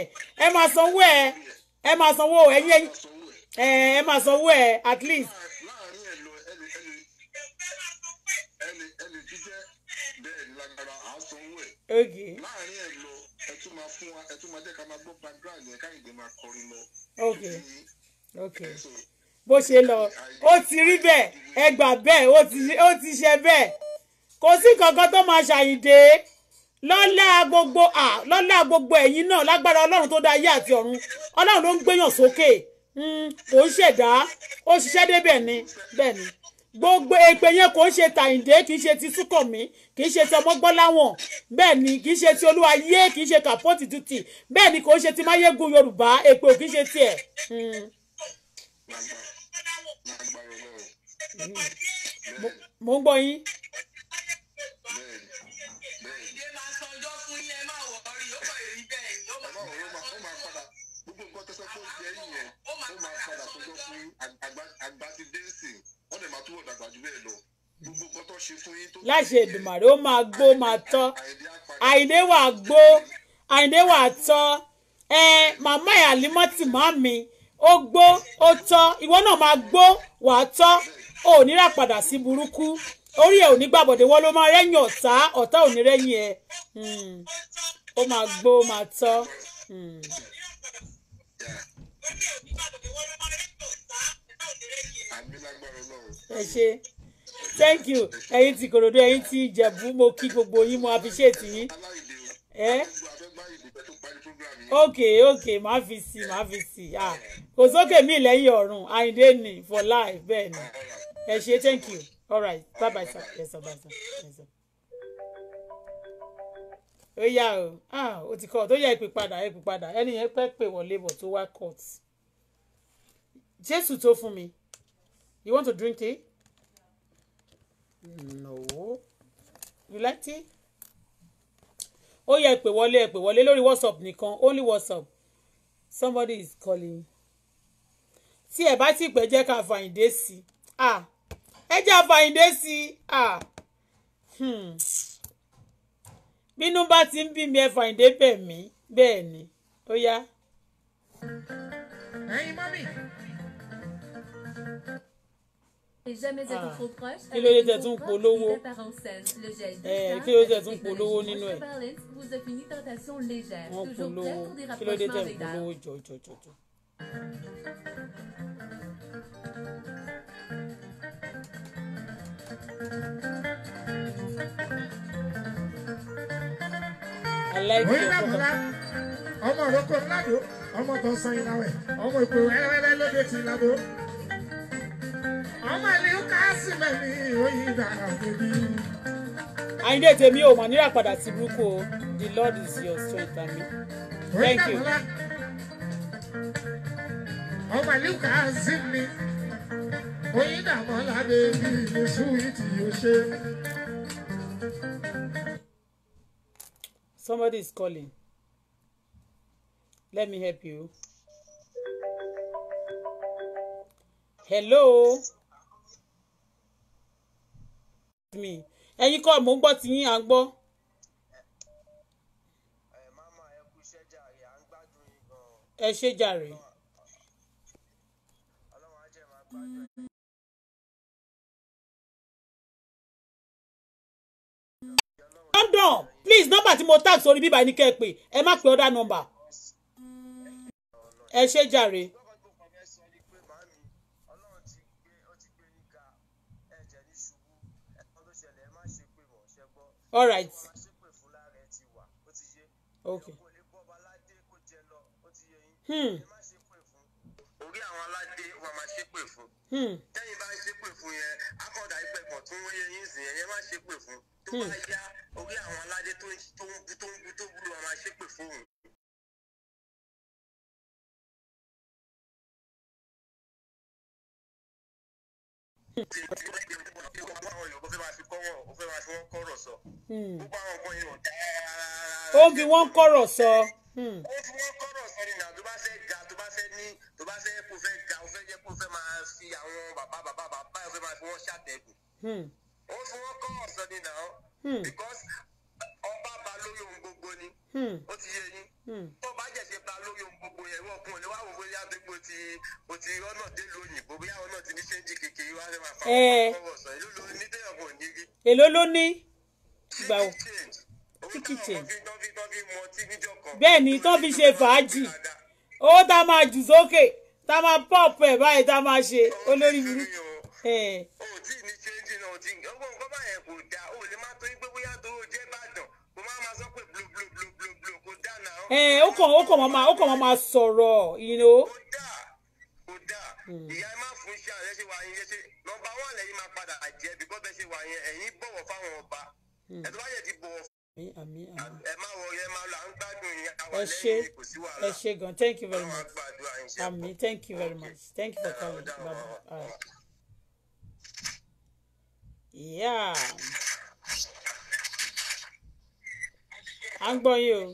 ẹ máa sanwó ẹ ẹ máa sanwó ẹ̀yin ẹ ẹ máa sanwó ẹ at least. ok. láàrin ẹ lọ ẹ tún máa fún wa ẹ tún máa jẹ́ ká máa gbọ́ background yẹn ká ìgbìmọ̀ akọrin lọ. ok ok. okay bó ṣe lọ ó ti rí bẹ́ẹ̀ ẹ gbà bẹ́ẹ̀ ó ti ṣe bẹ́ẹ̀ kò sí kankan tó máa ṣàyìndé lọ́lá gbogbo à lọ́lá gbogbo ẹ̀yin náà lágbára ọlọ́run tó dá ayé àti ọ̀run ọlọ́run ló ń gbéyàn sókè hmm, kò ń ṣẹ̀dá ó ṣiṣẹ́ débẹ̀ ni bẹ́ẹ̀ ni gbogbo èpè yẹn kò ń ṣe tàyíǹde kì í ṣe ti súnkànmí kì í ṣe ti ọmọgbọ́láwọ̀n bẹ́ẹ̀ ni kì í ṣe ti olúwayé kì í ṣe kàpọ́tì tutì bẹ́ẹ̀ ni kò ń ṣe ti máyégún yorùbá èpè ò kì í ṣe tiẹ̀. Hmm mo ń gbọ́ yín. láṣẹ Èdùmàrè ó máa gbó máa tọ́ àìdè wà gbó àìdè wà tọ́ ẹ màmá ẹ̀ àlímọ́tì má ó gbó ó tọ́ ìwọ náà máa gbó wàá tọ́ ò ní rà padà sí burúkú orí ẹ ò ní gbàbọ̀dé wọ́n ló máa rẹ́yìn ọ̀tá ọ̀tá ò ní rẹ́yìn ẹ̀ hmm. ó máa gbó ó máa tọ́. Hmm. ẹ ṣe thank you ẹ̀yin ti Ìkòròdú ẹ̀yin ti Ìjẹ̀bú mo kí gbogbo yín mo appreciate yín. Eh? okay okay má fi sí má fi sí ah kò sókè mí lẹ́yìn ọ̀run àyíndé ni for life bẹ́ẹ̀ ni ẹ ṣe thank you all right bye bye sir yes sir bye sir yes sir. ó yá o ah o ti kọ́ ọ tó yá ìpè padà ìpè padà ẹni yẹn pẹ́ pè wọlé bọ̀ tó wá court jésù tó fún mi you want to drink tea? no you like tea? ó yẹ pè wọlé ẹ pè wọlé lórí whatsapp nìkan only whatsapp somebody is calling tí ẹ bá ti pẹ́ jẹ́ ká fàyìndé sí i ẹ jẹ́ àfàyìndé sí i hmm. bínú bá ti ń bí mi ẹ fàyìndé bẹ̀ mí bẹ́ẹ̀ ni ó yá. ẹ̀yin mọ́mí jamais ah. kí ló dé tẹ̀ tún polówó eh, kí ló dé tẹ̀ tún polówó nínú ẹ̀ wọ́n polówó kí ló dé tẹ̀ polówó jọjọjọjọ. ọmọ òrókò ńlá dò ọmọ tó ń sọyìn náà ọmọ ìpè wẹ́rẹ́wẹ́rẹ́ lóde ti ìlànà àyíndé tèmi ò mà níra padà sí burúkú o the lord is your strength àmì thank you. somebody is calling let me help you hello. Me ẹ̀yin kọ́ mò ń gbọ́ ti yín à ń gbọ́. ẹ ṣe jàre. London please nọ́mbà tí mo tag sórí bíbá ẹni kẹ́ ẹ pè ẹ má pè ọ́dà nọ́mbà ẹ ṣe jàre. all right. okay. Hmm. orí àwọn aládé wa máa ṣépè fún. Hmm. tẹ́yìn bá ń ṣépè fún yẹn akọ̀dà ìpẹ́ tó ń wọ́n yẹn sìn yẹn yẹn má ṣépè fún. tó bá hmm. yá orí àwọn aládé tó ń bu tó ń tó búlù wa máa ṣépè fún òun. Hmm. Thank you ọmọ àwọn Yorùbá fẹ́ ó fi wọ́n kọ́rọ̀ sọ. Hmm. gbogbo lórí ohun gbogbo ni hmm. ó ti yé yín hmm. tó bá jẹ̀ ṣe bá lórí ohun gbogbo yẹn wọn kún un lè wá wò bóyá gbogbo ti o ti ọ̀nà dé lóyìnbó bóyá ọ̀nà ti ní ṣéǹjì kékeré wá fẹ́ máa fa eh. ọwọ́ sọ èló ló ní téèyàn kò ní rí. èló ló ní. gbà tíkì change. bẹ́ẹ̀ ni tó fi ṣe fàájì owó tá máa jù sókè tá máa pọ́ọ̀pù ẹ̀ báyìí tá máa ṣe olórí burúkú. o eh. tí ní ṣéǹjì náà ẹ eh, ó kàn ó kàn wọn máa ó kàn wọn máa you know. kò dáa kò dáa ìyá ẹ ṣe ẹ ṣe gan thank you very much ami ah, thank you very much thank you for calling baba. Yeah à ń gbọ́ yín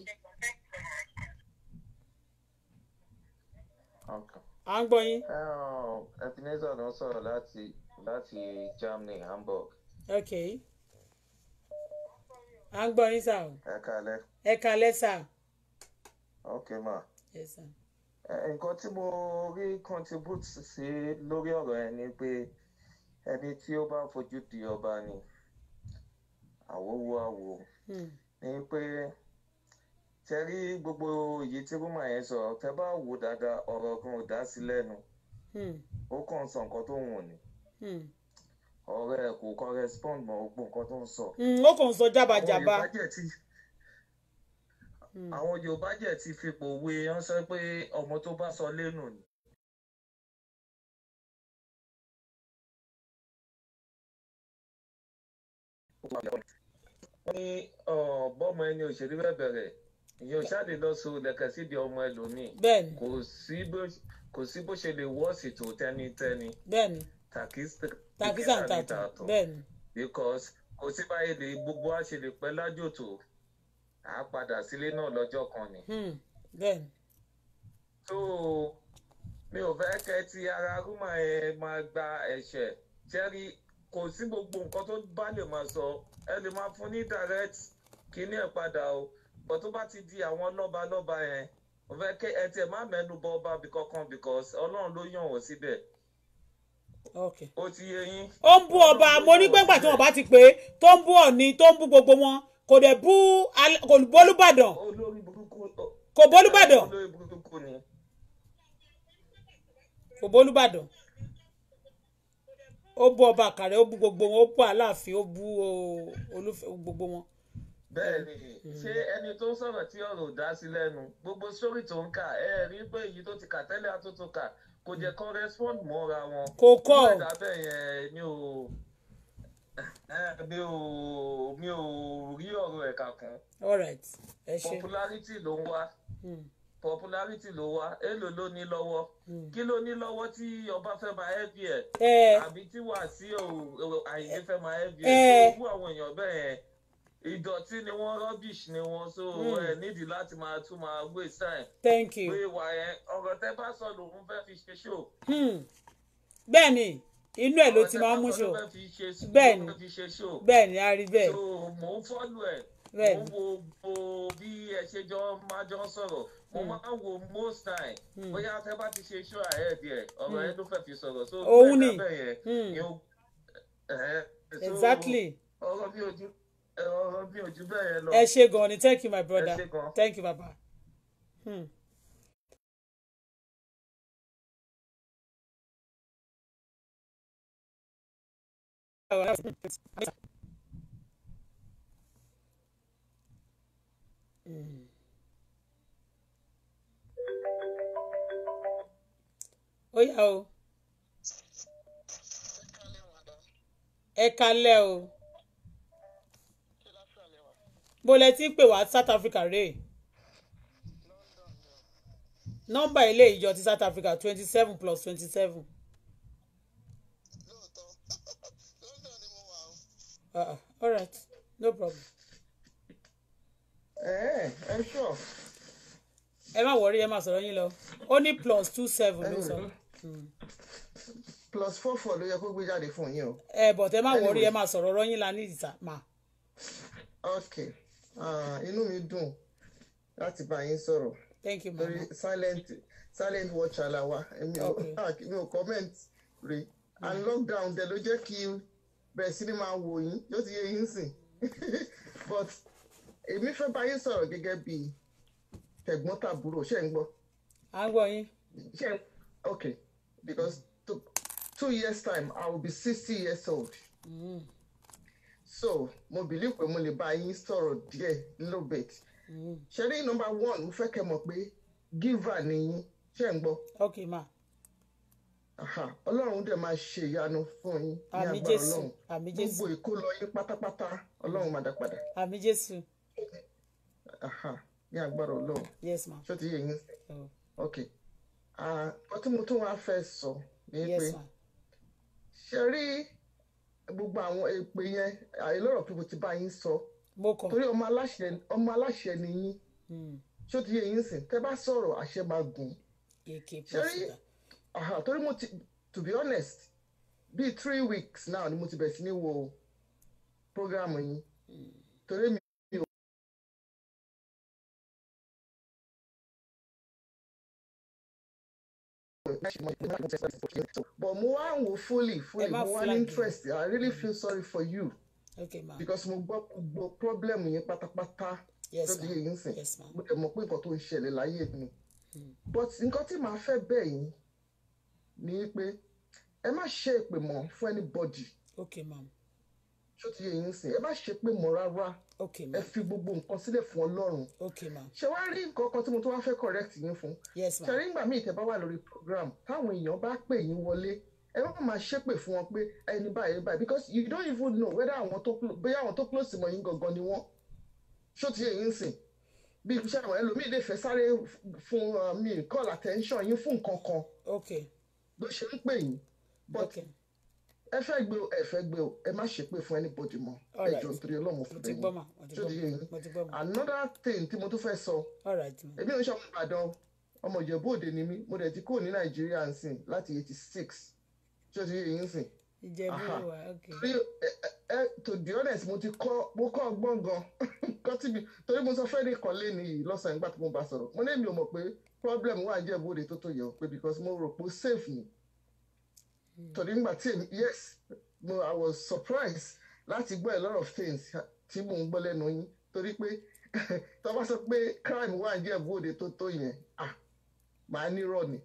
o. à ń gbọ́ yín. Uh, Ebenezer ló sọ̀rọ̀ láti láti Germany Hamburg. ok à ń gbọ́ yín sá o. ẹ kalẹ́. ẹ kalẹ́ sá. ok ma. yes sir. nǹkan tí mo rí contribute sí lórí ọ̀rọ̀ ẹ ni pé ẹni tí ó bá fojú di ọba ni àwòwò àwò. Hmm ni pé ṣe rí gbogbo èyí tí rúmọ̀ yẹn sọ tẹ bá wò dáadáa ọ̀rọ̀ kan ò dá sí lẹ́nu hmm. ó kàn sọ nǹkan tó wùn ni hmm. ọ̀rẹ́ ẹ̀ kò correspond mọ́ gbogbo nǹkan tó ń sọ. Hmm, ó kàn sọ jábàjábà. àwọn Yorùbá jẹ̀ ti fipò wé wọ́n sọ pé ọmọ tó bá sọ lẹ́nu ni. Thank you ní bọ́mọ ẹni òṣèré bẹ́ẹ̀ bẹ̀rẹ̀ ìyẹn òṣàlè lọ so lẹ̀kẹ̀ síbi ọmọ ẹlòmíì kò sí bó ṣe lè wọ́ọ̀sì tó tẹ́nitẹ́ni takisa ntàtọ̀ because kò sí báyìí lè gbogbo wa ṣe lè pẹ́ lájò tó à á padà sílé náà lọ́jọ́ kan ni. Hmm. so mi ò fẹ́ kẹ́ ti ara rúmọ̀ ẹ máa gba ẹ̀ṣẹ̀ jẹ́rìí kò sí gbogbo nǹkan tó bá lè máa sọ ẹ lè máa fún ní direct kíní ẹ̀ padà o but tó bá ti di àwọn lọ́ba lọ́ba yẹn mo fẹ́ kí ẹ tiẹ̀ má mẹ́nu bọ ọba kankan because ọlọ́run ló yàn wọ́n síbẹ̀. ó ti yé yín. ó ń bú ọba mo ní pé pàtó ọba ti pé tó ń bú ọ̀ni tó ń bú gbogbo wọn kò dẹ̀ bú kò kò bólúbàdàn kò bólúbàdàn ó bú ọba àkàrẹ́ ó bú gbogbo wọn ó bú aláàfin ó bú olúfẹ́ gbogbo wọn. bẹ́ẹ̀ni hmm. ṣé ẹni tó ń sọ̀rọ̀ tí ọ̀rọ̀ ò dá sí lẹ́nu gbogbo sórí tó ń kà ẹ rí pé èyí tó ti kà tẹ́lẹ̀ àtúntò kà kò jẹ́ correspond mọ́ra wọn. kò kọ́ ọ ìdábẹ́ yẹn mi ò mi ò mi ò rí ọ̀rọ̀ ẹ̀ka kan. all right ẹ ṣe popularity ló ń wá. Hmm popularity ló wá èlò ló ní lọ́wọ́ hmm. kí ló ní lọ́wọ́ tí ọba fẹ́ máa ẹ́bí ẹ̀ àbí tí Wàsíù Àyìndé fẹ́ máa ẹ́bí ẹ̀ fún àwọn èèyàn bẹ́ẹ̀ yẹn ìdọ̀tí ni wọ́n rubbish ni wọ́n so hmm. ẹ nídìí láti máa tún máa gbé sáì pé ìwà yẹn ọ̀rọ̀ tẹ́ bá sọ lòun fẹ́ fi ṣe ṣó. Hmm. bẹ́ẹ̀ ni inú ẹ̀ ló ti máa ń mú ṣó bẹ́ẹ̀ ni bẹ́ẹ̀ ni a rí bẹ́ẹ̀. so mò ń fọ́lù ẹ̀ mo wo bí ẹ ṣe jọ máa jọ sọ̀rọ̀ mo hmm. máa ń wo most time hmm. bóyá tẹ bá ti ṣe ṣọ́ ààrẹ díẹ̀ ọ̀rọ̀ hmm. ẹ ló fẹ́ fi sọ̀rọ̀ òun ni exactly ọ̀rọ̀ bí ojú ọ̀rọ̀ bí ojú bẹ́ẹ̀ yẹn lọ. ẹ ṣe gan ni thank you my brother thank you baba. Hmm. Mm. ó yá o ẹ kalẹ̀ o bó lẹ ti ń pè wá South Africa rèé nọ́mbà ilé ìjọ ti South Africa twenty seven plus twenty seven. Uh, all right no problem ẹ eh, ẹ sọ. ẹ má wọrí ẹ má sọ̀rọ̀ yín lọ ó ní plus two seven ló sọ. plus four four ló yẹ kó gbé jáde fún yín o. ẹ bọ̀ tẹ má wọrí ẹ má sọ̀rọ̀ ọ̀rọ̀ yín la ní ìta mà. ok inú mi dùn láti bá yín sọ̀rọ̀. thank you mama. silent silent watcher la wa mi ò [laughs] mi ò comment rè and lockdown dẹ̀ ló jẹ́ kí bẹ̀rẹ̀ sí ni máa wò ti yé yín sìn [laughs] but èmi fẹ́ bá yín sọ̀rọ̀ gẹ́gẹ́ bí tẹ̀gbọ́n tàbúrò ṣe ń gbọ́. à ń gbọ́ yín. ṣe ok because two, two years time I will be sixty years old. Mm. so mo believe pé mo lè bá yín sọ̀rọ̀ díẹ̀ little bit. Mm. ṣe rí number one mo fẹ́ kẹ́ mọ̀ pé giver ni yín ṣe ń gbọ́. ok ma. Ọlọ́run dẹ̀ máa ṣe ìyanu fún yín ní agbára Ọlọ́run gbogbo ìkó lọ yín pátápátá Ọlọ́run máa dá padà. àmì Jésù ní agbára Ọlọ́run ṣó ti yé yín mm. ok ọtí mo tún wá fẹ́ sọ ni pé ṣe rí gbogbo àwọn èpè yẹn a lot of people ti bá yín sọ torí ọmọ aláṣẹ ni yín mm. ṣó ti yé yín sìn tẹ́ bá sọ̀rọ̀ àṣẹ máa gùn ṣe rí torí mo ti to be honest bíi three weeks now ni mo ti bẹ̀rẹ̀ sí ní wo program yín mm. torí mi she money they don't test for so but mo wá fully fully mo interest i really feel sorry for you okay, ma'am. because mo gbọ́ gbogbo problem yẹn pátápátá lóde Yes, ma'am. sìn mo dẹ̀ mọ̀ to nǹkan tó ń mi hmm. but nǹkan tí màá fẹ́ bẹ̀ yín ni pé ẹ má ṣe èpè mọ́ fún anybody. okay ma'am ṣó ti yẹ yín sìn ẹ bá ṣe pé mo rárá ẹ fi gbogbo nǹkan sílẹ̀ fún Ọlọ́run ṣe wá rí nǹkan tí mo tó wá fẹ́ correct yín fún ṣe rí ngbà míì tẹ́ bá wà lórí program táwọn èèyàn bá pè yín wọlé ẹ má máa ṣépè fún wọn pé ẹni báyìí ẹni báyìí because you don't even know whether àwọn tó bóyá àwọn tó close mọ́ yín gangan ni wọ́n ṣó ti yẹ yín sìn bí iṣẹ́ àwọn ẹlòmíì lè fẹ́ sáré fún uh, mi call attention yín fún nǹkan kan ló ṣe ń pè yín but. Okay ẹ fẹ́ gbé o ẹ fẹ́ gbé o ẹ má ṣépè fún anybody mọ́ ẹ jọ nítorí ọlọ́run fún tèmi tó di yẹn another thing tí mo tún fẹ́ sọ èmi ò ń ṣọmọ ìbàdàn ọmọ ìjẹ̀bú òde ni mí mo dẹ̀ ti kúrò ní nàìjíríà ń sìn láti eighty six tó di yẹn ń sìn. ìjẹ̀bú wa ok. to be honest mo ti kọ́ mo kọ́ ọgbọ́n gan [laughs] kọ́ tí mi torí mo sọ fẹ́ ní kọ́lé ni yìí lọ́sàn-án nígbà tí mo bá sọ̀rọ̀ mo ní èmi ò mọ̀ pé problem wà ń jẹ̀bú òde tó tó yẹ o pé because mo rò pé safe ni torí nígbà tí yes no i was surprised láti gbọ́ a lot of things tí mò ń gbọ́ lẹ́nu yín torí pé [laughs] tó bá sọ pé crime wà ní Ìjẹ̀bú Òde tó tó yẹn ah màá nírọ̀ ni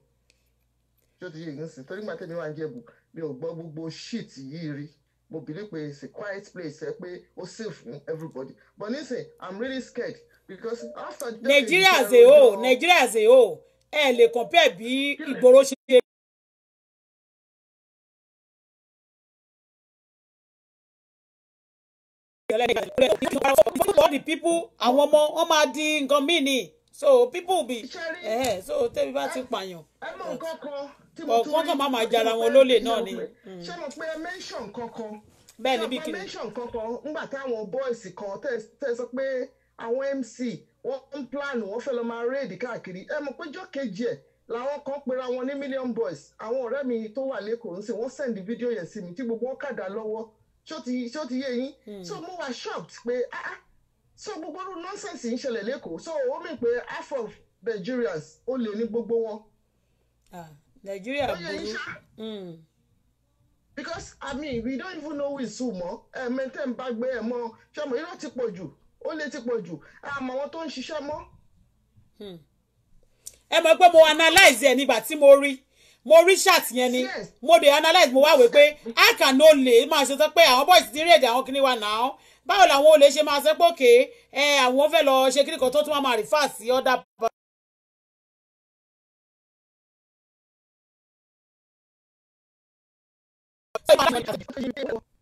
tó ti yé yín sí torí nígbà tẹ́mi wà ní Ìjẹ̀bú mi ò gbọ́ gbogbo shit yìí rí mo believe pé it's a quiet place ẹ pé safe fún everybody but nisin i'm really scared because after. nigeria as a nigeria as a whole ẹ lè compare bí ìgboro ṣe. àwọn ọmọ wọn máa di nǹkan míì ni so people be so tẹ́bi bá ti pààyàn ọ̀kan kan máa máa jara wọn lólè náà ni. Hmm. ṣé mo pe mention kankan bẹ́ẹ̀ ni bí ṣé mo pe mention kankan nígbà táwọn boys kan tẹ́ sọ pé àwọn MC wọ́n ń plan wọ́n fẹ́ lọ máa réèdì káàkiri ẹ mọ̀ pé kejì ẹ̀ làwọn kan pera wọn ní million boys àwọn ọ̀rẹ́ mi tó wà lẹ́kọ̀ọ́ ń sìn wọ́n send fídíò yẹn sí mi tí gbogbo wọn lọ́wọ́ So ti so ti yé yín hmm. so mo wà shocked pé ah ah so gbogbo irú nonsense ń ṣẹlẹ̀ lẹ́kọ̀ọ́ so ó mì pé half of Nigerians ó lè ní gbogbo wọn. Ah, Nigeria burú. Hmm. because I mean we don't even know who is who mọ ẹ mẹtẹ n bá gbé ẹ mọ ṣọmọ irọ́ ti pọ̀ jù ó lè ti pọ̀ jù àmọ́ àwọn tó ń ṣiṣẹ́ mọ́. Hmm. ẹ mọ̀ pé mo analyze ẹ̀ nígbà tí mo rí mo rí ṣáàt yẹn ni mo dey analyse mo wá wé pé i can no lè máa ṣe sọ pé àwọn boys ti rèdè àwọn kìnìún wa now. báwo làwọn olè ṣe máa ṣe pé òkè ẹ àwọn fẹ́ lọ ṣe kíríkan tó tún máa rìfà sí ọ̀dà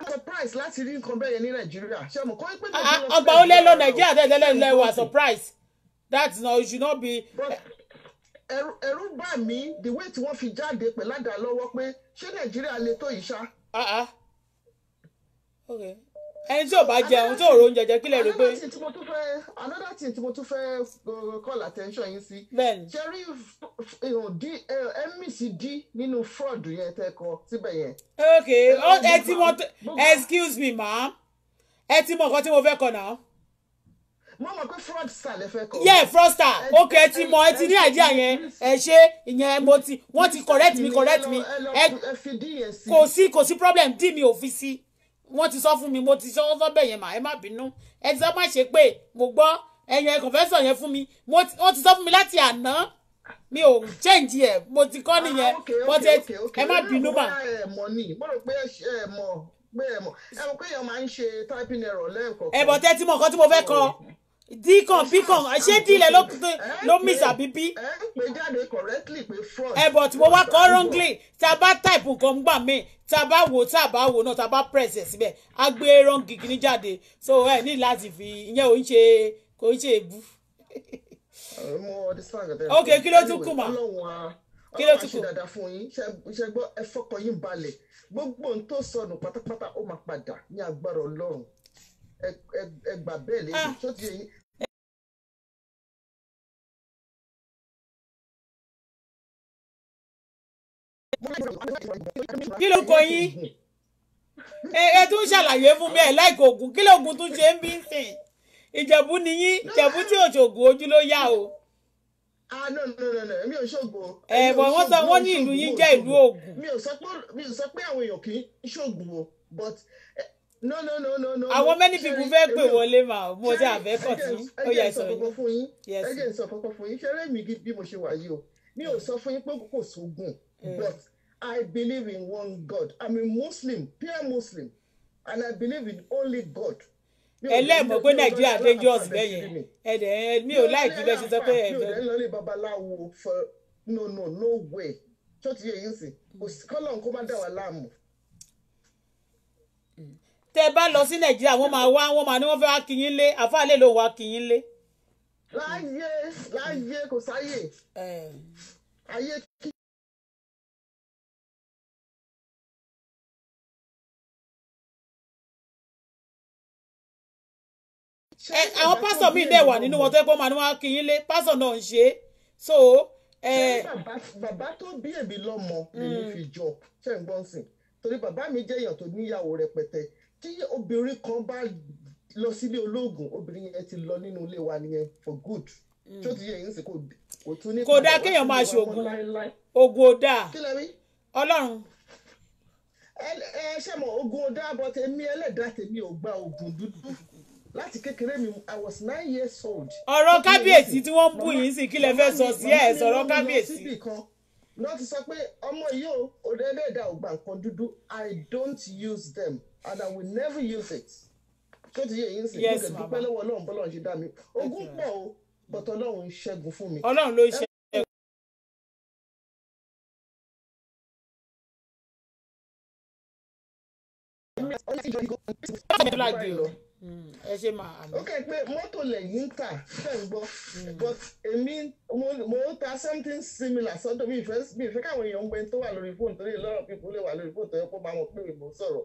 surprise láti rí nǹkan bẹ́ẹ̀ yẹn ní nàìjíríà ṣé mo kọ́ pé ah, nàìjíríà. Ah, ọgbà ó lé lọ nàìjíríà tẹ́lẹ̀ lẹ́wọ̀ surprise that's not you should not be. But, ẹ̀rù bà mí the way tí wọ́n fi jáde pẹ̀lú àdá lọ́wọ́ pé ṣé nàìjíríà lè tó ìṣá. Ah, ah. ẹni tí ò bá jẹun tí ò ro oúnjẹ jẹ kílẹ̀ rò pé. another thing tí mo tún fẹ́ uh, call attention yín sí. bẹ́ẹ̀ni. jerry emmys uh, uh, d nínú fraud yẹn tẹ́ kọ síbẹ̀ yẹn. ok ẹ ti mọ excuse me ma ẹ ti mọ nǹkan tí mo fẹ́ kọ náà mo mọ̀ pé fraudster lè fẹ́ kọ́. yẹ fraudster ok ẹ ti mọ ẹ ti ní àìdíà yẹn ẹ ṣe ìyẹn mo ti wọ́n ti correct mi correct mi ẹ kò sí kò sí problem dí mi ò fi sí wọ́n ti sọ fún mi mo ti sọ fọ́ bẹ̀yẹn mà ẹ má bínú ẹ ti sọ má ṣe pé mo gbọ́ ẹ̀yẹn confessor yẹn fún mi wọ́n ti sọ fún mi láti àná mi ò change ẹ mo ti kọ́ nìyẹn ah, but ẹ má bínú mà. mo rò pé ẹ mọ̀ pé ẹ mọ̀ ẹ mọ̀ pé èèyàn máa ń ṣe typing error lẹ́ẹ̀kọ̀ọ̀kan. ẹ̀bọ̀ tẹ́tí mọ̀ nǹkan tí mo fẹ́ kọ oh díkàn bíkàn ṣé dílẹ̀ ló ló miss àbí bí. ẹ pè jáde correctly pé fraud. ẹ bọ̀ tí mo wá kọ́ wrongly tá a bá type nǹkan gbà mí tá a bá wò tá a bá wò náà tá a bá press ẹ̀ síbẹ̀ á gbé wrong gígí jáde so ẹ ní láti fi ìyẹn ò ń ṣe kò ń ṣe èbú. ok kí ló tún kù mà kí ló tún kù. ọlọ́run á ṣe dáadáa fún yín ṣe gbọ́ ẹ fọkàn yín balẹ̀ gbogbo ohun tó sọnù pátápátá ó máa padà ní agbára ọlọ́run ẹ gbà bẹ́ẹ̀ lè tó ah. ti yẹ yín kí ló kọ yín ẹ tún ṣàlàyé fún mi ẹ láìkò ògùn kí ló ògùn tún ṣe ń bí sìn ìjẹ̀bú ni yín ìjẹ̀bú tí òṣogbo ojú ló yá o. Ah, no, no, no, no, mi ò ṣògbó. ẹ bọ̀ wọ́n sọ wọ́n ní ìlú yín jẹ́ ìlú Ògùn. mi ò sọ pé mi ò sọ pé àwọn èèyàn kì í ṣògbó o but eh, no no no no no. àwọn many people fẹ́ pè wọlé mà ó mo jẹ́ àbẹ́kọ̀ tí ó yẹ sọ yín. ẹ jẹ́ n sọ kọ́kọ́ fún yín ṣeré mi bí mo ṣe wà yìí o mi ò sọ fún yín pé kò sóògùn Mm. But I believe in one God. I'm a Muslim, pure Muslim, and I believe in only God. ẹlẹ́mọ̀ pé nàìjíríà dangerous bẹ́ẹ̀ yẹn ẹ̀dẹ̀ mi ò láìkí bẹ́ẹ̀ ṣe sọ pé ẹ̀dẹ̀. mi ò lọ́lẹ̀ babaláwo for no no no way ṣọ́ọ̀tì yẹn yìí sì kò sí kọ́lọ̀ kó má dà wá láàmú. Mm. tẹ bá lọ sí nàìjíríà wọn máa wá wọn máa ní wọn fẹ́ wá kìyìn lé àfáà lè lò wá kìyìn lé. láyé láyé kò sáyè mm. ayé kí. àwọn pásọ̀ míì dẹ̀ wà nínú wọn tó yẹ pé wọ́n máa ní wọ́n á kí yín lé pásọ̀ náà ń ṣe é so. bàbá tó bí èmi lọ́mọ lèmi mm. fi jọ ṣe ń gbọ́n sìn torí bàbá mi jẹ́ èèyàn tó níyàwó rẹpẹtẹ tí obìnrin kan bá lọ sílé olóògùn obìnrin yẹn ti lọ nínú ilé wa nìyẹn for good tó mm. ti yẹ yín sí kò tún ní. kò dáa kéèyàn máa ṣe oògùn oògùn ò dáa ọlọ́run ẹ ṣe mọ ogun ọdá bọ tèmi ẹlẹ́dàá tèmi ò gba ogun dúdú láti kékeré mi i was nine years old. ọ̀rọ̀ kábíyèsí tí wọ́n ń bù yín sí kí lẹ fẹ́ sọ sí ẹ̀ sọ̀rọ̀ kábíyèsí. náà ti sọ pé ọmọ yìí o òdẹ́dẹ́dà ò gba nǹkan dúdú i don't use them and i will never use it. tó ti yẹ yín sí kí dúpẹ́ lọ́wọ́ ọlọ́run bọ́lá ṣe dá mi ogún pọ̀ o but ọlọ́run ṣẹ́gun fún mi. ọlọ́run ló ṣe. ọlọ́run ló ṣe. Hmm, ẹ ṣe máa àmì. ó kẹ́ pé mọ́tò lẹ́yìn ń tà fẹ́ ń gbọ́ hmm. but èmi mo ta something similar sọ́dọ̀ mi ìfẹ́ mi ìfẹ́ káwọn èèyàn ń gbẹ́ tó wà lórí fóònù torí lọ́rọ̀ pípọ̀ lè wà lórí fóònù tó yẹ kó máa mọ̀ pé mo sọ̀rọ̀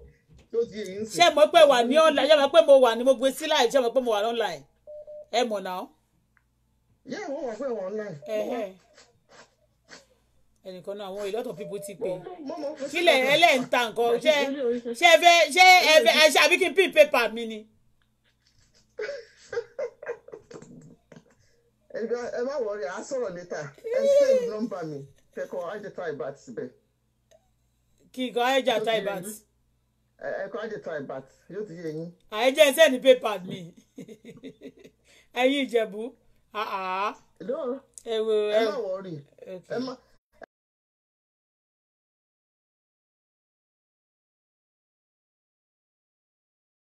tó di èyí ń sè. ṣé mo pé wà ní online ṣé mo pé mo wà ní mo gbé sí láì ṣé mo pé mo wà online ẹ mọ̀ náà. yẹ́ wọ́n wà pé wọ́n online ẹnìkan náà àwọn ìlọ́tọ̀ pípọ̀ ti pè kílẹ̀ ẹlẹ́ǹta nǹkan ṣé ẹ fẹ́ ṣé ẹ fẹ́ ṣe àbí kí n pín pépà mi ni. ẹ má wọrí à á sọ̀rọ̀ létà ẹ save nọ́mbà mi kẹ́kọ̀ọ́ àjẹtà ìbá ti síbẹ̀. kì í kọ́ àjẹtà ìbá ti. ẹ̀kọ́ àjẹtà ìbá ti yóò ti yé yín. àìjẹ́ ẹsẹ̀ ní pépà mi ẹ̀yin ìjẹ̀bú ẹ má wọrí ẹ má. ẹ mọ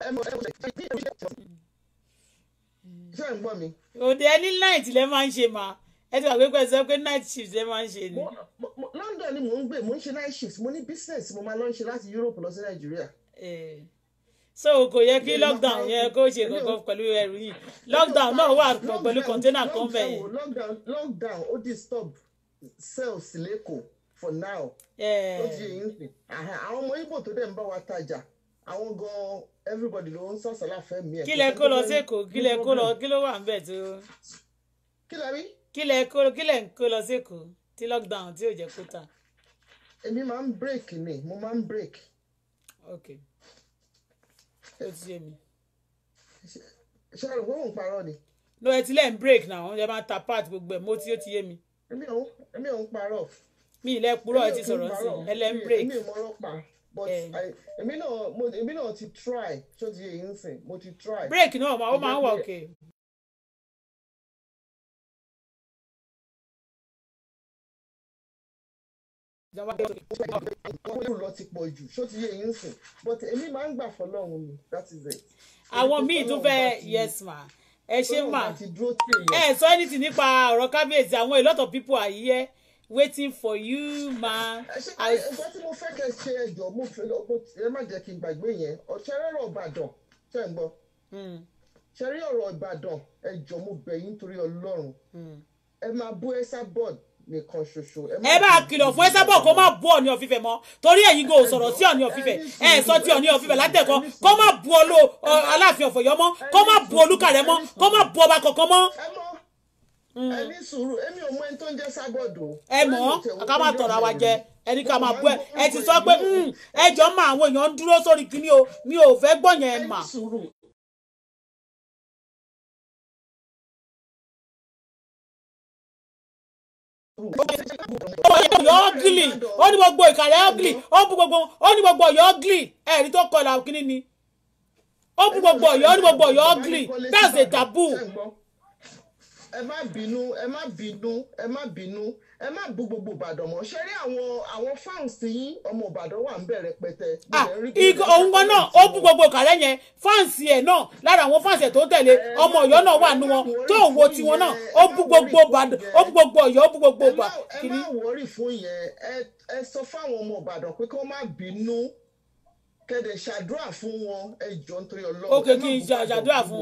ẹ mọ ẹ bí ẹ bí ẹ bí ẹ. ṣé ń gbọ́ mi. òde ẹni night lẹ máa ń ṣe mà ẹ ti wà pé pẹ́ẹ́sì night shift le máa ń ṣe ni. London ni mò ń gbé mo ń ṣe night shift mo ní business mo máa lọ ṣe láti Europe lọ sí Nàìjíríà. Eh. so kò yẹ kí lockdown yẹn kó ṣe kankan pẹ̀lú ẹrù yìí lockdown náà wà pẹ̀lú container kan bẹ́ẹ̀. lockdown ó disturb sales lẹ́kọ̀ọ́ for now. Eh. ó àwọn ọmọ tó dẹ̀ àwọn gan everybody ló ń sàṣàlà fẹ́ mi ẹ̀. kí lẹ kó lọ sẹ́kọ̀ọ́ kí lẹ kó lọ kí ló wà ń bẹ̀ tó. kí lẹ rí. kí lẹ kó kí lẹ kó lọ sẹ́kọ̀ọ́ tí lockdown tí ò jẹ́ kó ta. èmi máa ń break ni mo máa ń break. ok ṣé o ti yé mi. ṣé o rò pé òun parọ́ ni. lo ẹ ti ń break náà wọ́n jẹ́ máa ta part gbogbo ẹ̀ mo ti yóò ti yé mi. èmi ò ń parọ́. mi ì lẹ́ purọ́ ẹ ti sọ̀rọ̀ sí ẹ lẹ́ ń break. èmi ò mọ̀ ọ́ pa but eh. èmi náà mo èmi náà ti try ṣó ti yẹ yín mo ti try. break náà ó máa ń wà òkè. but èmi máa ń gbà fọlọ́run mi that is it. àwọn míì tún fẹ́ yes ma ẹ ṣe ma. ẹ sọ anything nípa ọ̀rọ̀ kábíyèsí àwọn a lot of people are here waiting for you ma. ẹ̀sọ́ tí mo fẹ́ kẹ́ ṣe ẹ̀jọ̀ mo fẹ́ ẹ má jẹ́ kí n gbàgbé yẹn ọ̀ṣẹ́ rẹ̀rọ̀ tẹ̀ ń gbọ́ hmm. ṣe ọ̀rọ̀ ìbàdàn ẹ̀jọ̀ mo bẹ̀ yín ọlọ́run hmm. ẹ máa bú ẹ́sà bọ́ọ̀d nìkan ṣoṣo. ẹ bá a kìlọ̀ fún ẹ́sà bọ́ọ̀d kó má bú ọ̀ní ọ̀fífẹ́ mọ́ torí ẹ̀yin kò sọ̀rọ̀ sí ọ̀ní ọ̀fífẹ́ ẹ̀ sọ ti ọ̀ní ọ̀fífẹ́ látẹ̀kọ́ kó má bú ọlọ́ aláàfin ọ̀fọ̀yọ́ mọ́ kó má bú olúkàrẹ́ mọ́ kó má bú ọba kankan mọ́. ẹ má Mm. ẹni sùúrù èmi ò mọ ẹni tó ń jẹ ságọdù. ẹ mọ ká má tọrọ àwa jẹ ẹni ká máa bú ẹ ẹ ti sọ pé mm, ẹ jọ máa àwọn èèyàn ń dúró sórí kíní o mi ò fẹ́ gbọ́ yẹn mà. ó ní gbogbo ìkàrẹ ọgìlì ó bú gbogbo ó ní gbogbo ọyọ ọgìlì ẹ̀rí tó kọlà kínní ni ó bú gbogbo ọyọ ó ní gbogbo ọyọ ọgìlì that's a taboo. ẹ má bínú ẹ má bínú ẹ má bínú ẹ má bú gbogbo ìbàdàn mọ́ ṣe rí àwọn àwọn fans yín ọmọ ìbàdàn wà ń bẹ̀rẹ̀ pẹtẹ. ìgò òun gan náà ó bú gbogbo kàlẹ́ yẹn fans ẹ̀ náà lára àwọn fans ẹ̀ tó tẹ̀lé ọmọ ọ̀yọ́ náà wà nù wọn tó ń wo tiwọn náà ó bú gbogbo ìbàdàn ó bú gbogbo ọ̀yọ́ ó bú gbogbo ìbà. ẹ má wọrí fún yẹn ẹ sọ fáwọn ọmọ ìbàdàn pé kí wọ́n má bínú kẹ́dẹ̀ ṣàdúrà fún wọn ẹ jọ nítorí ọlọ́run. ó kè kí n ṣàdúrà fún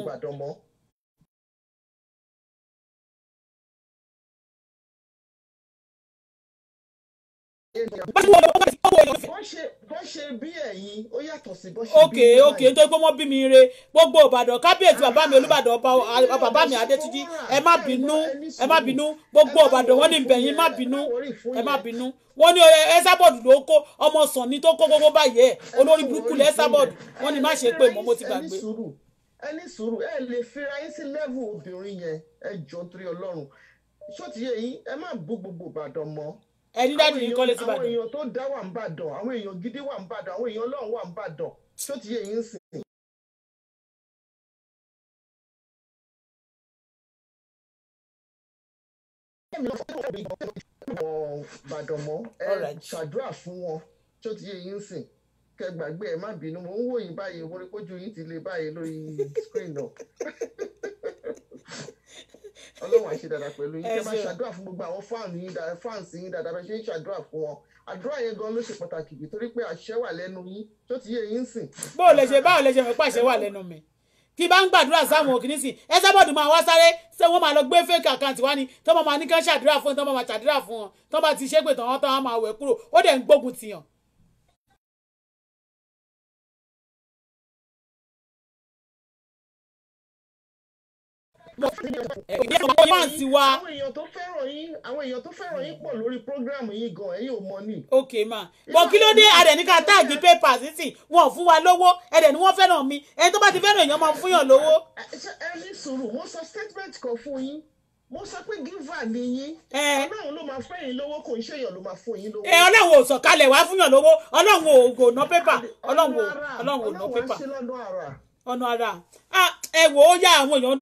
bọ́n ṣe bí ẹ̀yin ó yàtọ̀ sí bọ́n ṣe bí ẹ̀yin. okay okay nítorí pé wọ́n bí mi re gbogbo ìbàdàn kábíyèsí bàbá mi olùbàdàn ọba bàbá mi adétúnjì ẹ má bínú ẹ má bínú gbogbo ìbàdàn wọ́n ní bẹ̀yìn má bínú ẹ má bínú wọ́n ní ẹsàbọọdù ló kó ọmọ sàn ní tó kó gbogbo báyìí ẹ olórí burúkú lẹ ẹsàbọọdù wọ́n ní má ṣe pé mọ́ mo ti gbàgbé. ẹ ní sùúrù ẹ lè fira yín sí lẹ́vù obìnrin yẹn ẹ jọ ti yẹ yín ẹ má bú gbogbo ìbàdàn ẹni dáàdì yìí kọ́lé sí ìbàdàn. àwọn èèyàn tó dá wà ń bàdàn àwọn èèyàn gidi wà ń bàdàn àwọn èèyàn ọlọ́run wà ń bàdàn tó ti yẹ yín ń ṣàdúrà fún wọn tó ti yẹ yín ń kẹ gbàgbé ẹ má bínú mo ń wò báyìí mo rí pójú yín ti le báyìí lórí screen náà. [laughs] ọlọ́run àìṣe dáadáa pẹ̀lú yín kẹ́ máa ṣàdúrà fún gbogbo àwọn fáànù yín dáadáa fáànsì yín dáadáa bẹ́ẹ̀ ṣe ń ṣàdúrà fún wọn àdúrà yẹn gan ló ṣe pàtàkì jù torí pé àṣẹ wà lẹ́nu yín tó ti yé yín sìn. bó o lè ṣe báwo lè ṣe fẹ́ pàṣẹ wà lẹ́nu mi kí bá ń gbàdúrà sáwọn òkìní sìn ẹ sábọ̀dù máa wá sáré ṣé wọ́n máa lọ gbé fake account wá ni tó máa ní kán ṣàdúrà fún wọn tó máa ṣàdúrà fún wọn tó máa ti ṣépè tán wọn tó máa wẹ̀ kúrò ó dẹ̀ ń gbógun tìyàn performance wa. àwọn èèyàn tó fẹ́ràn yín àwọn èèyàn tó fẹ́ràn yín pọ̀ lórí program yín gan ẹ̀yin ò mọ ni. ok ma bọ kí ló dé adẹ ní ká táàgì pépà sísì wọn ò fún wa lówó ẹdẹ ni wọn fẹ́ràn mi ẹni tó bá ti fẹ́ràn èèyàn máa fún yàn lówó. ẹ ní sùúrù mo sọ statement kan fún yín mo sọ pé giver ni yín ọlọ́run ló máa fún yín lówó kò ń ṣèyàn ló máa fún yín lówó. ẹ ọlọ́run ò sọ̀kalẹ̀ wá fún yàn lówó ọlọ́run ò gò ná pépà ọ̀nà ara ah, ẹ wò ó yá àwọn èèyàn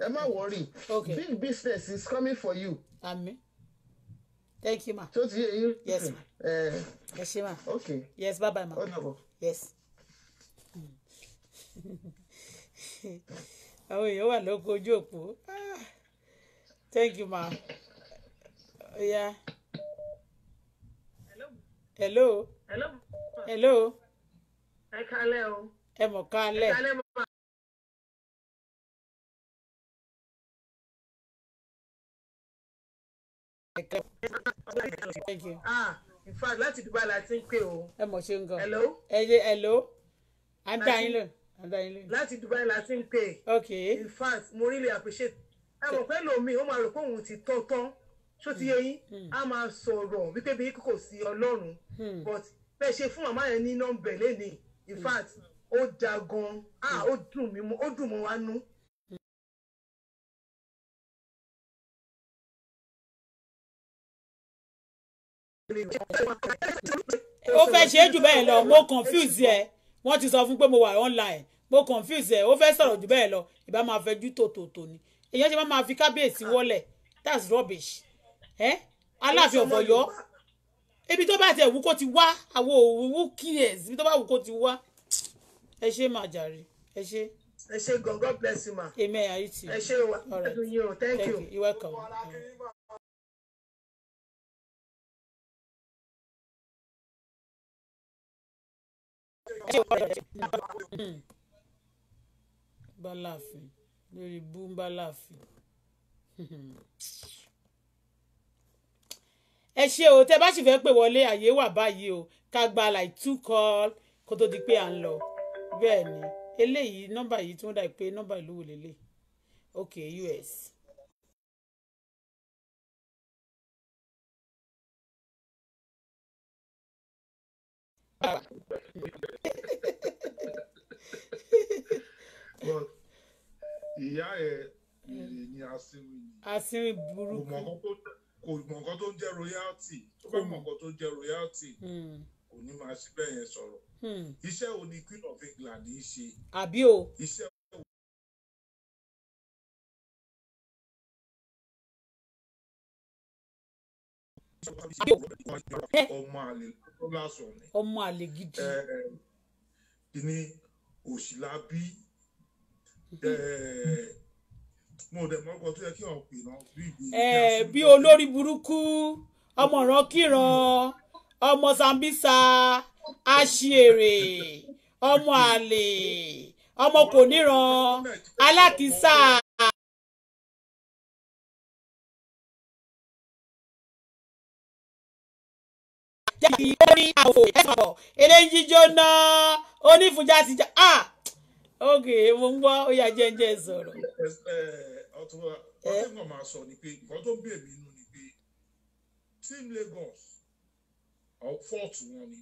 Am I má Okay. big business is coming for you. Amen. thank you ma. tó ti yé yes ma ẹ ṣé ma. okay yes bye bye ma. honourable. yes. [laughs] àwọn èèyàn wà lóko ojú òpó ah. thank you ma. Yeah. hello. hello. hello. ẹ kálẹ́ o. ẹ mọ̀ kálẹ̀. ah in fact láti Dubai la ti ń pè ṣe ń gan. hello. ẹ yé hello. à ń dá yín lò à ń dá yín láti Dubai la ti ń pè. ok in fact mo really appreciate. ẹ mọ̀ pé lómi ó máa rò pé òun ti tọ́ tán ṣó ti yẹ yín hmm. a máa sọ̀rọ̀ wípé bí kò sí ọlọ́run hmm. but bẹ́ẹ̀ ṣe fún màmá yẹn ní nọ́mbẹ̀ lẹ́nìí in hmm. fact ó da gan-an ah, ó dùn mí ó dùn mọ́ wa nú. ó fẹ́ ṣe é jù bẹ́ẹ̀ lọ mo confuse ẹ wọ́n ti sọ fún pé mo wà online mo confuse ẹ ó fẹ́ sọ̀rọ̀ jù bẹ́ẹ̀ lọ ìbá máa fẹjú tòtòtò ni èèyàn ṣe máa máa fi kábíyèsí wọlẹ̀ that's rubbish ẹ aláàfin ọ̀bọ̀yọ́ ibi tó bá tiẹ̀ wú kó ti wá àwọn òwú kíyèsí ibi tó bá wú kó ti wá ẹ ṣe máa jàre ẹ ṣe. ẹ ṣe gan god bless you ma. amen ayiti. ẹ ṣe wa ẹ dun yín o thank you. [laughs] bálàfin lórí bú bálàfin [laughs] ẹ ṣe o tẹ bá sì fẹ́ pè wọlé àyè wà báyìí o ká gba like two call kó tó di pé à ń lọ bẹ́ẹ̀ ni eléyìí nọ́mbà yìí tí wọ́n dà pé nọ́mbà ìlú wò lélẹ̀ okay us. but ìyá ẹ wèrè ni asínwín ni. asínwín burúkú kò mọ̀ nǹkan tó ń jẹ́ royalty tó bá mọ̀ nǹkan tó ń jẹ́ royalty hmm. kò ní máa ṣe bẹ́ẹ̀ yẹn sọ̀rọ̀ hmm. iṣẹ́ wo ni Queen of England ń ṣe. àbí o. iṣẹ́ ọmọ àlè tó lásán ni. ọmọ àlè gidi. Eh, eh, ìní òṣìlá bí eh, mo dẹ̀ mọ́ ọkọ tó yẹ kí ọ̀ pè náà bí ìgbé. bí olórí burúkú ọmọ ìrankíran ọmọ sambisa aṣèrè ọmọ àlè ọmọ kò níran alákìísà. jàbí orin àwò ẹ̀sán bọ̀ eléyìí jóná onífúnjà ti jà á ok mo ń gbọ́ ó yà jẹ́njẹ́ sọ̀rọ̀. ọtún ọtún máa sọ ni pé nǹkan tó bẹ̀ mí nù ni pé team Lagos fort wọn ni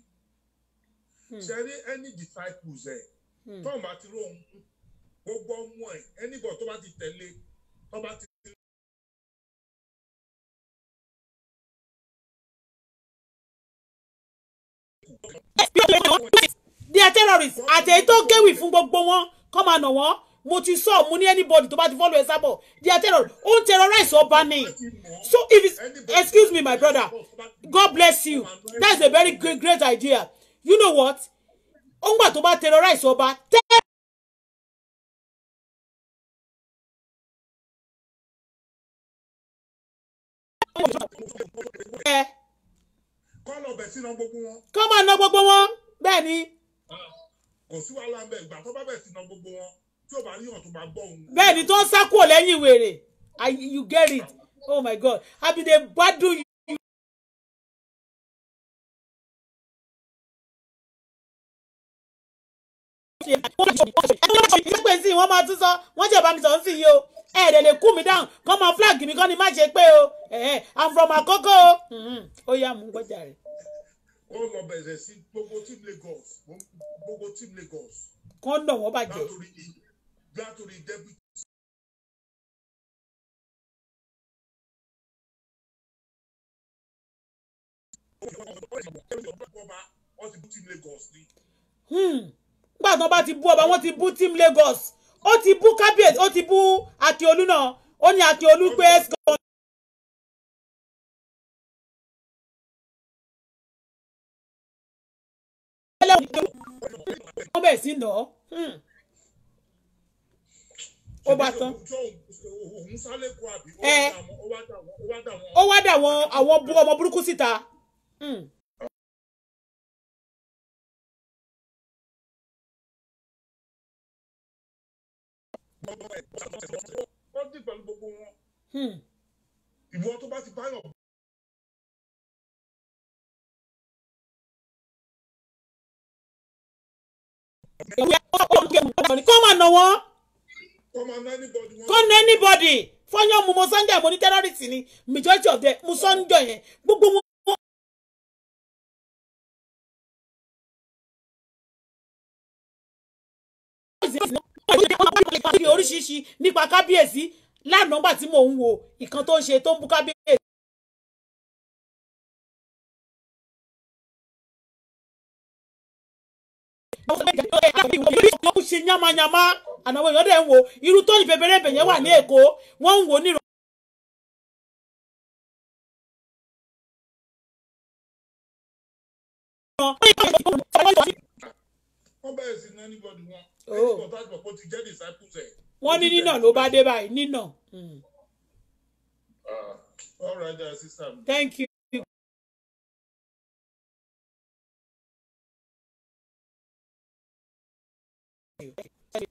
hmm. ṣe ní any disciples ẹ hmm. tọ́wọ́n bá ti róhun gbogbo ọmọ ẹ anybody tó bá ti tẹ̀lé tó bá ti they are terrorists àtẹ̀yí tó kéwì fún gbogbo wọn kọ́ máa nà wọ́n mo ti sọ mo ní anybody tó bá ti follow Esabod they are terror ó ń terrorize ọba ni so if it's excuse me my brother God bless you that's a very great great idea you know what ó ń gbà tó bá terrorize ọba bẹ̀rẹ̀ sí na gbogbo wọn. kọ́ máa na gbogbo wọn bẹ́ẹ̀ ni. kò sí wàhálà ń bẹ ìgbà tó bá bẹ̀rẹ̀ sí gbogbo wọn tí ò bá rí hàn bá gbọ́ òun. bẹ́ẹ̀ tó ń sá kúrò lẹ́yìn wèrè you get it oh my god i be dey gbádùn you. pé wọ́n máa tún sọ wọ́n jẹ̀ bá mi sọ ń o ẹ̀ dẹ̀ lè kú mi dáhùn kọ́ mọ flag mi kọ́ ni má ṣe pé o eh, eh, I'm from Àkókò o mm-hmm. ó yá mú gbọ́jà rẹ̀ ó lọ bẹ̀rẹ̀ sí gbogbo team Lagos gbogbo team Lagos. kọ́ńdọ̀ wọ́n bàjẹ́. látòrí deputy hmm. nígbà tó bá ti bú ọba wọ́n ti bú team Lagos ó ti bú kábíyèsí ó ti bú Akíolú náà ó ní Akíolú pé sí nà ọ́ ó bá tán. ẹ ó wá dà wọn àwọn ọmọ burúkú síta. ó pẹ̀lú gbogbo wọn. ìwọ tó bá ti báyọ̀ kó máa nà wọ́n kó nà anybody fọyán mu mo sunday mo ní terrorist ni majority of them mo sunday yẹn gbogbo wọn. oríṣiríṣi nípa kábíyèsí lánàá nígbà tí mò ń wo nǹkan tó ń ṣe tó ń bú kábíyèsí. ó ṣe yamayama ànáwó èèyàn ń wo irú tó ní bẹ̀bẹ̀rẹ̀ bẹ̀yẹn wà ní èkó wọ́n ń wo nírò. wọ́n ní nínà ló bá dé báyìí nínà. thank you. okay, okay.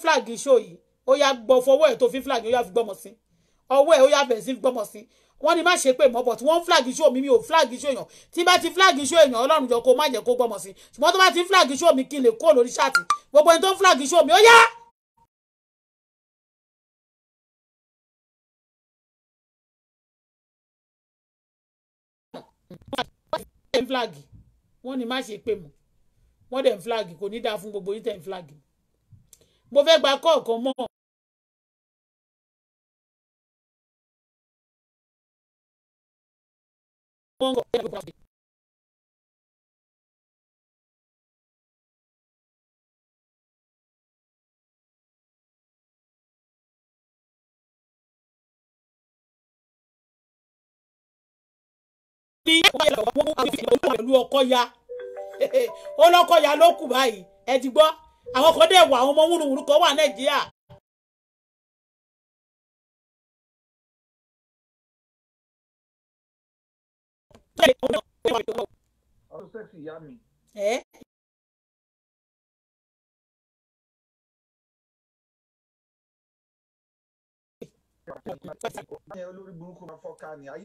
flag iṣó yìí ó yá gbọ́ fọwọ́ ẹ̀ To fi flag ó yá fi gbọ́mọ sí ọwọ́ ẹ̀ ó yá bẹ̀rẹ̀ sí gbọ́mọ sí wọ́n ní má ṣe pé mọ́ bọ̀ tí wọ́n ń flag iṣó mi mi ò flag iṣó èèyàn tí bá ti flag iṣó èèyàn ọlọ́run jọ kó má jẹ́ kó gbọ́mọ sí ṣùgbọ́n tó bá ti flag iṣó mi kí n lè kó lórí ṣáàtì gbogbo ẹni tó ń flag iṣó mi ó yá flag wọ́n ní má ṣe pé mọ́ wọ́n dẹ̀ ń flag kò ní dáa fún gbogbo yín tẹ̀ ń flag mo fẹ́ gba kọ́ọ̀kan mọ́ wọ́n ń kọ́ ọ́ ní pẹ̀lú ọkọ̀ya ọlọ́kọ̀ya ló kù báyìí ẹ ti gbọ́ àwọn kan dẹ̀ wà àwọn ọmọ wúruwúru kan wà nàìjíríà ọdún sẹ́ẹ̀sì ìyá mi. olórí burúkú máa fọ́ ká ní ayé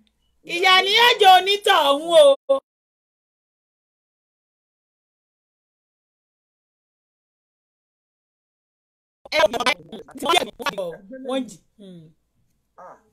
ìyá ni yóò jẹ onítọ̀hún o.